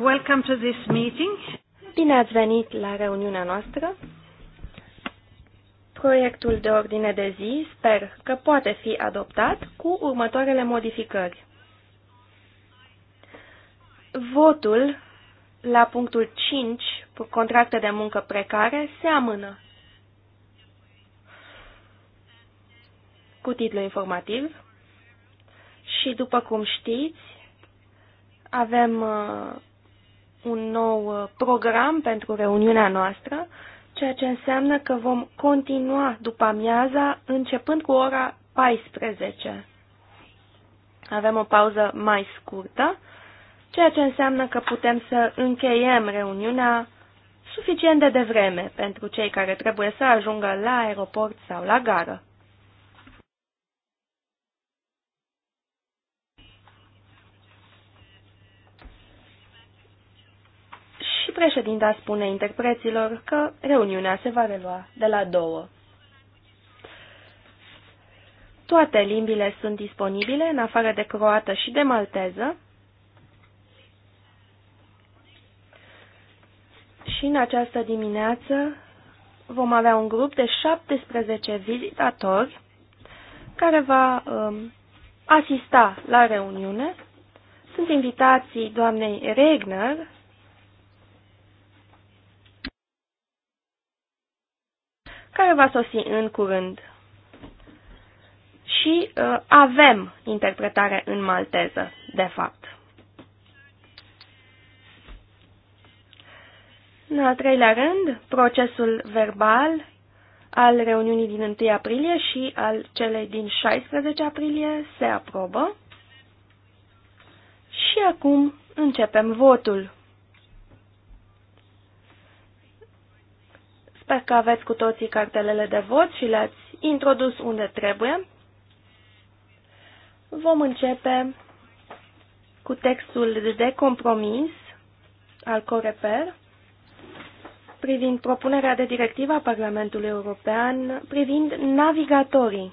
welcome to this meeting. Bine ați venit la reuniunea noastră. Proiectul de ordine de zi sper că poate fi adoptat cu următoarele modificări. Votul la punctul 5, contracte de muncă precare, se amână. Cu titlu informativ. Și după cum știți, avem uh, un nou uh, program pentru reuniunea noastră, ceea ce înseamnă că vom continua după amiaza începând cu ora 14. Avem o pauză mai scurtă, ceea ce înseamnă că putem să încheiem reuniunea suficient de devreme pentru cei care trebuie să ajungă la aeroport sau la gară. președinta spune interpreților că reuniunea se va relua de la două. Toate limbile sunt disponibile, în afară de croată și de malteză. Și în această dimineață vom avea un grup de 17 vizitatori care va um, asista la reuniune. Sunt invitații doamnei Regner, care va sosi în curând. Și uh, avem interpretare în malteză, de fapt. În al treilea rând, procesul verbal al reuniunii din 1 aprilie și al celei din 16 aprilie se aprobă. Și acum începem votul. Sper că aveți cu toții cartelele de vot și le-ați introdus unde trebuie. Vom începe cu textul de compromis al Coreper privind propunerea de directivă a Parlamentului European privind navigatorii,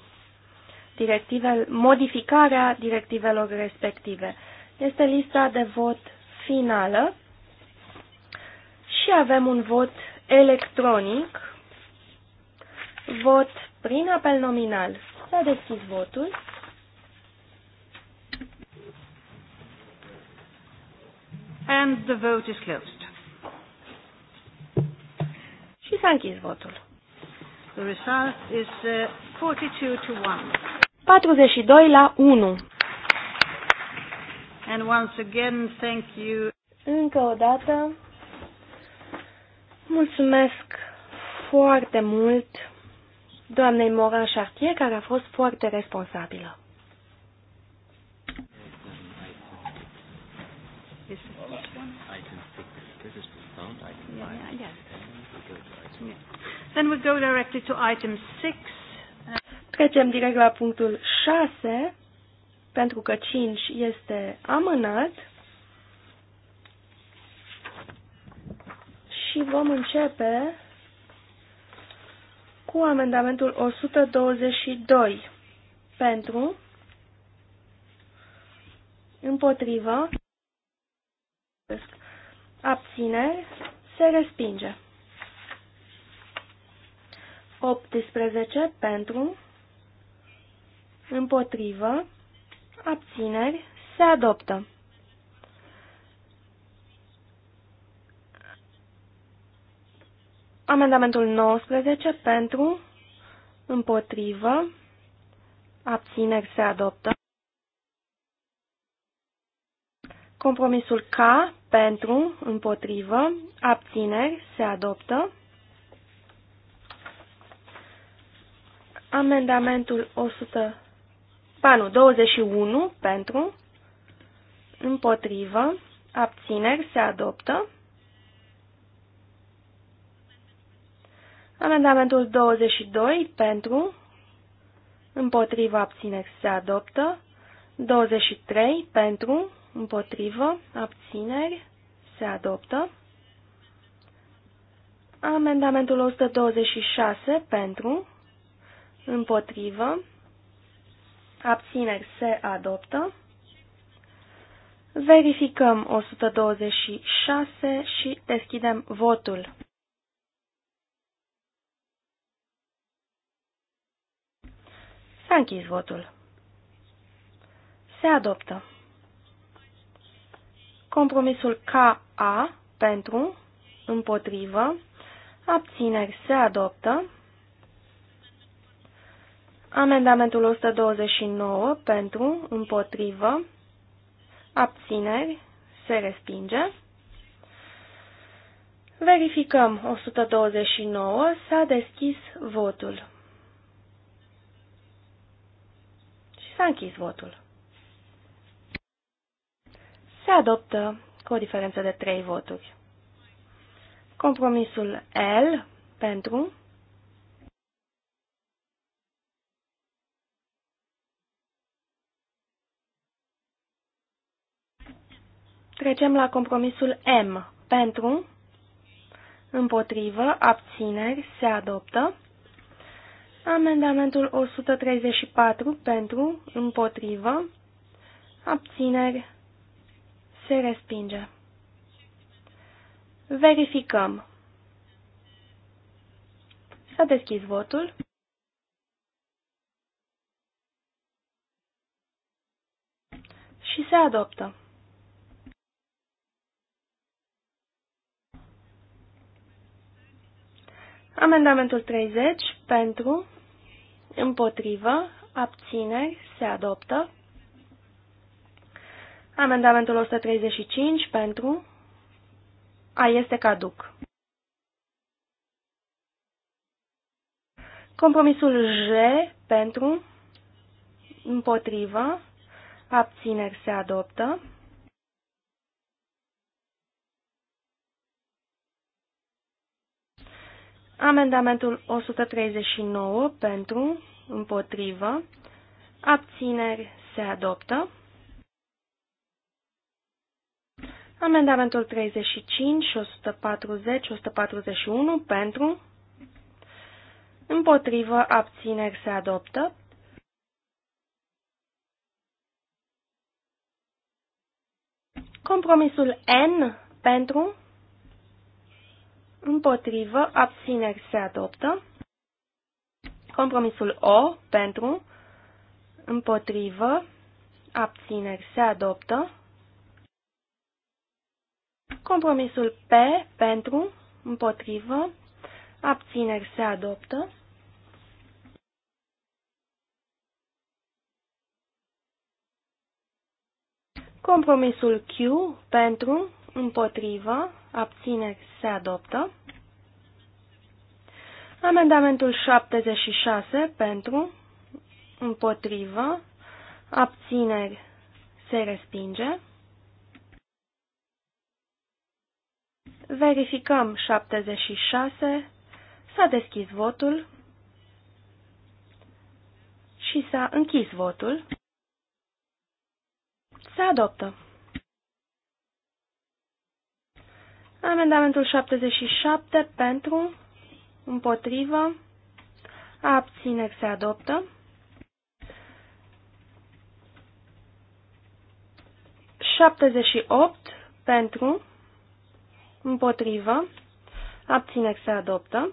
directive, modificarea directivelor respective. Este lista de vot finală și avem un vot electronic. Vot prin apel nominal. S-a deschis votul. And the vote is closed. Și s-a închis votul. The result is uh, 42 to 1. 42 la 1. And once again, thank you. Încă o dată, Mulțumesc foarte mult doamnei Moran Chartier, care a fost foarte responsabilă. Then we go directly to item 6. Trecem direct la punctul 6, pentru că 5 este amânat. și vom începe cu amendamentul 122 pentru, împotrivă, abțineri, se respinge. 18 pentru, împotrivă, abțineri, se adoptă. Amendamentul 19 pentru, împotrivă, abțineri se adoptă. Compromisul K pentru, împotrivă, abțineri se adoptă. Amendamentul 100, ba nu, 21 pentru, împotrivă, abțineri se adoptă. Amendamentul 22 pentru, împotriva abțineri se adoptă. 23 pentru, împotrivă, abțineri se adoptă. Amendamentul 126 pentru, împotrivă, abțineri se adoptă. Verificăm 126 și deschidem votul. S-a închis votul. Se adoptă. Compromisul KA pentru, împotrivă, abțineri se adoptă. Amendamentul 129 pentru, împotrivă, abțineri se respinge. Verificăm 129, s-a deschis votul. S-a închis votul. Se adoptă cu o diferență de 3 voturi. Compromisul L pentru Trecem la compromisul M. Pentru, împotrivă, abțineri, se adoptă. Amendamentul 134 pentru, împotrivă, abțineri, se respinge. Verificăm. S-a deschis votul. Și se adoptă. Amendamentul 30 pentru împotrivă, abțineri, se adoptă. Amendamentul 135 pentru a este caduc. Compromisul J pentru împotrivă, abțineri se adoptă. Amendamentul 139 pentru, împotrivă, abțineri se adoptă. Amendamentul 35 și 140, 141 pentru, împotrivă, abțineri se adoptă. Compromisul N pentru, împotrivă, abțineri se adoptă. Compromisul O pentru, împotrivă, abțineri se adoptă. Compromisul P pentru, împotrivă, abțineri se adoptă. Compromisul Q pentru, împotrivă, abține se adoptă. Amendamentul 76 pentru, împotrivă, abțineri, se respinge. Verificăm 76, s-a deschis votul și s-a închis votul. Se adoptă. Amendamentul 77 pentru, împotrivă, abține se adoptă. 78 pentru, împotrivă, abține se adoptă.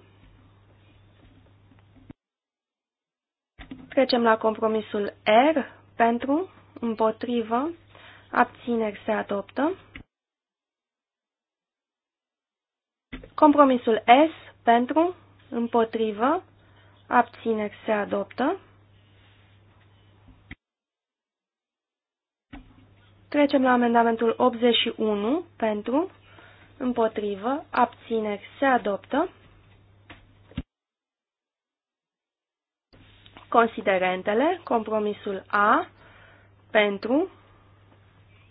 Trecem la compromisul R pentru, împotrivă, abține se adoptă. Compromisul S pentru, împotrivă, abțineri se adoptă. Trecem la amendamentul 81 pentru, împotrivă, abțineri se adoptă. Considerentele, compromisul A, pentru,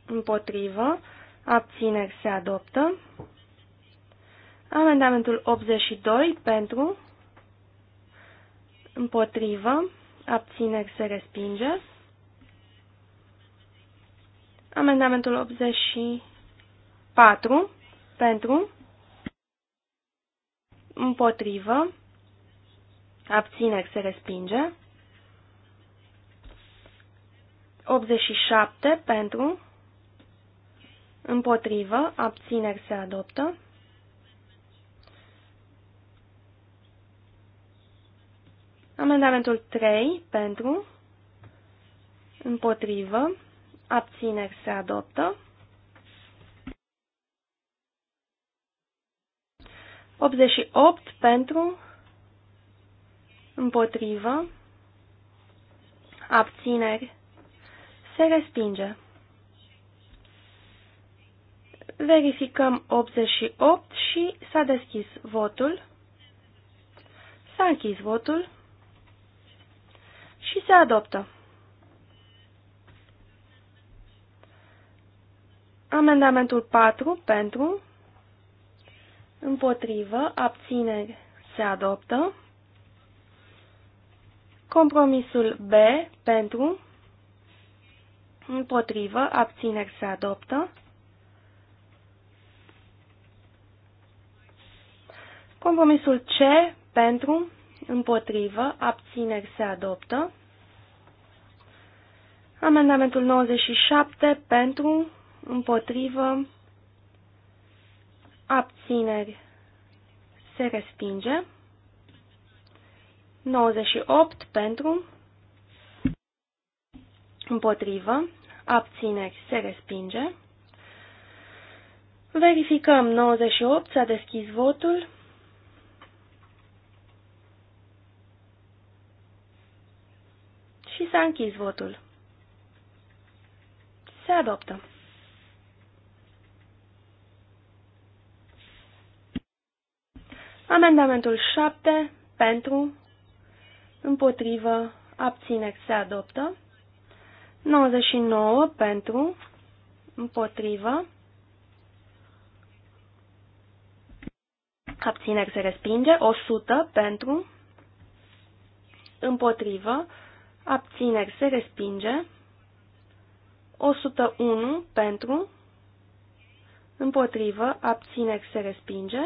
împotrivă, abțineri se adoptă. Amendamentul 82 pentru, împotrivă, abțineri se respinge. Amendamentul 84 pentru, împotrivă, abțineri se respinge. 87 pentru, împotrivă, abțineri se adoptă. Amendamentul 3 pentru, împotrivă, abțineri se adoptă. 88 pentru, împotrivă, abțineri, se respinge. Verificăm 88 și s-a deschis votul. S-a închis votul și se adoptă. Amendamentul 4 pentru, împotrivă, abțineri, se adoptă. Compromisul B pentru, împotrivă, abțineri, se adoptă. Compromisul C pentru, împotrivă, abțineri, se adoptă. Amendamentul 97 pentru, împotrivă, abțineri se respinge. 98 pentru, împotrivă, abțineri se respinge. Verificăm 98, s-a deschis votul. Și s-a închis votul. Se adoptă. Amendamentul 7 pentru, împotrivă, abțineri se adoptă. 99 pentru, împotrivă, abțineri se respinge. 100 pentru, împotrivă, abțineri se respinge. 101 pentru, împotrivă, abțineri se respinge.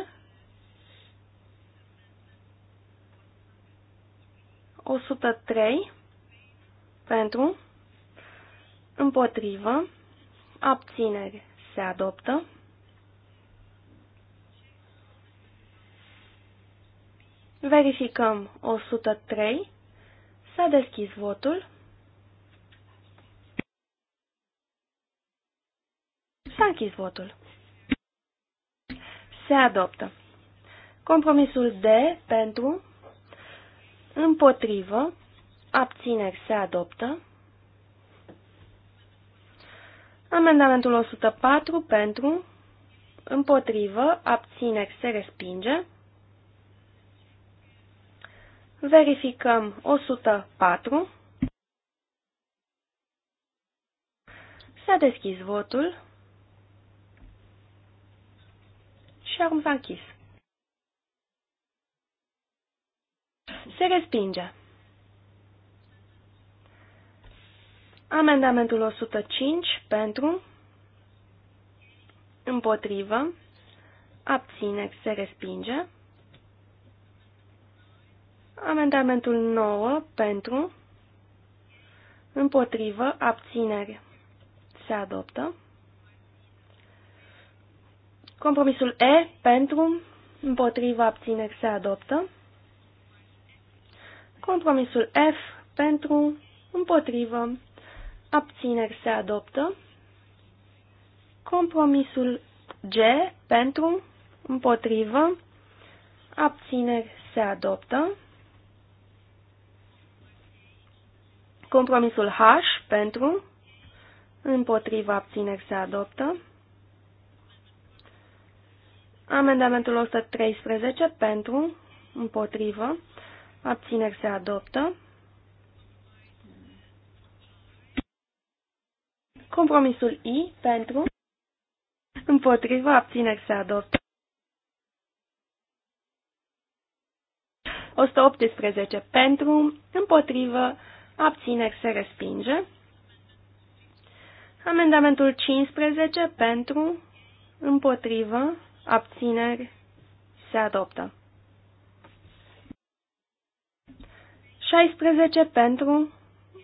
103 pentru, împotrivă, abțineri se adoptă. Verificăm 103. S-a deschis votul. S-a închis votul. Se adoptă. Compromisul D pentru, împotrivă, abțineri se adoptă. Amendamentul 104 pentru, împotrivă, abțineri se respinge. Verificăm 104. S-a deschis votul. Și acum s-a închis. Se respinge. Amendamentul 105 pentru, împotrivă, abține. se respinge. Amendamentul 9 pentru, împotrivă, abțineri se adoptă. Compromisul E pentru, împotriva abțineri se adoptă. Compromisul F pentru, împotrivă, abțineri se adoptă. Compromisul G pentru, împotrivă, abțineri se adoptă. Compromisul H pentru, împotriva abțineri se adoptă. Amendamentul 113 pentru, împotrivă, abțineri se adoptă. Compromisul I pentru, împotrivă, abțineri se adoptă. 118 pentru, împotrivă, abțineri se respinge. Amendamentul 15 pentru, împotrivă, abțineri, se adoptă. 16 pentru,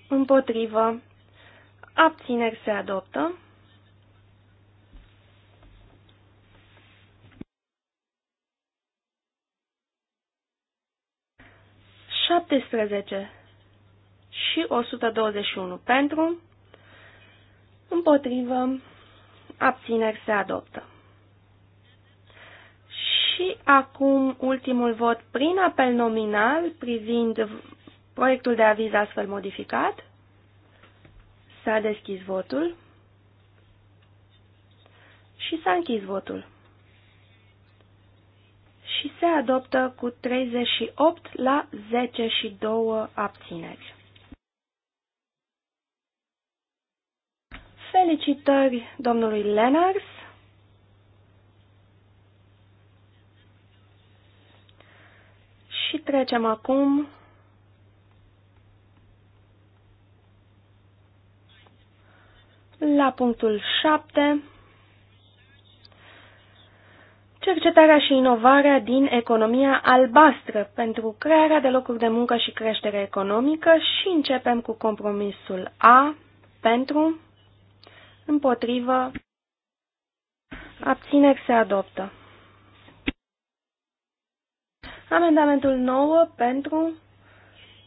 împotrivă, abțineri se adoptă. Șaptesprezece și 121 pentru, împotrivă, abțineri se adoptă. Și acum ultimul vot prin apel nominal privind proiectul de aviz astfel modificat. S-a deschis votul și s-a închis votul. Și se adoptă cu 38 la 10 și 2 abțineri. Felicitări domnului Lenars Și trecem acum la punctul 7. Cercetarea și inovarea din economia albastră pentru crearea de locuri de muncă și creștere economică și începem cu compromisul A pentru, împotrivă, abțineri se adoptă. Amendamentul 9 pentru,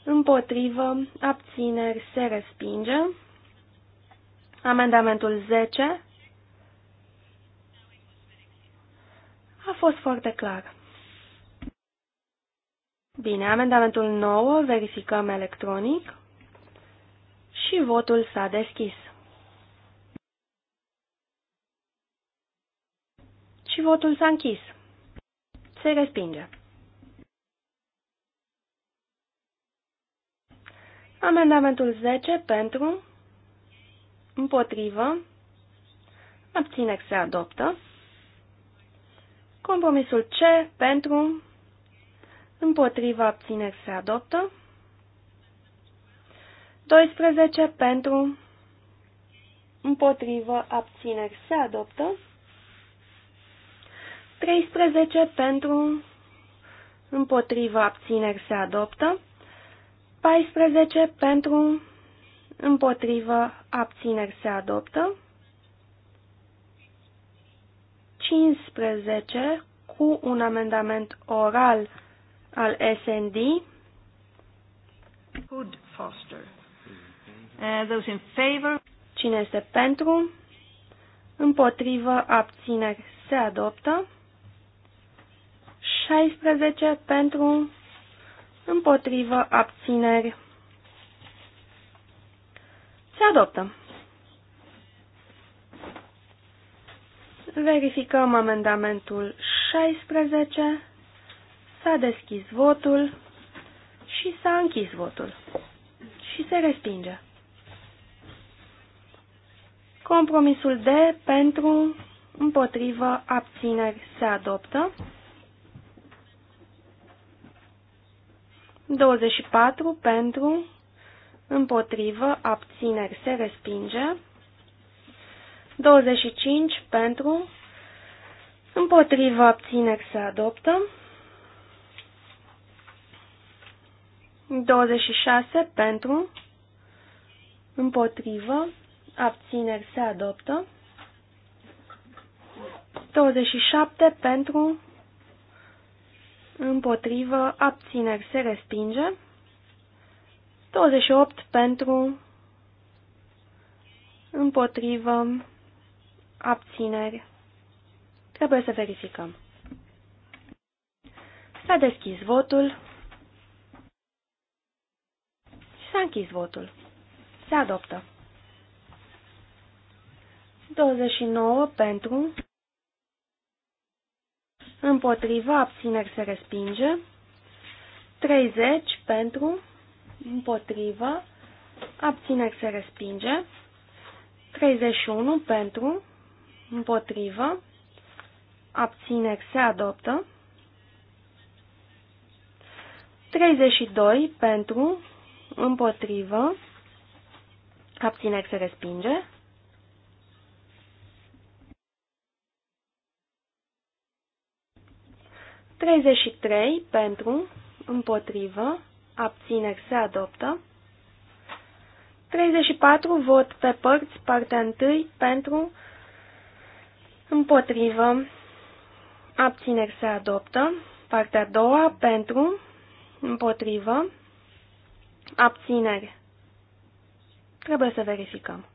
împotrivă, abțineri se respinge. Amendamentul 10 a fost foarte clar. Bine, amendamentul 9 verificăm electronic și votul s-a deschis. Și votul s-a închis. Se respinge. Amendamentul 10 pentru, împotrivă, abțineri se adoptă. Compromisul C pentru, împotrivă, abțineri se adoptă. 12 pentru, împotrivă, abțineri se adoptă. 13 pentru, împotrivă, abțineri se adoptă. 14 pentru, împotrivă, abțineri se adoptă. 15 cu un amendament oral al SND. Good Foster. Uh, those in favor. Cine este pentru? Împotrivă, abțineri se adoptă. 16 pentru, împotrivă, abțineri. Se adoptă. Verificăm amendamentul 16. S-a deschis votul și s-a închis votul. Și se respinge. Compromisul D pentru împotrivă abțineri se adoptă. 24 pentru, împotrivă, abțineri se respinge. 25 pentru, împotrivă, abțineri se adoptă. 26 pentru, împotrivă, abțineri se adoptă. 27 pentru, împotrivă, abțineri se respinge. 28 pentru, împotrivă, abțineri. Trebuie să verificăm. S-a deschis votul. S-a închis votul. Se adoptă. 29 pentru, împotriva, abțineri se respinge. 30 pentru, împotriva, abțineri se respinge. 31 pentru, împotriva, abțineri se adoptă. 32 pentru, împotrivă, abțineri se respinge. 33 pentru, împotrivă, abțineri se adoptă. 34 vot pe părți, partea 1 pentru, împotrivă, abțineri se adoptă. Partea a doua pentru, împotrivă, abțineri. Trebuie să verificăm.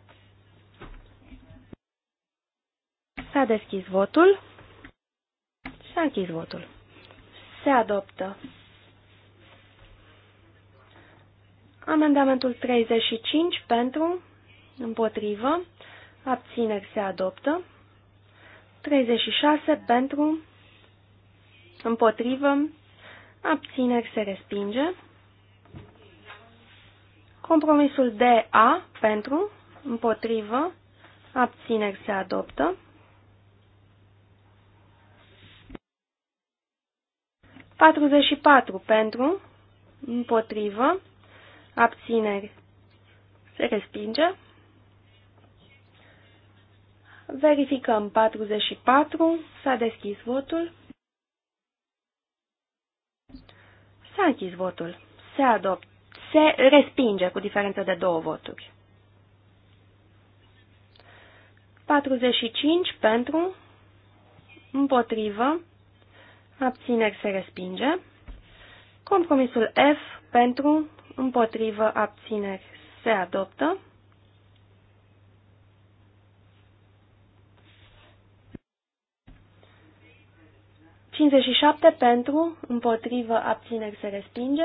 S-a deschis votul. S-a închis votul. Se adoptă. Amendamentul 35 pentru, împotrivă, abțineri se adoptă. 36 pentru, împotrivă, abțineri se respinge. Compromisul DA pentru, împotrivă, abțineri se adoptă. 44 pentru, împotrivă, abțineri, se respinge. Verificăm 44, s-a deschis votul. S-a închis votul. Se adoptă. Se respinge cu diferență de două voturi. 45 pentru, împotrivă, abțineri se respinge. Compromisul F pentru, împotrivă, abțineri se adoptă. Cincizeci șapte pentru, împotrivă, abțineri se respinge.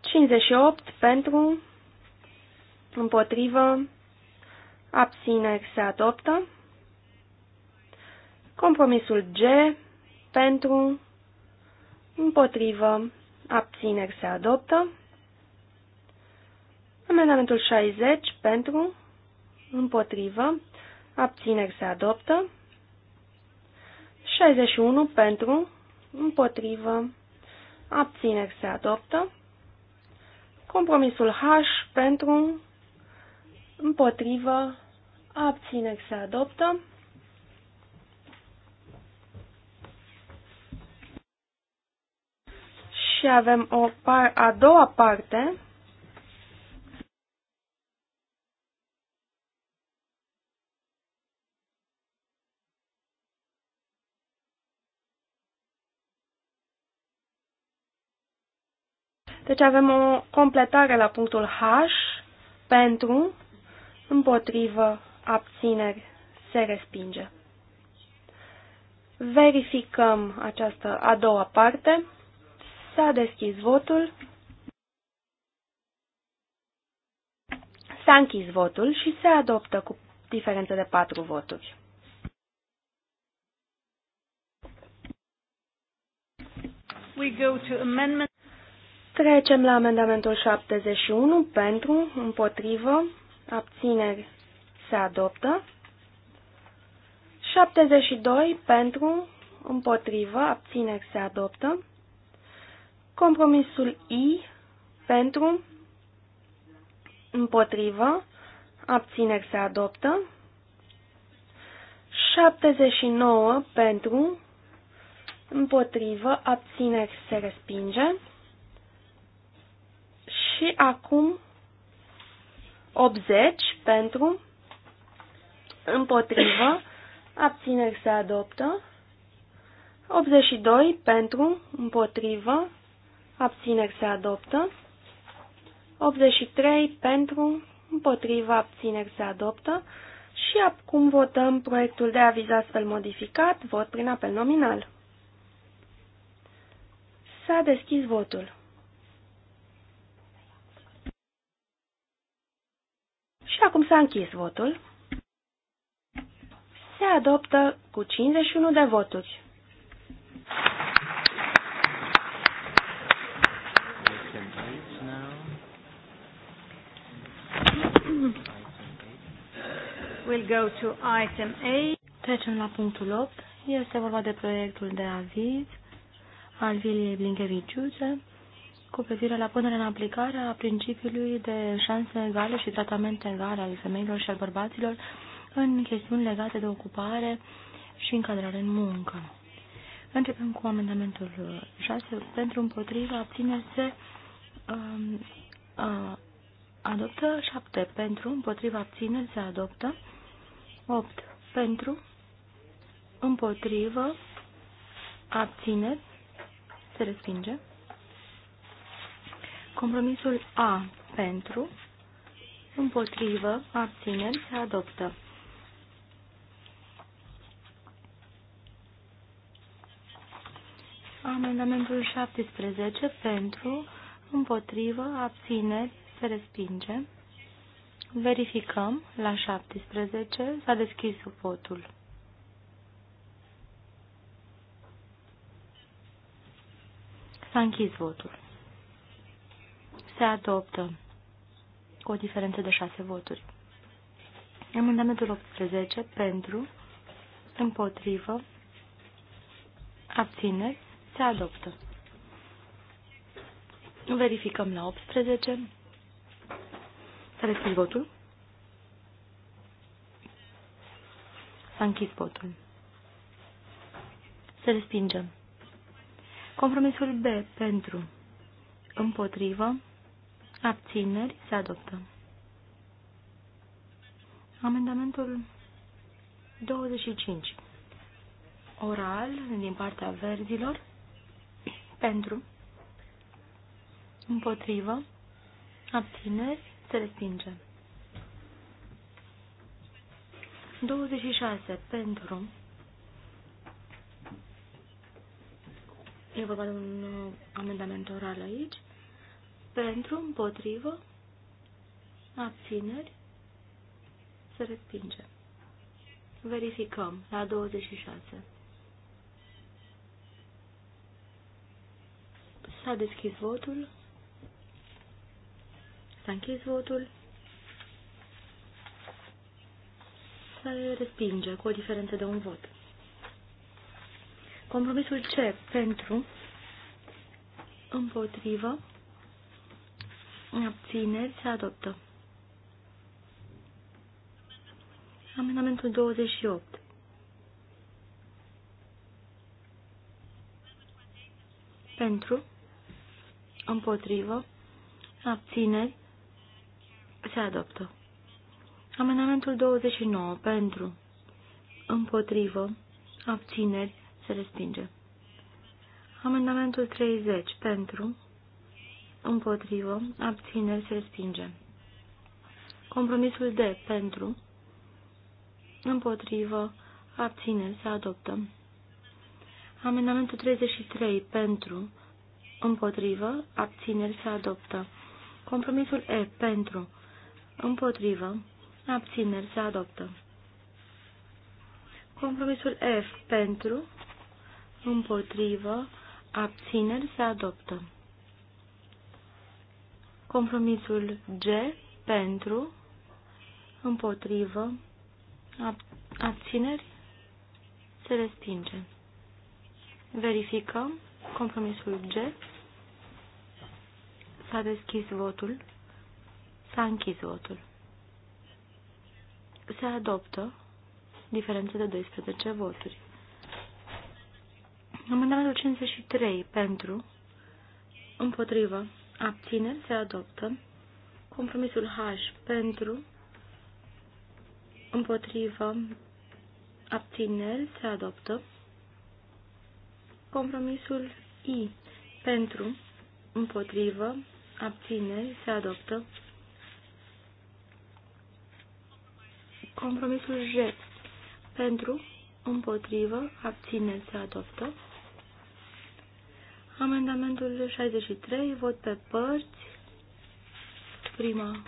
58 pentru, împotrivă, abțineri se adoptă. Compromisul G pentru, împotrivă, abțineri se adoptă. Amendamentul 60 pentru, împotrivă, abțineri se adoptă. 61 pentru, împotrivă, abțineri se adoptă. Compromisul H pentru, împotrivă, abțineri se adoptă. și avem o par a doua parte Deci avem o completare la punctul H pentru, împotrivă, abțineri, se respinge. Verificăm această a doua parte. S-a deschis votul. S-a închis votul și se adoptă cu diferență de patru voturi. We go to amendment. Trecem la amendamentul 71 pentru, împotrivă, abțineri se adoptă. 72 pentru, împotrivă, abțineri se adoptă. Compromisul I pentru, împotrivă, abțineri se adoptă. 79 pentru, împotrivă, abțineri se respinge. Și acum 80 pentru, împotrivă, abțineri se adoptă. 82 pentru, împotrivă, abțineri se adoptă, 83 pentru, împotriva abțineri se adoptă și acum votăm proiectul de aviz astfel modificat, vot prin apel nominal. S-a deschis votul. Și acum s-a închis votul. Se adoptă cu 51 de voturi. we'll go to item 8. Trecem la punctul 8. Este vorba de proiectul de aviz al Viliei Blinkeviciuțe cu privire la punerea în aplicare a principiului de șanse egale și tratament egal al femeilor și al bărbaților în chestiuni legate de ocupare și încadrare în muncă. Începem cu amendamentul 6. Pentru împotriva abține se uh, uh, adoptă 7. Pentru împotriva abține se adoptă 8 pentru, împotrivă, abțineri, se respinge. Compromisul A pentru, împotrivă, abțineri, se adoptă. Amendamentul 17 pentru, împotrivă, abțineri, se respinge. Verificăm la 17. S-a deschis votul. S-a închis votul. Se adoptă cu o diferență de 6 voturi. Amendamentul 18 pentru, împotrivă, abțineri, se adoptă. Verificăm la 18. S-a deschis votul. S-a închis votul. Se respinge. Compromisul B pentru împotrivă abțineri se adoptă. Amendamentul 25 oral din partea verzilor pentru împotrivă abțineri se respinge. 26. Pentru. E vorba de un uh, amendament oral aici. Pentru, împotrivă, abțineri, se respinge. Verificăm la 26. S-a deschis votul. S-a închis votul. Să respinge cu o diferență de un vot. Compromisul C pentru împotrivă abțineri se adoptă. Amendamentul 28. Pentru, împotrivă, abțineri, se adoptă. Amendamentul 29 pentru, împotrivă, abțineri, se respinge. Amendamentul 30 pentru, împotrivă, abțineri, se respinge. Compromisul D pentru, împotrivă, abțineri, se adoptă. Amendamentul 33 pentru, împotrivă, abțineri, se adoptă. Compromisul E pentru, împotrivă, abțineri, se adoptă. Compromisul F pentru, împotrivă, abțineri, se adoptă. Compromisul G pentru, împotrivă, abțineri, se respinge. Verificăm compromisul G. S-a deschis votul. S-a închis votul. Se adoptă diferență de 12 voturi. Amendamentul 53 pentru, împotrivă, abțineri se adoptă. Compromisul H pentru, împotrivă, abțineri se adoptă. Compromisul I pentru, împotrivă, abțineri se adoptă. Compromisul J. Pentru, împotrivă, abține, se adoptă. Amendamentul 63, vot pe părți. Prima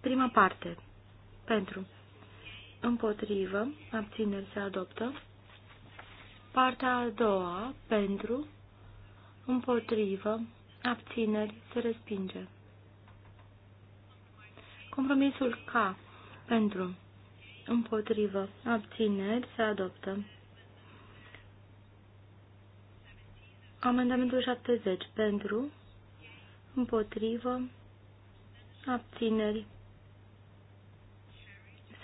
Prima parte. Pentru. Împotrivă. Abțineri se adoptă. Partea a doua. Pentru. Împotrivă abțineri, se respinge. Compromisul K pentru împotrivă, abțineri, se adoptă. Amendamentul 70 pentru împotrivă, abțineri,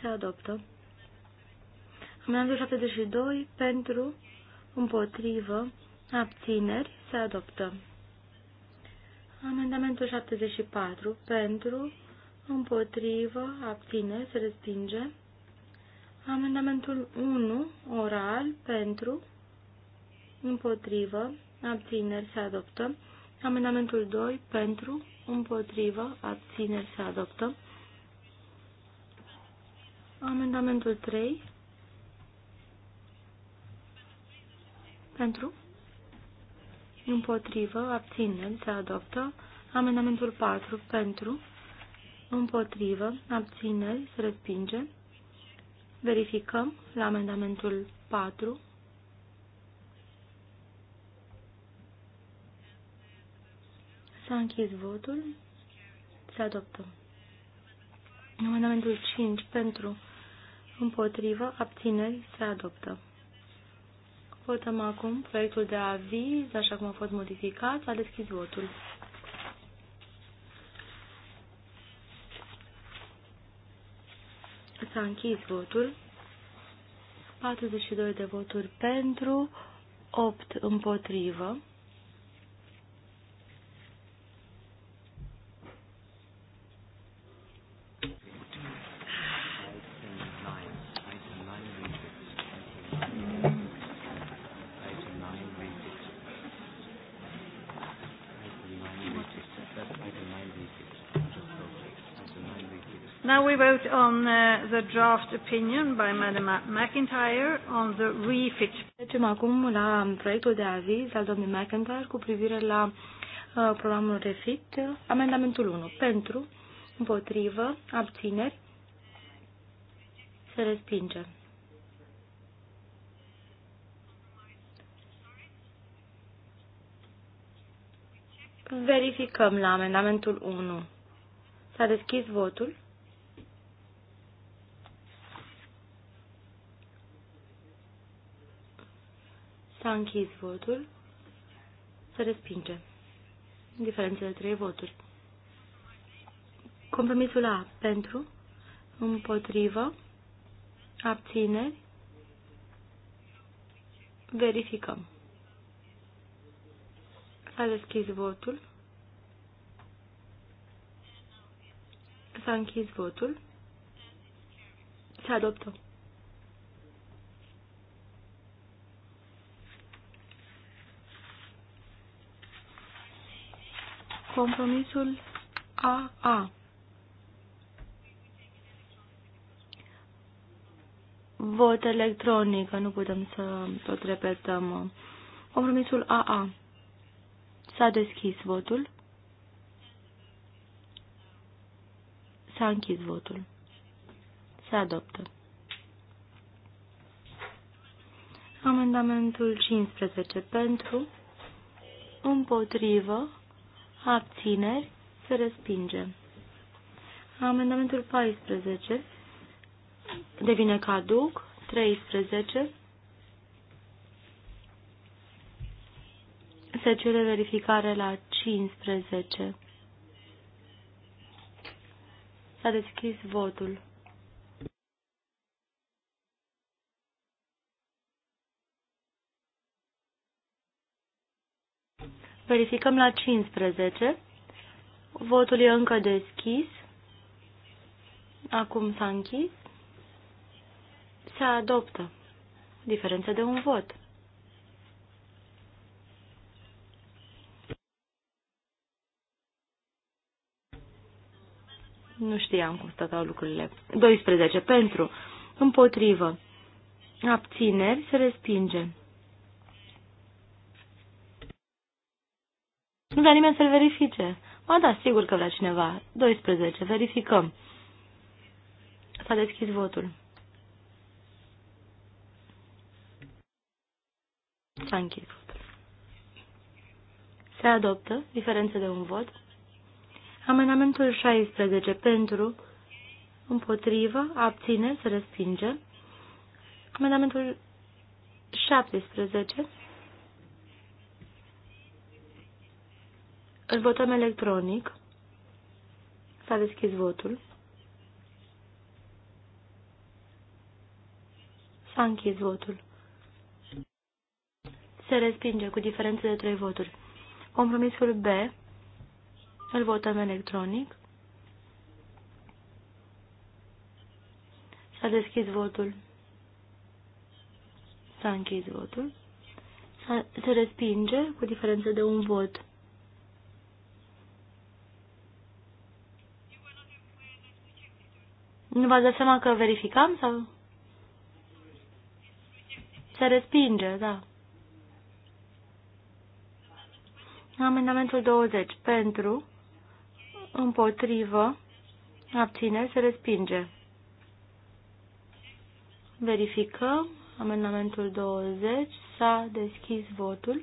se adoptă. Amendamentul 72 pentru împotrivă, abțineri, se adoptă. Amendamentul 74 pentru, împotrivă, abține, se respinge. Amendamentul 1 oral pentru, împotrivă, abțineri se adoptă. Amendamentul 2 pentru, împotrivă, abțineri se adoptă. Amendamentul 3 pentru, împotrivă, abținem, se adoptă. Amendamentul 4 pentru, împotrivă, abțineri, se respinge. Verificăm la amendamentul 4. S-a închis votul. Se adoptă. Amendamentul 5 pentru, împotrivă, abțineri, se adoptă. Votăm acum proiectul de aviz, așa cum a fost modificat. S-a deschis votul. S-a închis votul. 42 de voturi pentru, 8 împotrivă. vote on uh, the draft opinion by Madam McIntyre on the refit. Trecem acum la proiectul de aviz al domnului McIntyre cu privire la uh, programul refit, amendamentul 1. Pentru, împotrivă, abțineri, se respinge. Verificăm la amendamentul 1. S-a deschis votul. S-a închis votul. Se respinge. Diferență de trei voturi. Compromisul A. Pentru. Împotrivă. Abțineri. Verificăm. S-a deschis votul. S-a închis votul. Se adoptă. compromisul AA. Vot electronic, nu putem să tot repetăm. Compromisul AA. S-a deschis votul. S-a închis votul. Se adoptă. Amendamentul 15 pentru, împotrivă, abțineri, se respinge. Amendamentul 14 devine caduc, 13 se cere verificare la 15. S-a deschis votul. Verificăm la 15. Votul e încă deschis. Acum s-a închis. Se adoptă. Diferență de un vot. Nu știam cum stăteau lucrurile. 12. Pentru. Împotrivă. Abțineri se respinge. Nu vrea nimeni să-l verifice. Ba da, sigur că vrea cineva. 12. Verificăm. S-a deschis votul. S-a închis votul. Se adoptă, diferență de un vot. Amendamentul 16 pentru, împotrivă, abține, se respinge. Amendamentul 17 Îl votăm electronic. S-a deschis votul. S-a închis votul. Se respinge cu diferență de 3 voturi. Compromisul B. Îl votăm electronic. S-a deschis votul. S-a închis votul. Se respinge cu diferență de un vot. Nu v-ați dat seama că verificam sau? Se respinge, da. Amendamentul 20. Pentru, împotrivă, abține, se respinge. Verificăm. Amendamentul 20. S-a deschis votul.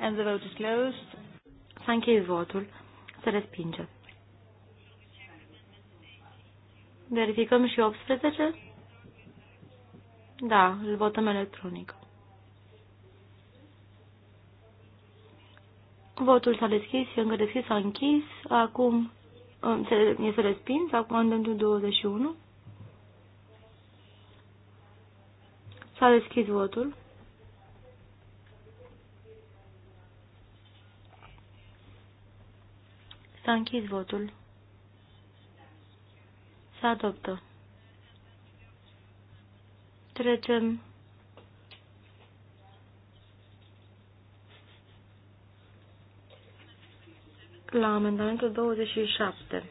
And the vote is closed. S-a încheiat votul. Se respinge. Verificăm și 18? Da, îl votăm electronic. Votul s-a deschis, e încă deschis, s-a închis, acum um, este respins, acum amendamentul 21. S-a deschis votul. S-a închis votul. Se adoptă. Trecem la amendamentul 27.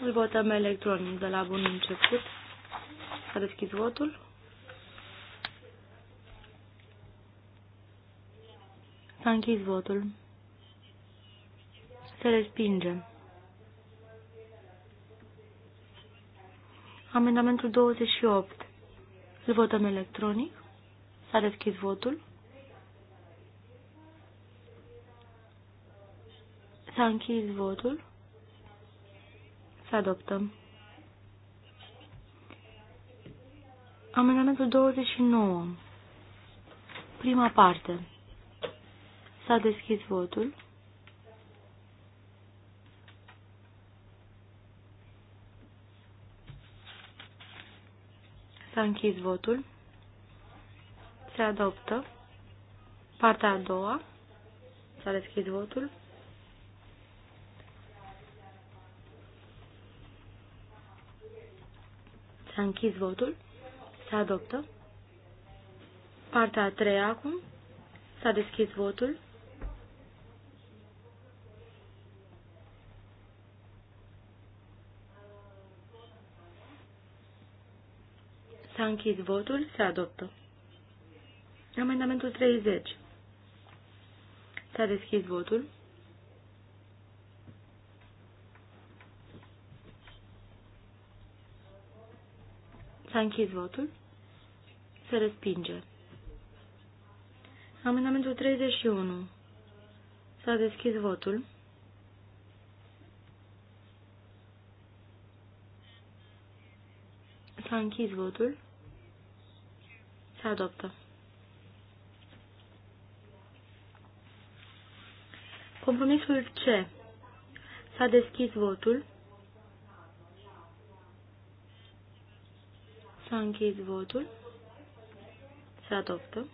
Îl votăm electronic de la bun început. S-a deschis votul. S-a închis votul. Se respinge. Amendamentul 28. Îl votăm electronic. S-a deschis votul. S-a închis votul. Să adoptăm. Amendamentul 29. Prima parte. S-a deschis votul. S-a închis votul. Se adoptă. Partea a doua. S-a deschis votul. S-a închis votul. Se adoptă. Partea a treia acum. S-a deschis votul. S-a închis votul. Se adoptă. Amendamentul 30. S-a deschis votul. S-a închis votul. Se respinge. Amendamentul 31. S-a deschis votul. S-a închis votul. Se adoptă. Compromisul C. S-a deschis votul. S-a închis votul. Se adoptă.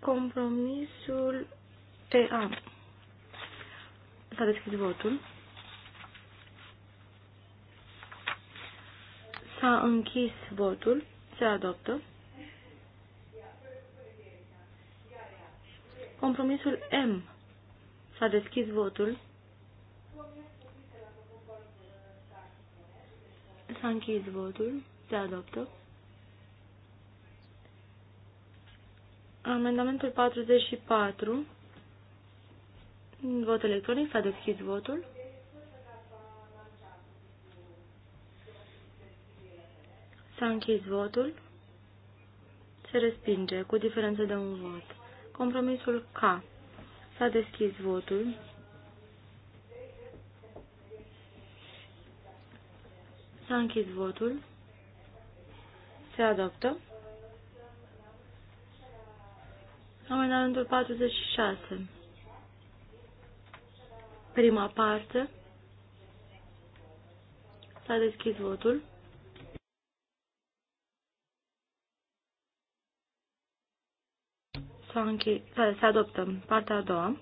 Compromisul EA. S-a deschis votul. S-a închis votul. Se adoptă. Compromisul M. S-a deschis votul. S-a închis votul. Se adoptă. Amendamentul 44 Vot electronic, s-a deschis votul. S-a închis votul. Se respinge cu diferență de un vot. Compromisul K. S-a deschis votul. S-a închis votul. Se adoptă. Amendamentul 46. Prima parte. S-a deschis votul. S-a adoptăm Se adoptă partea a doua.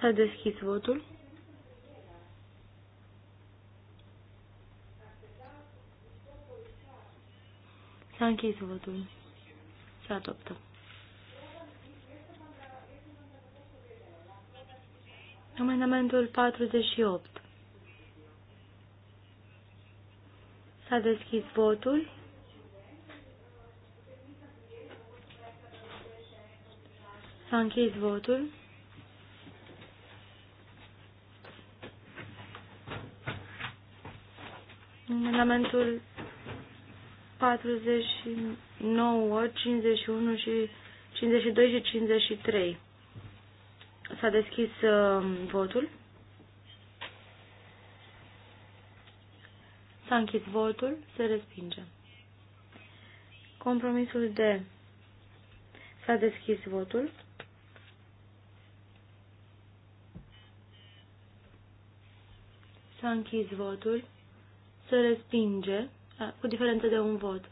S-a deschis votul. S-a închis votul. Se adoptă. Amendamentul 48. S-a deschis votul. S-a închis votul. Amendamentul 49, 51 și 52 și 53. S-a deschis uh, votul. S-a închis votul, se respinge. Compromisul D. S-a deschis votul. S-a închis votul. Se respinge uh, cu diferență de un vot.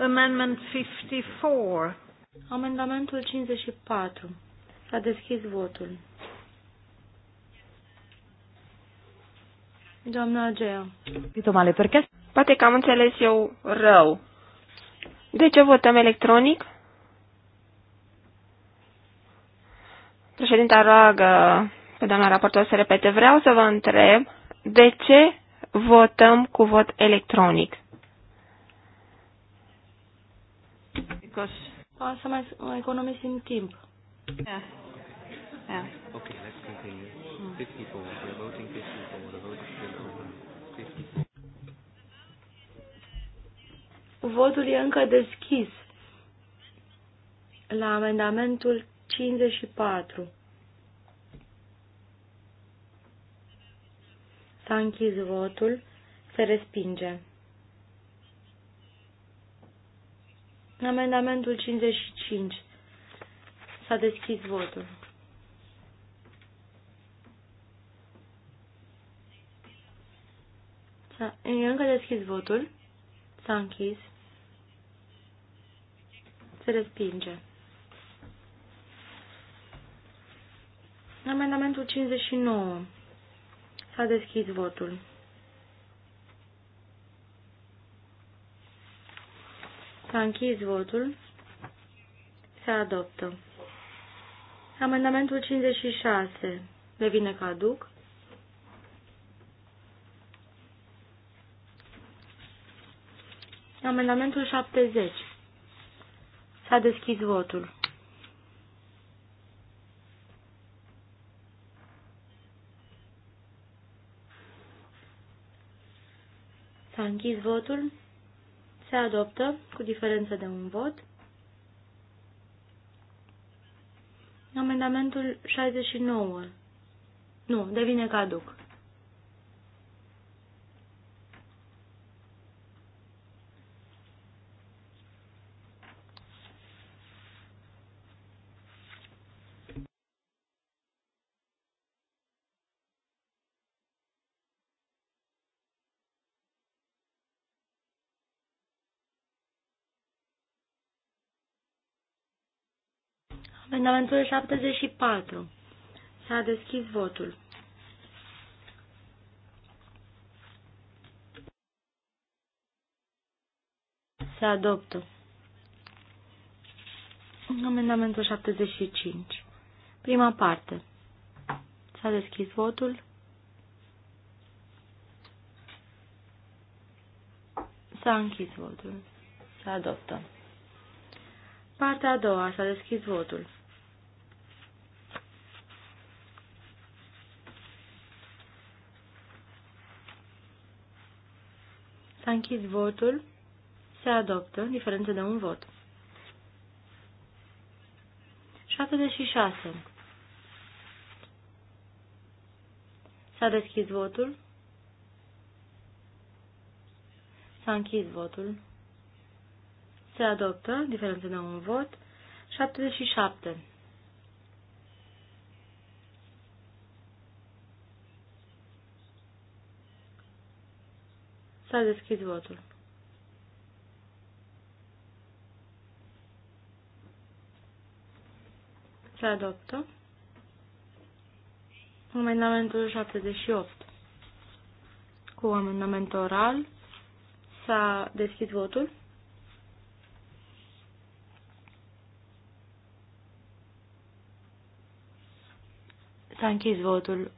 Amendment 54. Amendamentul 54. S-a deschis votul. Doamna Agea. Domnule, perché? Poate că am înțeles eu rău. De ce votăm electronic? Președinta roagă pe doamna raportor să repete. Vreau să vă întreb de ce votăm cu vot electronic? because... O să mai economisim timp. Yeah. Yeah. Okay, let's continue. Mm. 54. We're voting 54. The vote is still open. 54. Votul e încă deschis la amendamentul 54. S-a închis votul, se respinge. Amendamentul 55. S-a deschis votul. S-a încă deschis votul. S-a închis. Se respinge. Amendamentul 59. S-a deschis votul. S-a închis votul. Se adoptă. Amendamentul 56 devine caduc. Amendamentul 70. S-a deschis votul. S-a închis votul se adoptă cu diferență de un vot. Amendamentul 69. Nu, devine caduc. Amendamentul 74. S-a deschis votul. Se adoptă. Amendamentul 75. Prima parte. S-a deschis votul. S-a închis votul. Se adoptă. Partea a doua. S-a deschis votul. S-a închis votul. Se adoptă, diferență de un vot. 76. S-a deschis votul. S-a închis votul. Se adoptă, diferență de un vot. 77. S-a deschis votul. Se adoptă. Amendamentul 78. Cu amendament oral s-a deschis votul. S-a închis votul.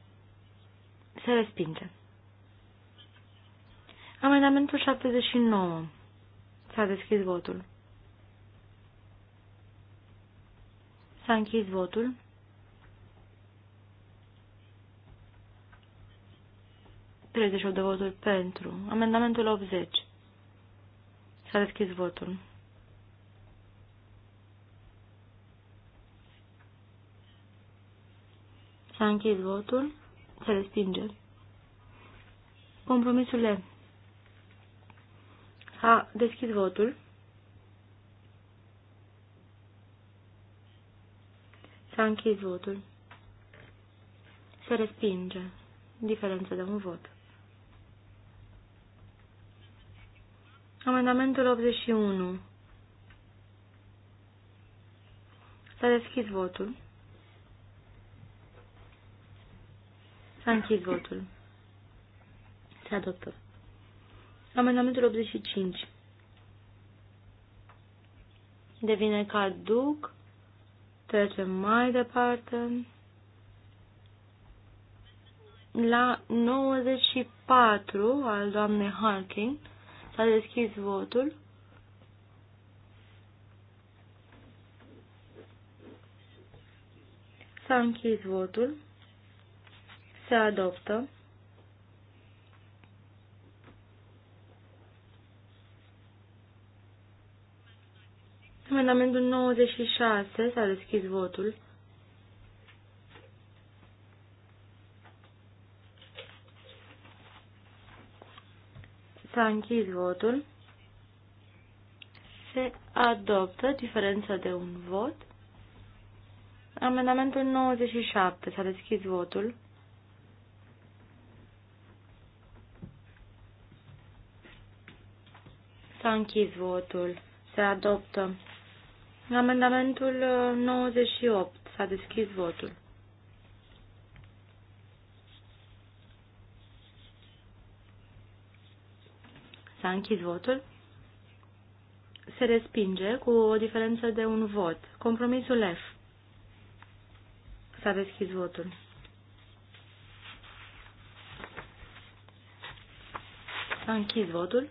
Se respinge. Amendamentul 79. S-a deschis votul. S-a închis votul. Treizeci de voturi pentru. Amendamentul 80. S-a deschis votul. S-a închis votul. Se respinge. Compromisul E. A deschis votul. S-a închis votul. Se respinge. Diferență de un vot. Amendamentul 81. S-a deschis votul. S-a închis votul. Se adoptă. Amendamentul 85 devine caduc. Trecem mai departe. La 94 al doamnei Harkin s-a deschis votul. S-a închis votul. Se adoptă. Amendamentul 96 s-a deschis votul. S-a închis votul. Se adoptă diferența de un vot. Amendamentul 97. S-a deschis votul. S-a închis votul. Se adoptă. Amendamentul 98. Uh, S-a deschis votul. S-a închis votul. Se respinge cu o diferență de un vot. Compromisul F. S-a deschis votul. S-a închis votul.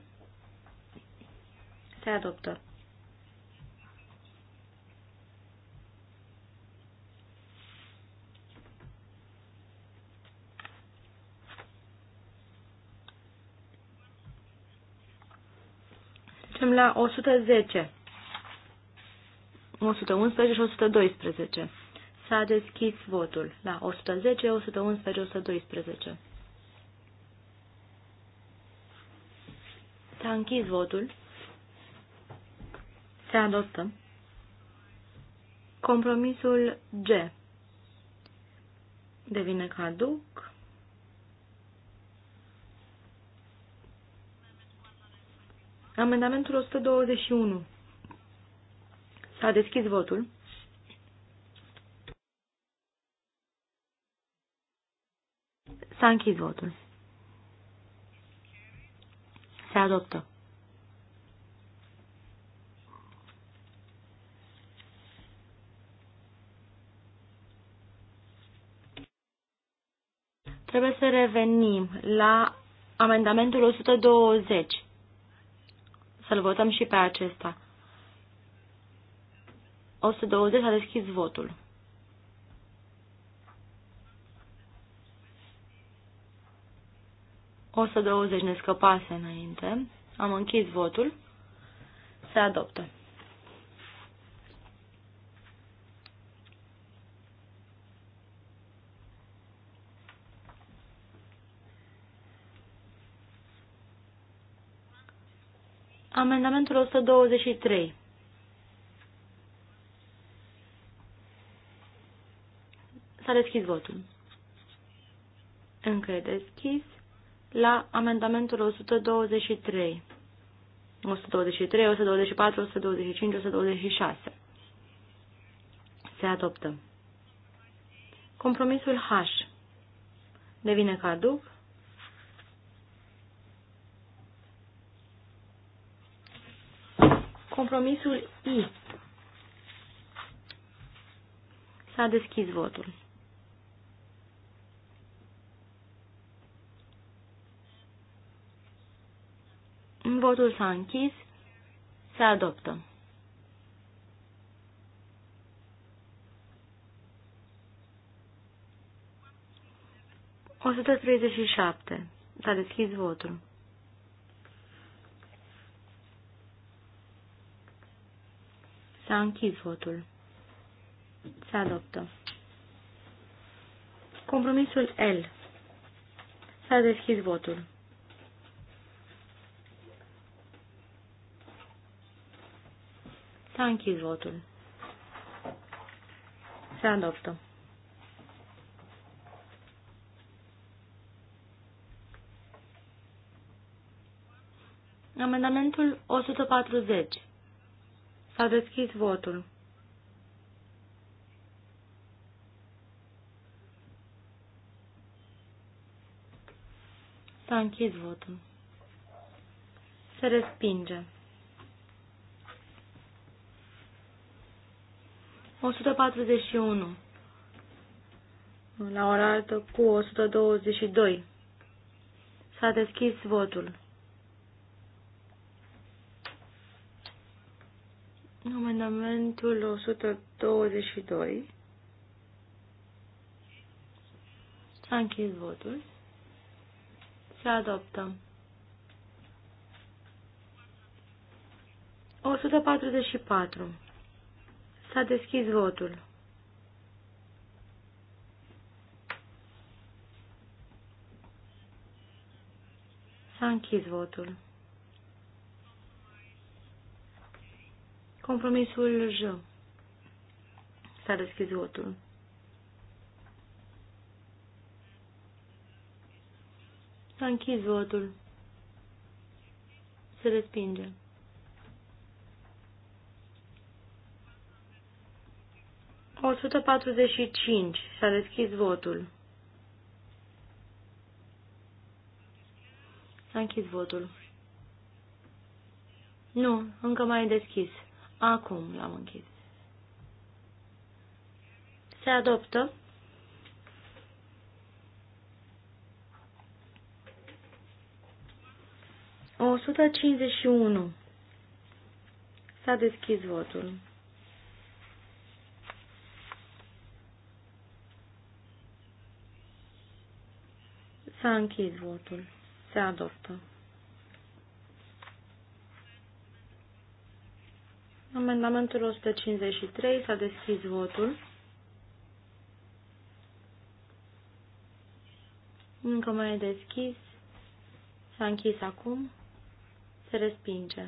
Se adoptă. Trecem la 110. 111 și 112. S-a deschis votul la 110, 111, 112. S-a închis votul. Se adoptă. Compromisul G devine caduc. Amendamentul 121. S-a deschis votul. S-a închis votul. Se adoptă. Trebuie să revenim la amendamentul 120 să-l votăm și pe acesta. 120 a deschis votul. O să 120 ne scăpase înainte. Am închis votul. Se adoptă. Amendamentul 123. S-a deschis votul. Încă e deschis la amendamentul 123. 123, 124, 125, 126. Se adoptă. Compromisul H devine caduc Compromisul I. S-a deschis votul. Votul s-a închis. Se adoptă. O 137. S-a deschis votul. S-a închis votul. Se adoptă. Compromisul L. S-a deschis votul. S-a închis votul. Se adoptă. Amendamentul 140. S-a deschis votul. S-a închis votul. Se respinge. 141 la altă cu 122. S-a deschis votul. Amendamentul 122. S-a închis votul. Se adoptă. 144. S-a deschis votul. S-a închis votul. Compromisul J. S-a deschis votul. S-a închis votul. Se respinge. O 145. S-a deschis votul. S-a închis votul. Nu, încă mai e deschis. Acum l-am închis. Se adoptă. O 151. S-a deschis votul. S-a închis votul. Se adoptă. Amendamentul 153 s-a deschis votul. Încă mai e deschis. S-a închis acum. Se respinge.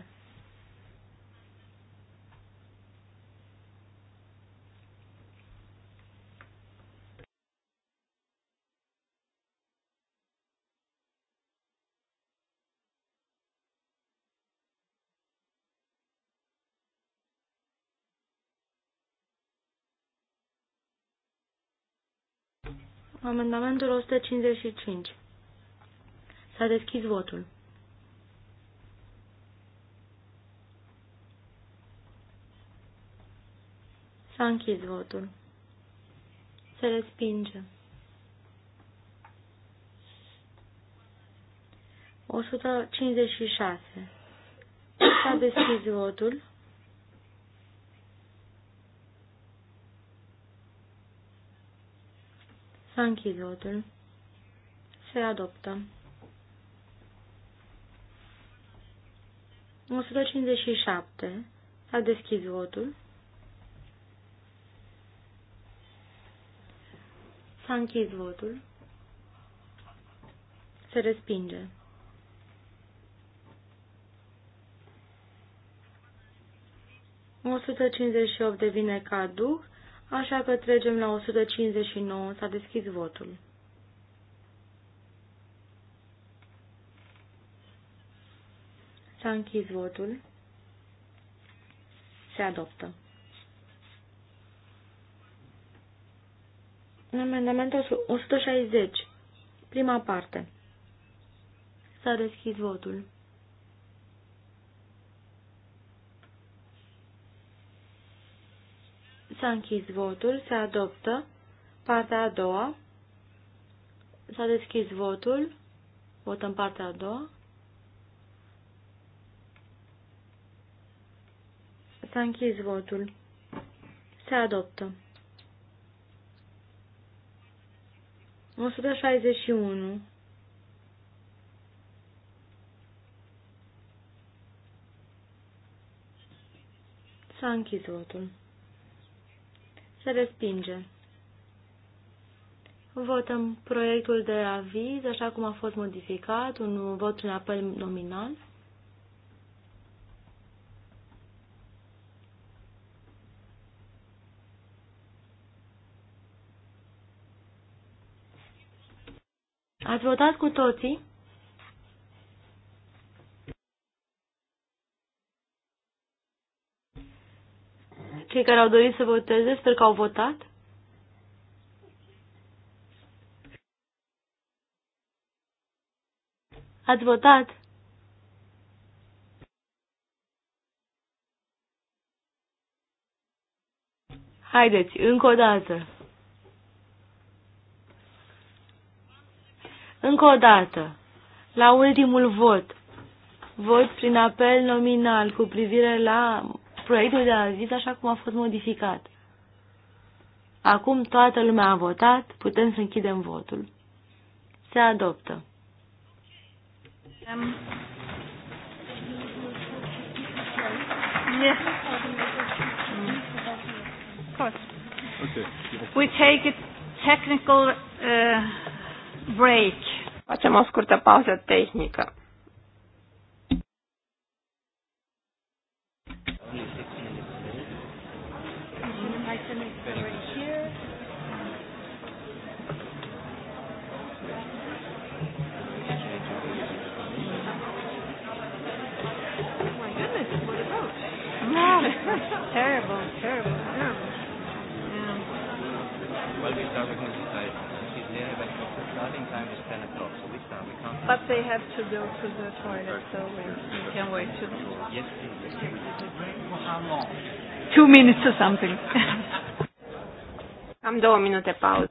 Amendamentul 155. S-a deschis votul. S-a închis votul. Se respinge. 156. S-a deschis votul. S-a închis votul. Se adoptă. 157. S-a deschis votul. S-a închis votul. Se respinge. 158 devine caduc. Așa că trecem la 159. S-a deschis votul. S-a închis votul. Se adoptă. Amendamentul 160. Prima parte. S-a deschis votul. S-a închis votul, se adoptă. Partea a doua. S-a deschis votul. Votăm partea a doua. S-a închis votul. Se adoptă. 161. S-a închis votul. Se respinge. Votăm proiectul de aviz așa cum a fost modificat, un vot în apel nominal. Ați votat cu toții? Cei care au dorit să voteze, sper că au votat. Ați votat? Haideți, încă o dată. Încă o dată, la ultimul vot, vot prin apel nominal cu privire la proiectul de aviz așa cum a fost modificat. Acum toată lumea a votat, putem să închidem votul. Se adoptă. Um, yes. Okay. We take a technical uh, break. Facem o scurtă pauză tehnică. time is 10 o'clock, so this time we can't. But they have to go to the toilet, so we, can wait till. Yes, please. How long? Two minutes or something. Am două minute pauză.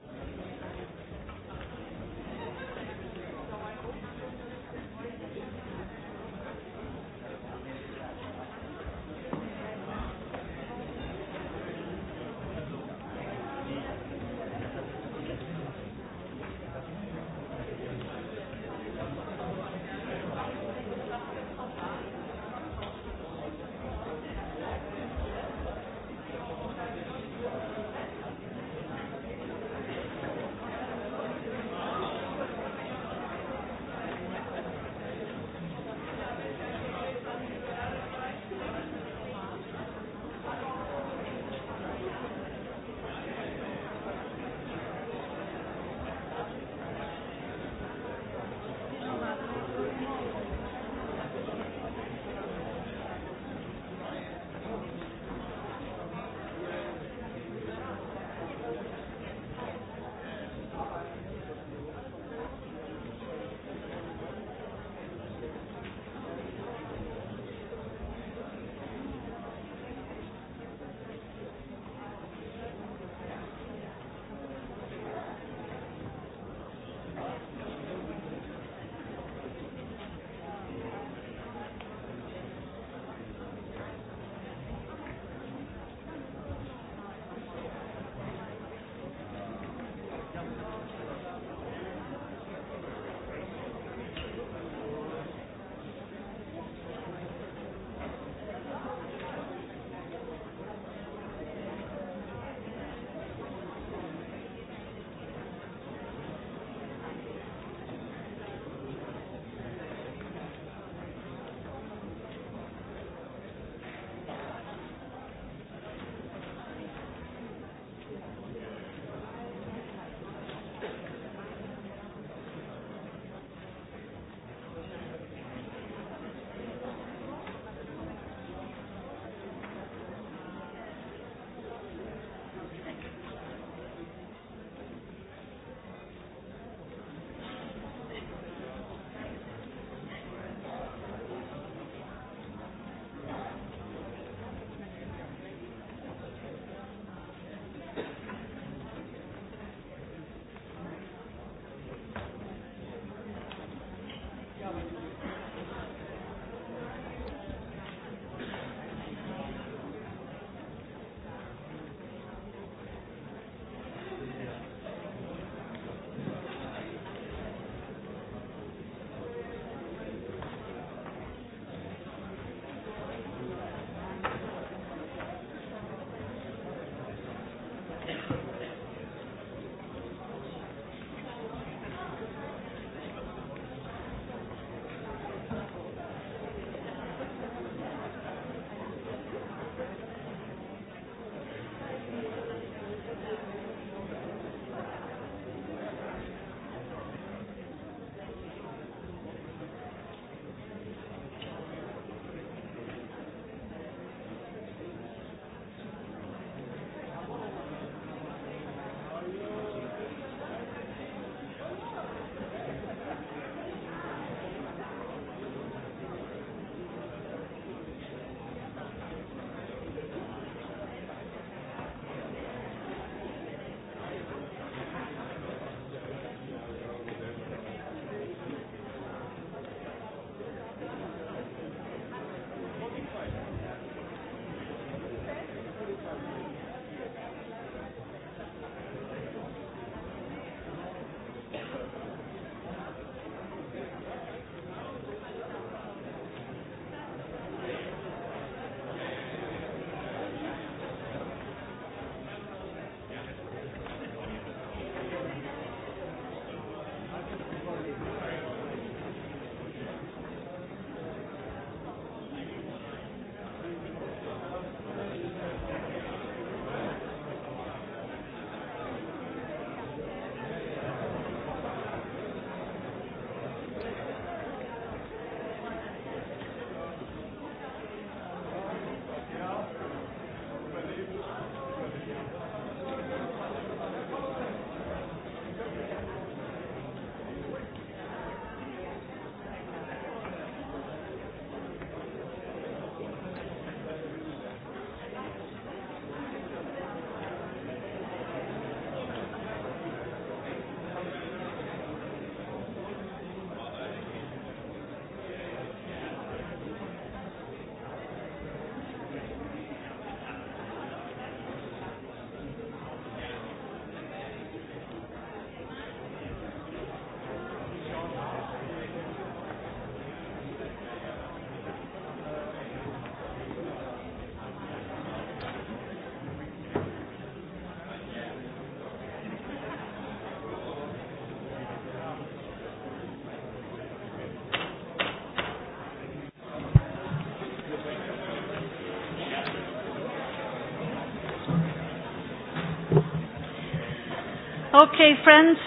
Ok, friends.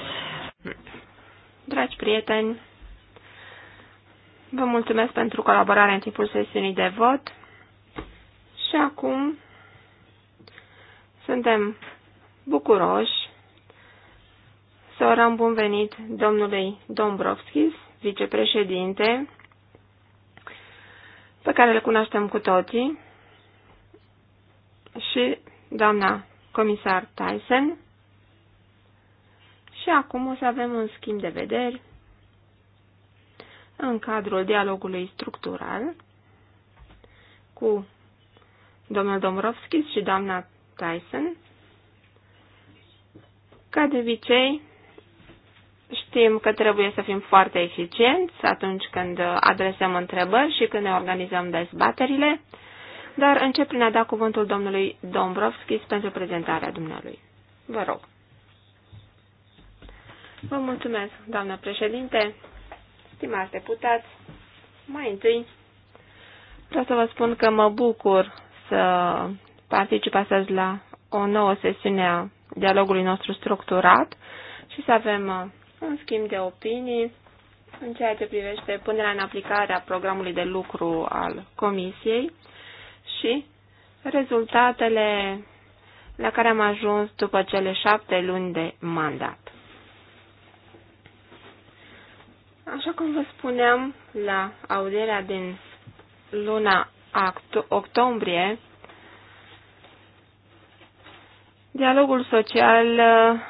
Dragi prieteni, vă mulțumesc pentru colaborarea în timpul sesiunii de vot. Și acum suntem bucuroși să orăm bun venit domnului Dombrovskis, vicepreședinte, pe care le cunoaștem cu toții, și doamna comisar Tyson, și acum o să avem un schimb de vederi în cadrul dialogului structural cu domnul Domrovskis și doamna Tyson. Ca de obicei, știm că trebuie să fim foarte eficienți atunci când adresăm întrebări și când ne organizăm dezbaterile, dar încep prin a da cuvântul domnului Dombrovskis pentru prezentarea dumnealui. Vă rog. Vă mulțumesc, doamnă președinte, stimați deputați. Mai întâi, vreau să vă spun că mă bucur să particip astăzi la o nouă sesiune a dialogului nostru structurat și să avem uh, un schimb de opinii în ceea ce privește punerea în aplicare a programului de lucru al Comisiei și rezultatele la care am ajuns după cele șapte luni de mandat. Așa cum vă spuneam la audierea din luna octombrie, dialogul social uh,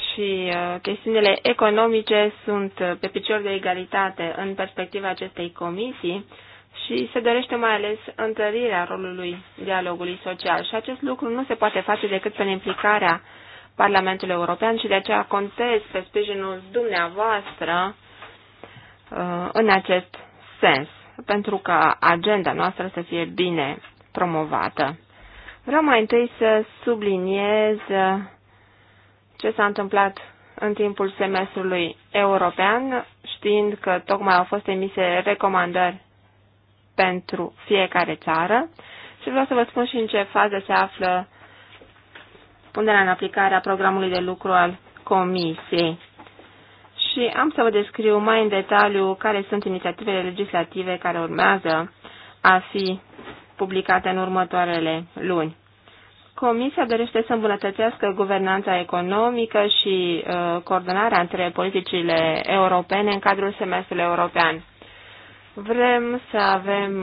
și uh, chestiunile economice sunt uh, pe picior de egalitate în perspectiva acestei comisii și se dorește mai ales întărirea rolului dialogului social. Și acest lucru nu se poate face decât prin implicarea Parlamentul European și de aceea contez pe sprijinul dumneavoastră uh, în acest sens, pentru ca agenda noastră să fie bine promovată. Vreau mai întâi să subliniez uh, ce s-a întâmplat în timpul semestrului european, știind că tocmai au fost emise recomandări pentru fiecare țară și vreau să vă spun și în ce fază se află punerea în aplicare a programului de lucru al Comisiei. Și am să vă descriu mai în detaliu care sunt inițiativele legislative care urmează a fi publicate în următoarele luni. Comisia dorește să îmbunătățească guvernanța economică și uh, coordonarea între politicile europene în cadrul semestrului european. Vrem să avem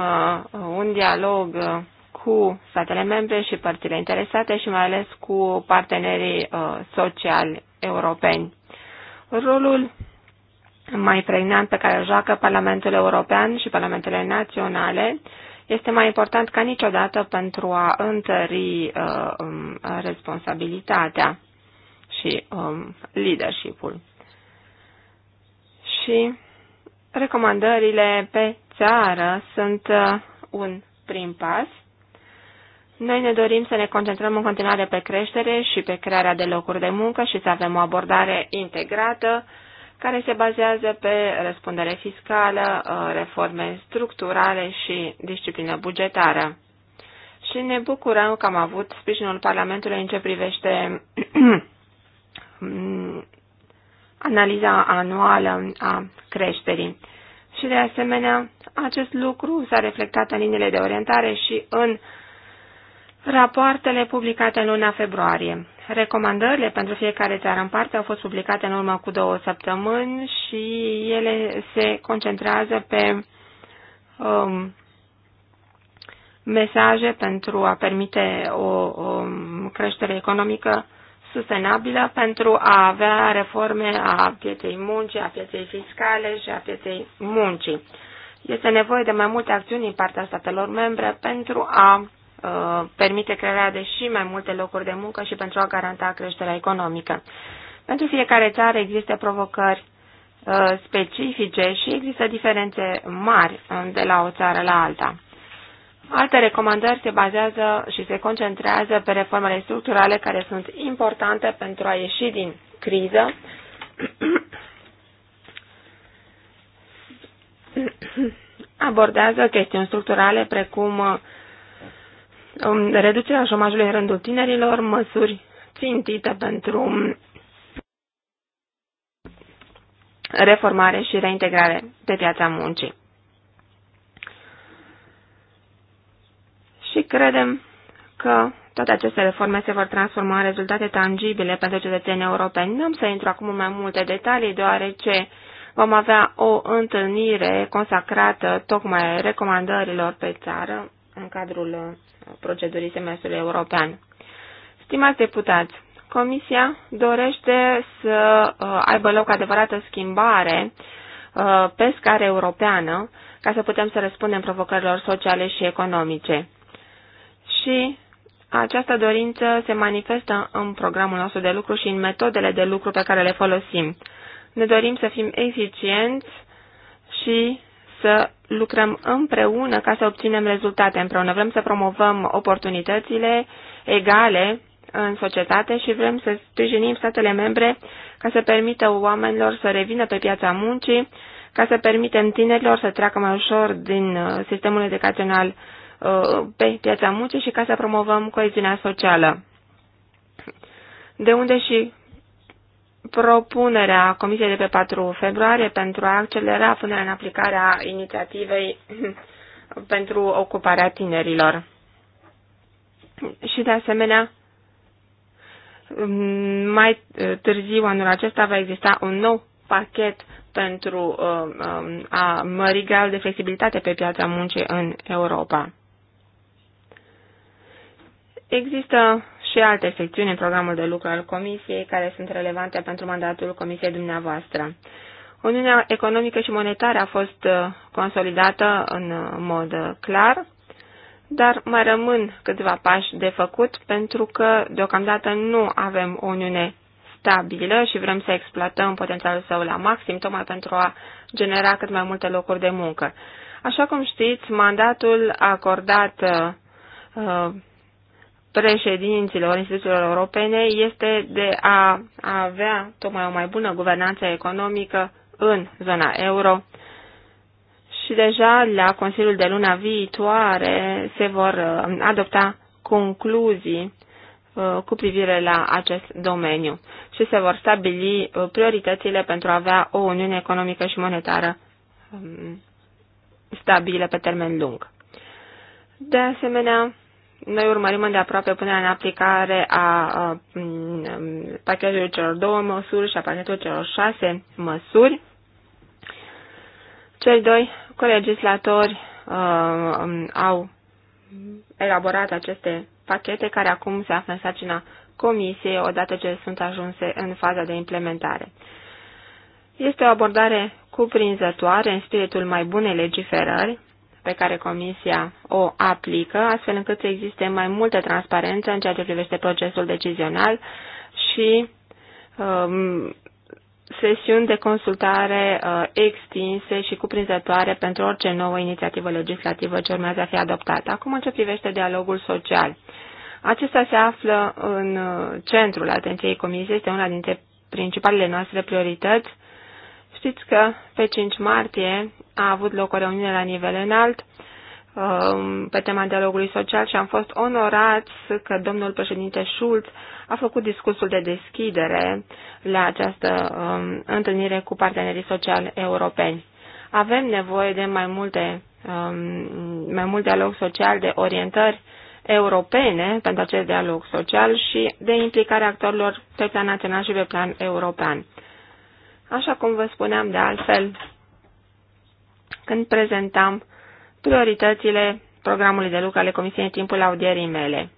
uh, un dialog uh, cu statele membre și părțile interesate și mai ales cu partenerii uh, sociali europeni. Rolul mai pregnant pe care îl joacă Parlamentul European și Parlamentele Naționale este mai important ca niciodată pentru a întări uh, um, responsabilitatea și um, leadership-ul. Și recomandările pe țară sunt uh, un prim pas noi ne dorim să ne concentrăm în continuare pe creștere și pe crearea de locuri de muncă și să avem o abordare integrată care se bazează pe răspundere fiscală, uh, reforme structurale și disciplină bugetară. Și ne bucurăm că am avut sprijinul Parlamentului în ce privește analiza anuală a creșterii. Și de asemenea, acest lucru s-a reflectat în liniile de orientare și în uh, Rapoartele publicate în luna februarie. Recomandările pentru fiecare țară în parte au fost publicate în urmă cu două săptămâni și ele se concentrează pe um, mesaje pentru a permite o, um, creștere economică sustenabilă, pentru a avea reforme a pieței muncii, a pieței fiscale și a pieței muncii. Este nevoie de mai multe acțiuni din partea statelor membre pentru a Uh, permite crearea de și mai multe locuri de muncă și pentru a garanta creșterea economică. Pentru fiecare țară există provocări uh, specifice și există diferențe mari uh, de la o țară la alta. Alte recomandări se bazează și se concentrează pe reformele structurale care sunt importante pentru a ieși din criză. Abordează chestiuni structurale precum Um, reducerea șomajului în rândul tinerilor, măsuri țintite pentru reformare și reintegrare pe piața muncii. Și credem că toate aceste reforme se vor transforma în rezultate tangibile pentru cetățenii europeni. Nu am să intru acum în mai multe detalii, deoarece vom avea o întâlnire consacrată tocmai recomandărilor pe țară în cadrul procedurii semestrului european. Stimați deputați, Comisia dorește să uh, aibă loc adevărată schimbare uh, pe scară europeană ca să putem să răspundem provocărilor sociale și economice. Și această dorință se manifestă în programul nostru de lucru și în metodele de lucru pe care le folosim. Ne dorim să fim eficienți și să lucrăm împreună ca să obținem rezultate împreună. Vrem să promovăm oportunitățile egale în societate și vrem să sprijinim statele membre ca să permită oamenilor să revină pe piața muncii, ca să permitem tinerilor să treacă mai ușor din uh, sistemul educațional uh, pe piața muncii și ca să promovăm coeziunea socială. De unde și propunerea Comisiei de pe 4 februarie pentru a accelera punerea în aplicare a inițiativei pentru ocuparea tinerilor. Și de asemenea, mai târziu anul acesta va exista un nou pachet pentru uh, um, a mări gradul de flexibilitate pe piața muncii în Europa. Există și alte secțiuni în programul de lucru al Comisiei care sunt relevante pentru mandatul Comisiei dumneavoastră. Uniunea economică și monetară a fost uh, consolidată în mod uh, clar, dar mai rămân câțiva pași de făcut pentru că deocamdată nu avem o Uniune stabilă și vrem să exploatăm potențialul său la maxim, tocmai pentru a genera cât mai multe locuri de muncă. Așa cum știți, mandatul acordat uh, uh președinților instituțiilor europene este de a avea tocmai o mai bună guvernanță economică în zona euro și deja la Consiliul de luna viitoare se vor uh, adopta concluzii uh, cu privire la acest domeniu și se vor stabili uh, prioritățile pentru a avea o uniune economică și monetară um, stabilă pe termen lung. De asemenea, noi urmărim îndeaproape punerea în aplicare a, a pachetului celor două măsuri și a pachetului celor șase măsuri. Cei doi colegislatori a, au elaborat aceste pachete care acum se află în sarcina comisiei odată ce sunt ajunse în faza de implementare. Este o abordare cuprinzătoare în spiritul mai bunei legiferări, pe care Comisia o aplică, astfel încât să existe mai multă transparență în ceea ce privește procesul decizional și um, sesiuni de consultare uh, extinse și cuprinzătoare pentru orice nouă inițiativă legislativă ce urmează a fi adoptată. Acum, în ce privește dialogul social, acesta se află în uh, centrul atenției Comisiei, este una dintre principalele noastre priorități. Știți că pe 5 martie a avut loc o reuniune la nivel înalt um, pe tema dialogului social și am fost onorați că domnul președinte Schulz a făcut discursul de deschidere la această um, întâlnire cu partenerii sociali europeni. Avem nevoie de mai multe um, mai mult dialog social, de orientări europene pentru acest dialog social și de implicarea actorilor pe plan național și pe plan european. Așa cum vă spuneam de altfel, când prezentam prioritățile programului de lucru ale Comisiei în timpul audierii mele.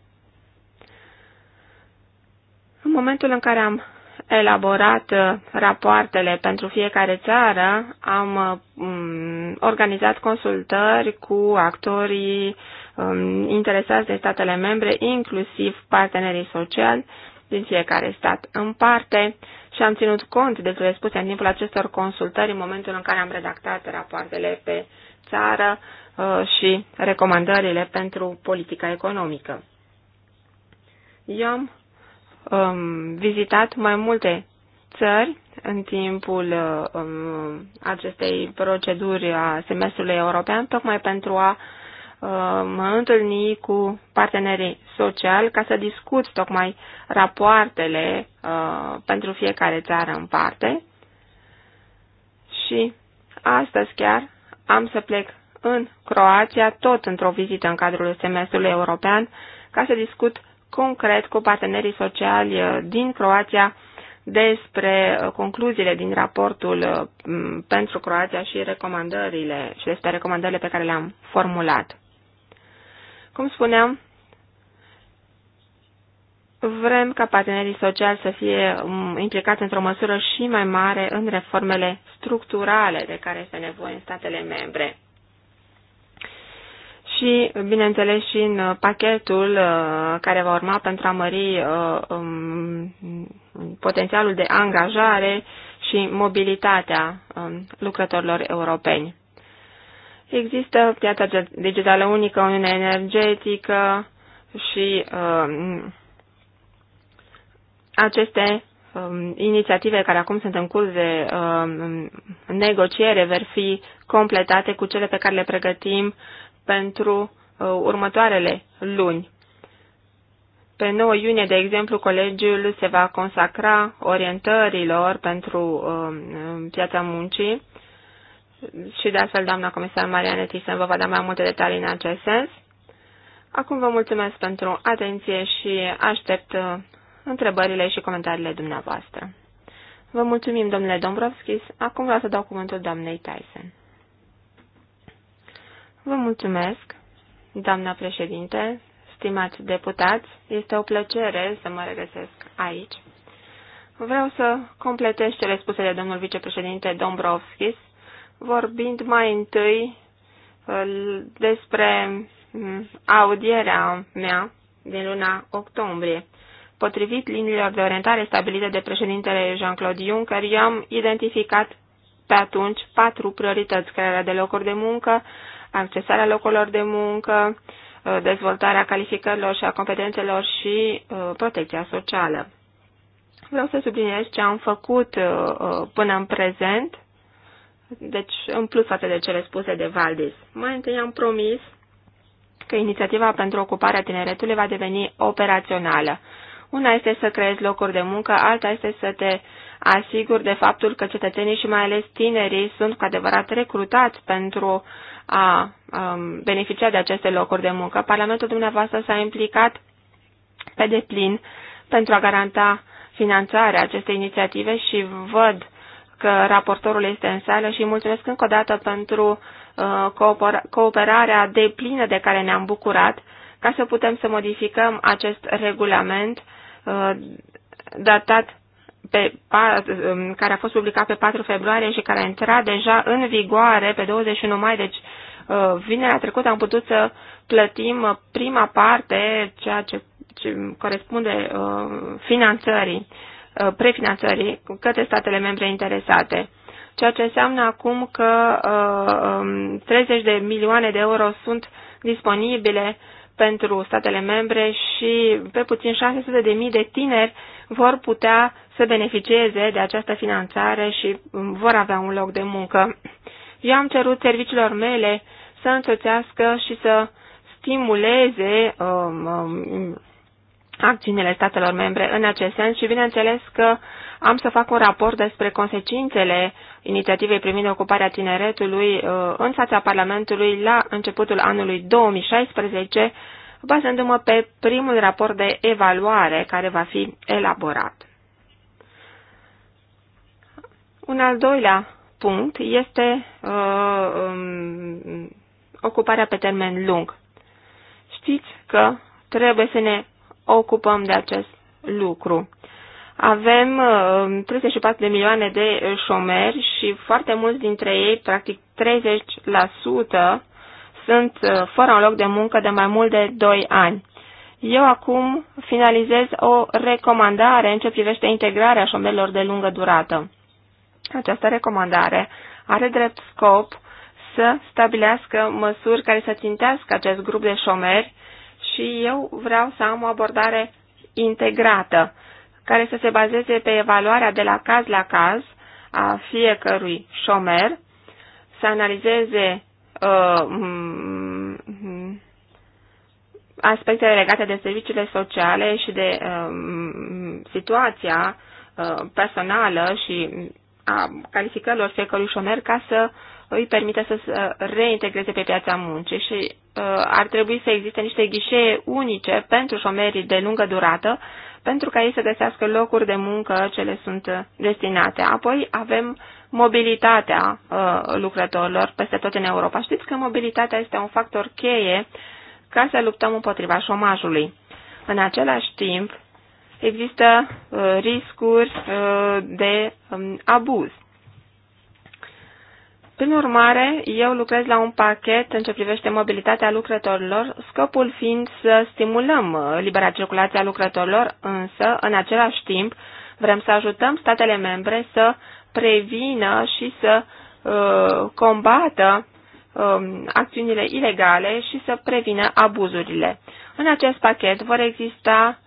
În momentul în care am elaborat uh, rapoartele pentru fiecare țară, am um, organizat consultări cu actorii um, interesați de statele membre, inclusiv partenerii sociali din fiecare stat în parte și am ținut cont de cele spuse în timpul acestor consultări în momentul în care am redactat rapoartele pe țară uh, și recomandările pentru politica economică. Eu am um, vizitat mai multe țări în timpul uh, um, acestei proceduri a semestrului european, tocmai pentru a Uh, mă întâlni cu partenerii sociali ca să discut tocmai rapoartele uh, pentru fiecare țară în parte. Și astăzi chiar am să plec în Croația, tot într-o vizită în cadrul semestrului european, ca să discut concret cu partenerii sociali uh, din Croația despre concluziile din raportul pentru Croația și recomandările și despre recomandările pe care le-am formulat. Cum spuneam, vrem ca partenerii sociali să fie um, implicați într-o măsură și mai mare în reformele structurale de care este nevoie în statele membre. Și, bineînțeles, și în uh, pachetul uh, care va urma pentru a mări uh, um, potențialul de angajare și mobilitatea um, lucrătorilor europeni. Există piața digitală unică, Uniunea Energetică și uh, aceste uh, inițiative care acum sunt în curs de uh, negociere vor fi completate cu cele pe care le pregătim pentru uh, următoarele luni. Pe 9 iunie, de exemplu, colegiul se va consacra orientărilor pentru uh, piața muncii și de astfel doamna comisar Marianne Thyssen vă va da mai multe detalii în acest sens. Acum vă mulțumesc pentru atenție și aștept uh, întrebările și comentariile dumneavoastră. Vă mulțumim, domnule Dombrovskis. Acum vreau să dau cuvântul doamnei Tyson. Vă mulțumesc, doamna președinte, stimați deputați. Este o plăcere să mă regăsesc aici. Vreau să completez cele spuse de domnul vicepreședinte Dombrovskis vorbind mai întâi uh, despre mm, audierea mea din luna octombrie. Potrivit liniilor de orientare stabilite de președintele Jean-Claude Juncker, eu am identificat pe atunci patru priorități, crearea de locuri de muncă, accesarea locurilor de muncă, uh, dezvoltarea calificărilor și a competențelor și uh, protecția socială. Vreau să subliniez ce am făcut până în prezent deci, în plus față de cele spuse de Valdis. Mai întâi am promis că inițiativa pentru ocuparea tineretului va deveni operațională. Una este să creezi locuri de muncă, alta este să te asiguri de faptul că cetățenii și mai ales tinerii sunt cu adevărat recrutați pentru a um, beneficia de aceste locuri de muncă. Parlamentul dumneavoastră s-a implicat pe deplin pentru a garanta finanțarea acestei inițiative și văd că raportorul este în sală și mulțumesc încă o dată pentru uh, cooperarea de plină de care ne-am bucurat ca să putem să modificăm acest regulament uh, datat pe, um, care a fost publicat pe 4 februarie și care a intrat deja în vigoare pe 21 mai, deci uh, vinerea trecută am putut să plătim prima parte, ceea ce, ce corespunde finanțării Uh, prefinanțării către statele membre interesate. Ceea ce înseamnă acum că 30 uh, um, de milioane de euro sunt disponibile pentru statele membre și pe puțin 600 de mii de tineri vor putea să beneficieze de această finanțare și um, vor avea un loc de muncă. Eu am cerut serviciilor mele să însoțească și să stimuleze um, um, acțiunile statelor membre în acest sens și bineînțeles că am să fac un raport despre consecințele inițiativei privind ocuparea tineretului uh, în fața Parlamentului la începutul anului 2016, bazându-mă pe primul raport de evaluare care va fi elaborat. Un al doilea punct este uh, um, ocuparea pe termen lung. Știți că trebuie să ne ocupăm de acest lucru. Avem 34 uh, de milioane de șomeri și foarte mulți dintre ei, practic 30%, sunt uh, fără un loc de muncă de mai mult de 2 ani. Eu acum finalizez o recomandare în ce privește integrarea șomerilor de lungă durată. Această recomandare are drept scop să stabilească măsuri care să țintească acest grup de șomeri și eu vreau să am o abordare integrată, care să se bazeze pe evaluarea de la caz la caz a fiecărui șomer, să analizeze uh, aspectele legate de serviciile sociale și de uh, situația uh, personală și a calificărilor fiecărui șomer ca să îi permite să se uh, reintegreze pe piața muncii și uh, ar trebui să existe niște ghișee unice pentru șomerii de lungă durată, pentru ca ei să găsească locuri de muncă ce le sunt uh, destinate. Apoi avem mobilitatea lucrătorilor peste tot în Europa. Știți că mobilitatea este un factor cheie ca să luptăm împotriva șomajului. În același timp, există riscuri de um, abuz. Prin urmare, eu lucrez la un pachet în ce privește mobilitatea lucrătorilor, scopul fiind să stimulăm libera circulație a lucrătorilor, însă, în același timp, vrem să ajutăm statele membre să prevină și să uh, combată uh, acțiunile ilegale și să prevină abuzurile. În acest pachet vor exista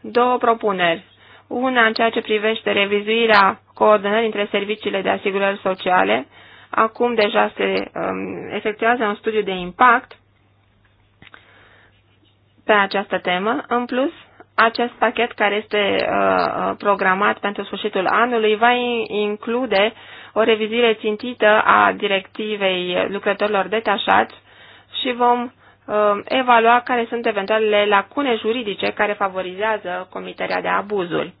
două propuneri. Una în ceea ce privește revizuirea coordonării între serviciile de asigurări sociale, Acum deja se um, efectuează un studiu de impact pe această temă. În plus, acest pachet care este uh, uh programat pentru sfârșitul anului va include o revizire țintită a directivei lucrătorilor detașați și vom uh, evalua care sunt eventualele lacune juridice care favorizează comiterea de abuzuri.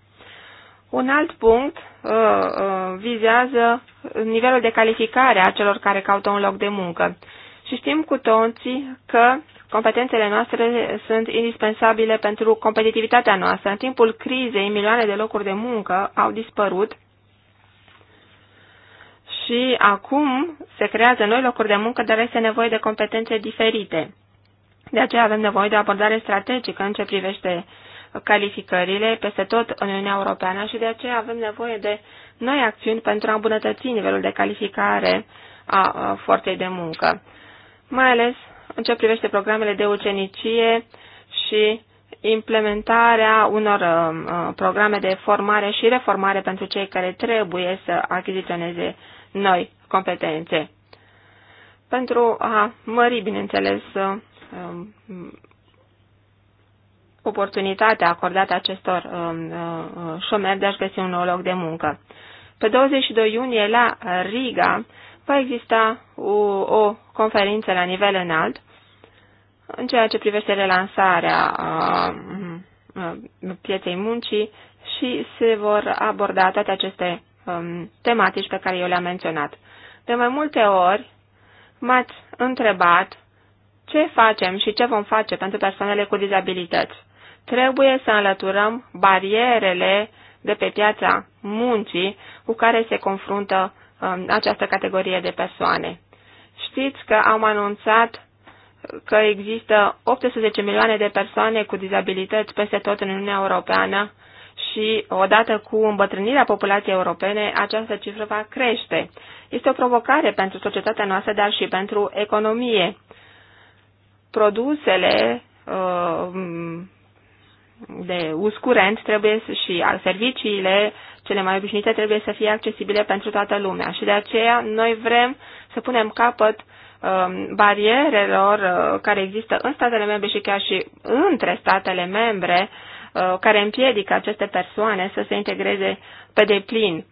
Un alt punct uh, uh, vizează nivelul de calificare a celor care caută un loc de muncă. Și știm cu toții că competențele noastre sunt indispensabile pentru competitivitatea noastră. În timpul crizei, milioane de locuri de muncă au dispărut și acum se creează noi locuri de muncă, dar este nevoie de competențe diferite. De aceea avem nevoie de o abordare strategică în ce privește calificările peste tot în Uniunea Europeană și de aceea avem nevoie de noi acțiuni pentru a îmbunătăți nivelul de calificare a forței de muncă, mai ales în ce privește programele de ucenicie și implementarea unor um, uh, programe de formare și reformare pentru cei care trebuie să achiziționeze noi competențe. Pentru a mări, bineînțeles, uh, um, oportunitatea acordată acestor um, uh, uh, șomeri de a-și găsi un nou loc de muncă. Pe 22 iunie, la Riga, va exista o, o conferință la nivel înalt în ceea ce privește relansarea a, uh, a, pieței muncii și se vor aborda toate aceste um, tematici pe care eu le-am menționat. De mai multe ori m-ați întrebat ce facem și ce vom face pentru persoanele cu dizabilități. Trebuie să înlăturăm barierele de pe piața muncii cu care se confruntă um, această categorie de persoane. Știți că am anunțat că există 18 milioane de persoane cu dizabilități peste tot în Uniunea Europeană și odată cu îmbătrânirea populației europene, această cifră va crește. Este o provocare pentru societatea noastră, dar și pentru economie. Produsele uh, de uz curent trebuie și al serviciile cele mai obișnuite trebuie să fie accesibile pentru toată lumea și de aceea noi vrem să punem capăt um, barierelor uh, care există în statele membre și chiar și între statele membre uh, care împiedică aceste persoane să se integreze pe deplin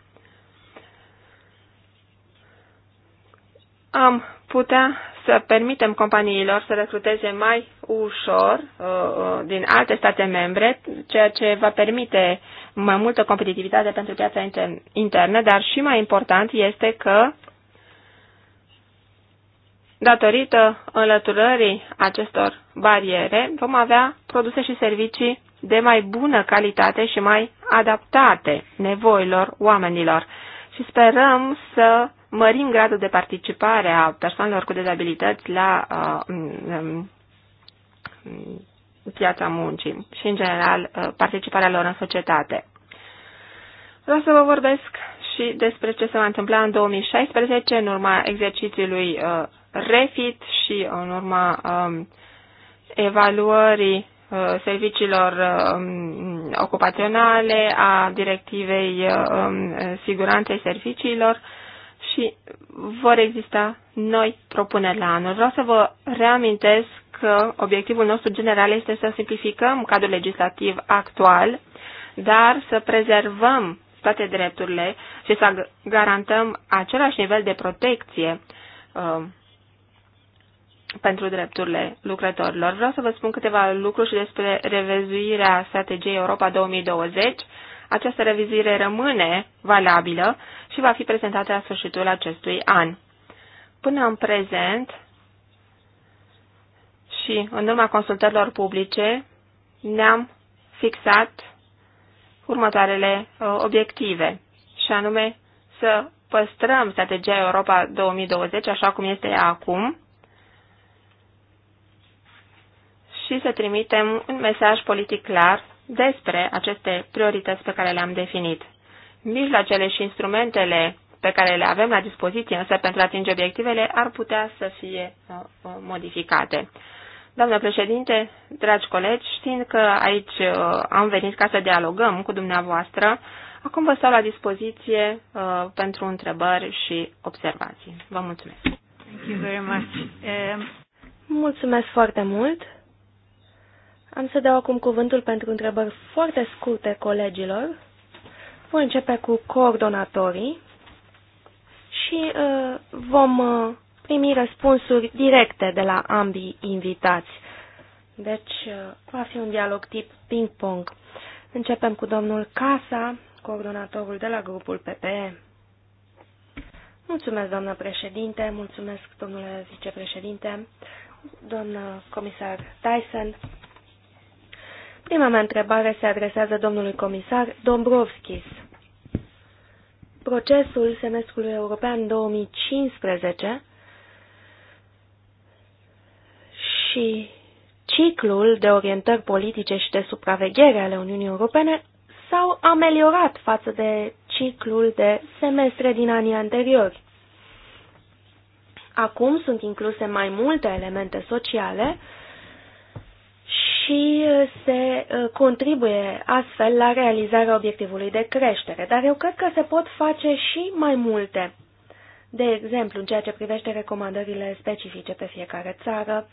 am putea să permitem companiilor să recruteze mai ușor uh, uh, din alte state membre, ceea ce va permite mai multă competitivitate pentru piața internă, dar și mai important este că datorită înlăturării acestor bariere vom avea produse și servicii de mai bună calitate și mai adaptate nevoilor oamenilor. Și sperăm să mărim gradul de participare a persoanelor cu dezabilități la uh, piața muncii și, în general, uh, participarea lor în societate. Vreau să vă vorbesc și despre ce se va întâmpla în 2016 în urma exercițiului uh, REFIT și în urma um, evaluării serviciilor um, ocupaționale, a directivei um, siguranței serviciilor și vor exista noi propuneri la anul. Vreau să vă reamintesc că obiectivul nostru general este să simplificăm cadrul legislativ actual, dar să prezervăm toate drepturile și să garantăm același nivel de protecție uh, pentru drepturile lucrătorilor. Vreau să vă spun câteva lucruri și despre revizuirea strategiei Europa 2020. Această revizuire rămâne valabilă și va fi prezentată la sfârșitul acestui an. Până în prezent și în urma consultărilor publice ne-am fixat următoarele uh, obiective, și anume să păstrăm strategia Europa 2020 așa cum este ea acum și să trimitem un mesaj politic clar despre aceste priorități pe care le-am definit mijloacele și instrumentele pe care le avem la dispoziție, însă pentru a atinge obiectivele, ar putea să fie uh, uh, modificate. Doamnă președinte, dragi colegi, știind că aici uh, am venit ca să dialogăm cu dumneavoastră, acum vă stau la dispoziție pentru întrebări și observații. Vă mulțumesc! Thank you very much. Um, mulțumesc foarte mult! Am să dau acum cuvântul pentru întrebări foarte scurte colegilor. Voi începe cu coordonatorii și uh, vom uh, primi răspunsuri directe de la ambii invitați. Deci uh, va fi un dialog tip ping-pong. Începem cu domnul Casa, coordonatorul de la grupul PPE. Mulțumesc, doamnă președinte, mulțumesc, domnule vicepreședinte, doamnă comisar Tyson. Prima mea întrebare se adresează domnului comisar Dombrovskis procesul semestrului european 2015 și ciclul de orientări politice și de supraveghere ale Uniunii Europene s-au ameliorat față de ciclul de semestre din anii anteriori. Acum sunt incluse mai multe elemente sociale și uh, se uh, contribuie astfel la realizarea obiectivului de creștere. Dar eu cred că se pot face și mai multe. De exemplu, în ceea ce privește recomandările specifice pe fiecare țară,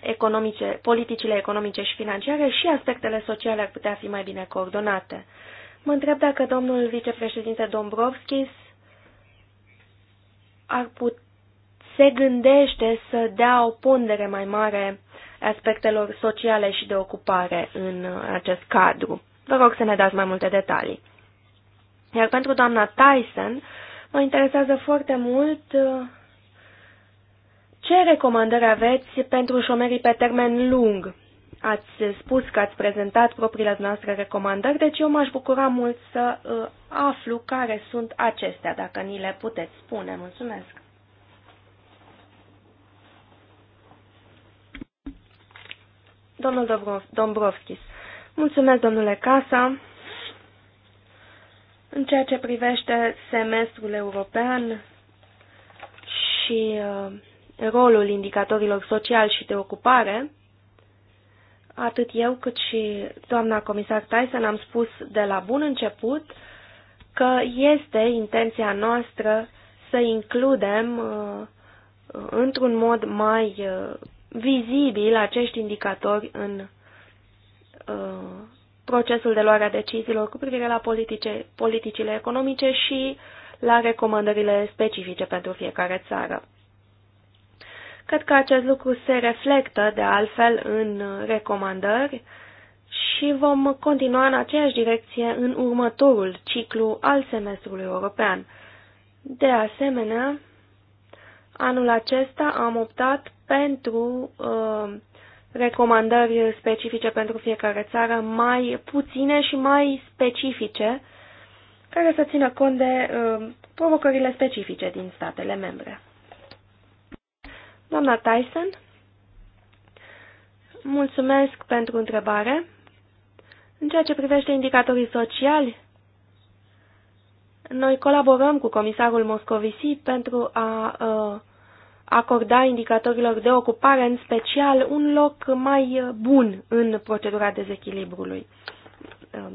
economice, politicile economice și financiare și aspectele sociale ar putea fi mai bine coordonate. Mă întreb dacă domnul vicepreședinte Dombrovskis ar put, se gândește să dea o pondere mai mare aspectelor sociale și de ocupare în acest cadru. Vă rog să ne dați mai multe detalii. Iar pentru doamna Tyson, mă interesează foarte mult uh, ce recomandări aveți pentru șomerii pe termen lung. Ați spus că ați prezentat propriile noastre recomandări, deci eu m-aș bucura mult să uh, aflu care sunt acestea, dacă ni le puteți spune. Mulțumesc! Domnul Dombrovskis. Mulțumesc, domnule Casa. În ceea ce privește semestrul european și uh, rolul indicatorilor social și de ocupare, atât eu cât și doamna comisar Tyson am spus de la bun început că este intenția noastră să includem uh, într-un mod mai uh, vizibil acești indicatori în uh, procesul de luare a deciziilor cu privire la politice, politicile economice și la recomandările specifice pentru fiecare țară. Cred că acest lucru se reflectă, de altfel, în recomandări și vom continua în aceeași direcție în următorul ciclu al semestrului european. De asemenea, Anul acesta am optat pentru uh, recomandări specifice pentru fiecare țară, mai puține și mai specifice, care să țină cont de uh, provocările specifice din statele membre. Doamna Tyson, mulțumesc pentru întrebare. În ceea ce privește indicatorii sociali, noi colaborăm cu comisarul Moscovici pentru a uh, acorda indicatorilor de ocupare, în special, un loc mai bun în procedura dezechilibrului. Um,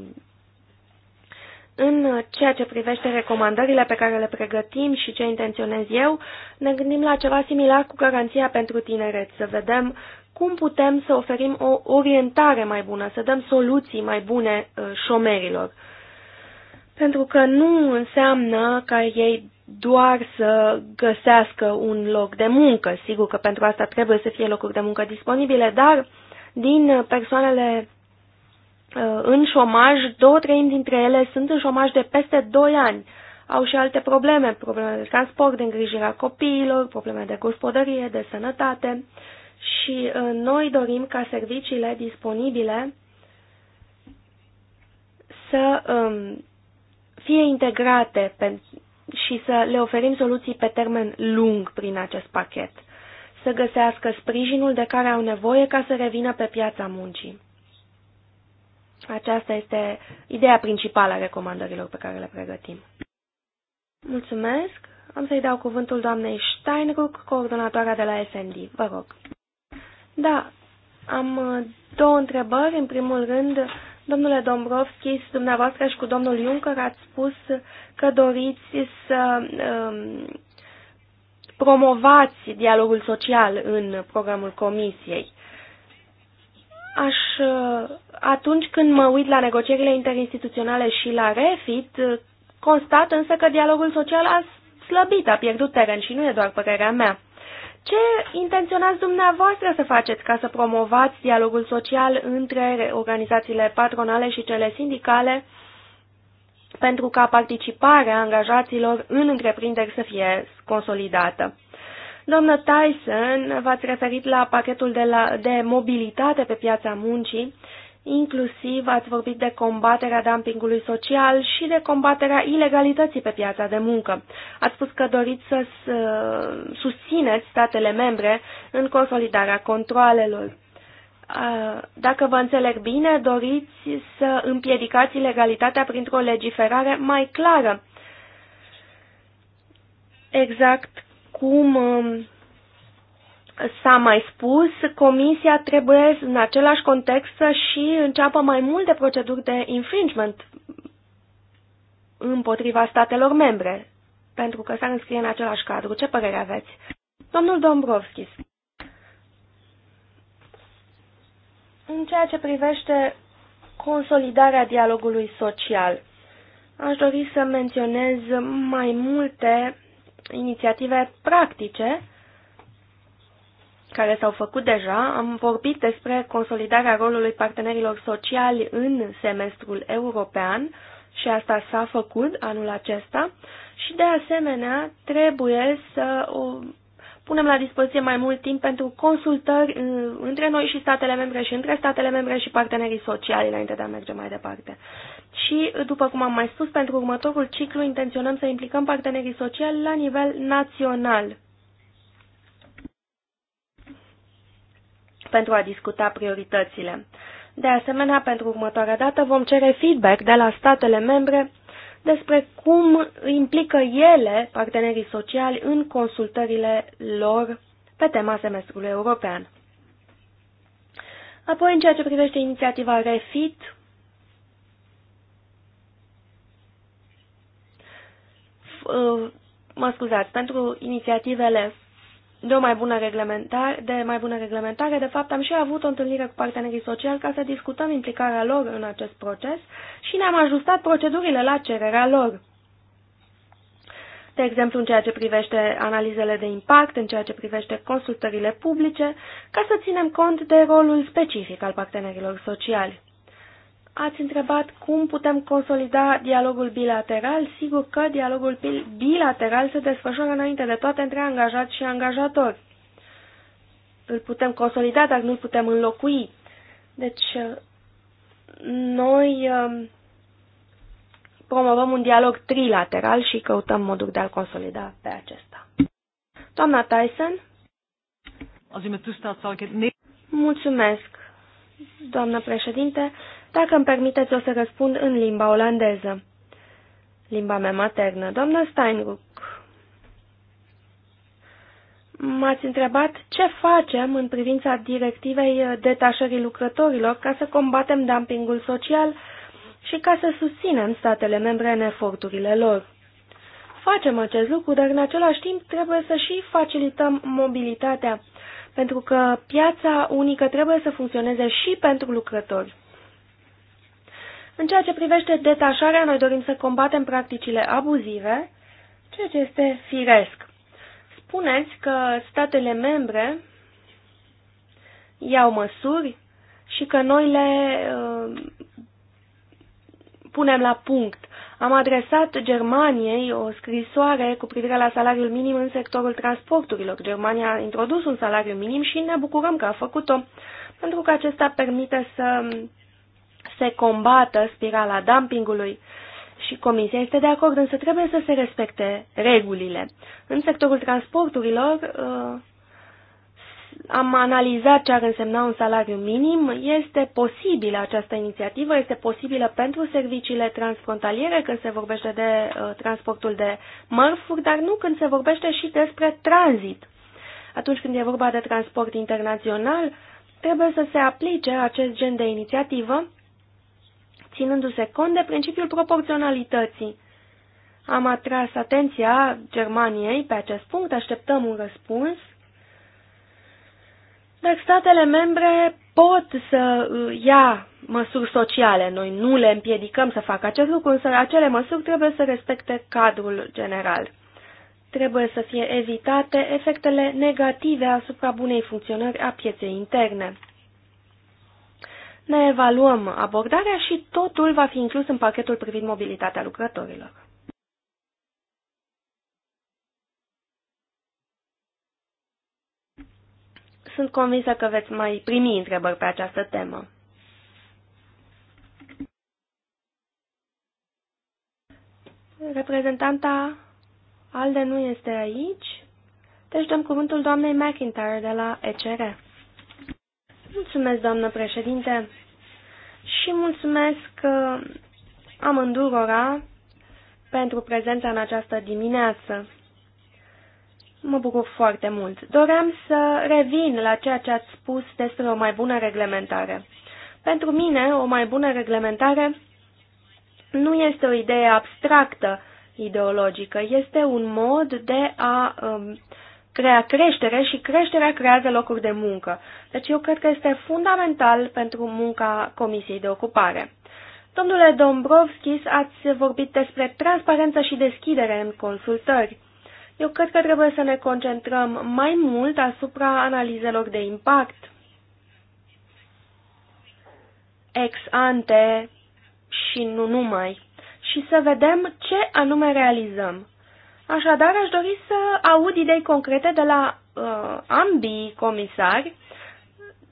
în ceea ce privește recomandările pe care le pregătim și ce intenționez eu, ne gândim la ceva similar cu garanția pentru tineret, să vedem cum putem să oferim o orientare mai bună, să dăm soluții mai bune uh, șomerilor pentru că nu înseamnă ca ei doar să găsească un loc de muncă. Sigur că pentru asta trebuie să fie locuri de muncă disponibile, dar din persoanele uh, în șomaj, două treimi dintre ele sunt în șomaj de peste 2 ani. Au și alte probleme, probleme de transport, de îngrijirea copiilor, probleme de gospodărie, de sănătate și uh, noi dorim ca serviciile disponibile să um, fie integrate și să le oferim soluții pe termen lung prin acest pachet, să găsească sprijinul de care au nevoie ca să revină pe piața muncii. Aceasta este ideea principală a recomandărilor pe care le pregătim. Mulțumesc! Am să-i dau cuvântul doamnei Steinruck, coordonatoarea de la SND. Vă rog. Da, am două întrebări. În primul rând, Domnule Dombrovski, dumneavoastră și cu domnul Juncker ați spus că doriți să um, promovați dialogul social în programul Comisiei. Aș, uh, atunci când mă uit la negocierile interinstituționale și la REFIT, uh, constat însă că dialogul social a slăbit, a pierdut teren și nu e doar părerea mea. Ce intenționați dumneavoastră să faceți ca să promovați dialogul social între organizațiile patronale și cele sindicale pentru ca participarea angajaților în întreprinderi să fie consolidată? Doamnă Tyson, v-ați referit la pachetul de, la, de mobilitate pe piața muncii Inclusiv ați vorbit de combaterea dumpingului social și de combaterea ilegalității pe piața de muncă. Ați spus că doriți să uh, susțineți statele membre în consolidarea controalelor. Uh, dacă vă înțeleg bine, doriți să împiedicați ilegalitatea printr-o legiferare mai clară. Exact cum um, s-a mai spus, Comisia trebuie în același context să și înceapă mai multe proceduri de infringement împotriva statelor membre, pentru că s-ar înscrie în același cadru. Ce părere aveți? Domnul Dombrovskis. În ceea ce privește consolidarea dialogului social, aș dori să menționez mai multe inițiative practice care s-au făcut deja, am vorbit despre consolidarea rolului partenerilor sociali în semestrul european și asta s-a făcut anul acesta și de asemenea trebuie să o punem la dispoziție mai mult timp pentru consultări uh, între noi și statele membre și între statele membre și partenerii sociali înainte de a merge mai departe. Și, după cum am mai spus, pentru următorul ciclu intenționăm să implicăm partenerii sociali la nivel național pentru a discuta prioritățile. De asemenea, pentru următoarea dată vom cere feedback de la statele membre despre cum implică ele partenerii sociali în consultările lor pe tema semestrului european. Apoi, în ceea ce privește inițiativa REFIT, uh, mă scuzați, pentru inițiativele de, o mai bună reglementare, de mai bună reglementare. De fapt, am și avut o întâlnire cu partenerii sociali ca să discutăm implicarea lor în acest proces și ne-am ajustat procedurile la cererea lor. De exemplu, în ceea ce privește analizele de impact, în ceea ce privește consultările publice, ca să ținem cont de rolul specific al partenerilor sociali. Ați întrebat cum putem consolida dialogul bilateral. Sigur că dialogul bilateral se desfășoară înainte de toate între angajat și angajator. Îl putem consolida, dar nu îl putem înlocui. Deci, noi um, promovăm un dialog trilateral și căutăm modul de a-l consolida pe acesta. Doamna Tyson? Mulțumesc, doamnă președinte. Dacă îmi permiteți, o să răspund în limba olandeză, limba mea maternă. Doamnă Steinruck, m-ați întrebat ce facem în privința directivei detașării lucrătorilor ca să combatem dumpingul social și ca să susținem statele membre în eforturile lor. Facem acest lucru, dar în același timp trebuie să și facilităm mobilitatea, pentru că piața unică trebuie să funcționeze și pentru lucrători. În ceea ce privește detașarea, noi dorim să combatem practicile abuzive, ceea ce este firesc. Spuneți că statele membre iau măsuri și că noi le uh, punem la punct. Am adresat Germaniei o scrisoare cu privire la salariul minim în sectorul transporturilor. Germania a introdus un salariu minim și ne bucurăm că a făcut-o, pentru că acesta permite să se combată spirala dumpingului și Comisia este de acord, însă trebuie să se respecte regulile. În sectorul transporturilor uh, am analizat ce ar însemna un salariu minim. Este posibilă această inițiativă, este posibilă pentru serviciile transfrontaliere când se vorbește de uh, transportul de mărfuri, dar nu când se vorbește și despre tranzit. Atunci când e vorba de transport internațional, trebuie să se aplice acest gen de inițiativă ținându-se cont de principiul proporționalității. Am atras atenția Germaniei pe acest punct, așteptăm un răspuns, dar statele membre pot să uh, ia măsuri sociale. Noi nu le împiedicăm să facă acest lucru, însă acele măsuri trebuie să respecte cadrul general. Trebuie să fie evitate efectele negative asupra bunei funcționări a pieței interne ne evaluăm abordarea și totul va fi inclus în pachetul privind mobilitatea lucrătorilor. Sunt convinsă că veți mai primi întrebări pe această temă. Reprezentanta ALDE nu este aici, deci dăm cuvântul doamnei McIntyre de la ECR. Mulțumesc, doamnă președinte, și mulțumesc uh, amândurora pentru prezența în această dimineață. Mă bucur foarte mult. Doream să revin la ceea ce ați spus despre o mai bună reglementare. Pentru mine, o mai bună reglementare nu este o idee abstractă, ideologică, este un mod de a um, crea creștere și creșterea creează locuri de muncă. Deci eu cred că este fundamental pentru munca Comisiei de Ocupare. Domnule Dombrovskis, ați vorbit despre transparență și deschidere în consultări. Eu cred că trebuie să ne concentrăm mai mult asupra analizelor de impact ex ante și nu numai, și să vedem ce anume realizăm. Așadar, aș dori să aud idei concrete de la uh, ambii comisari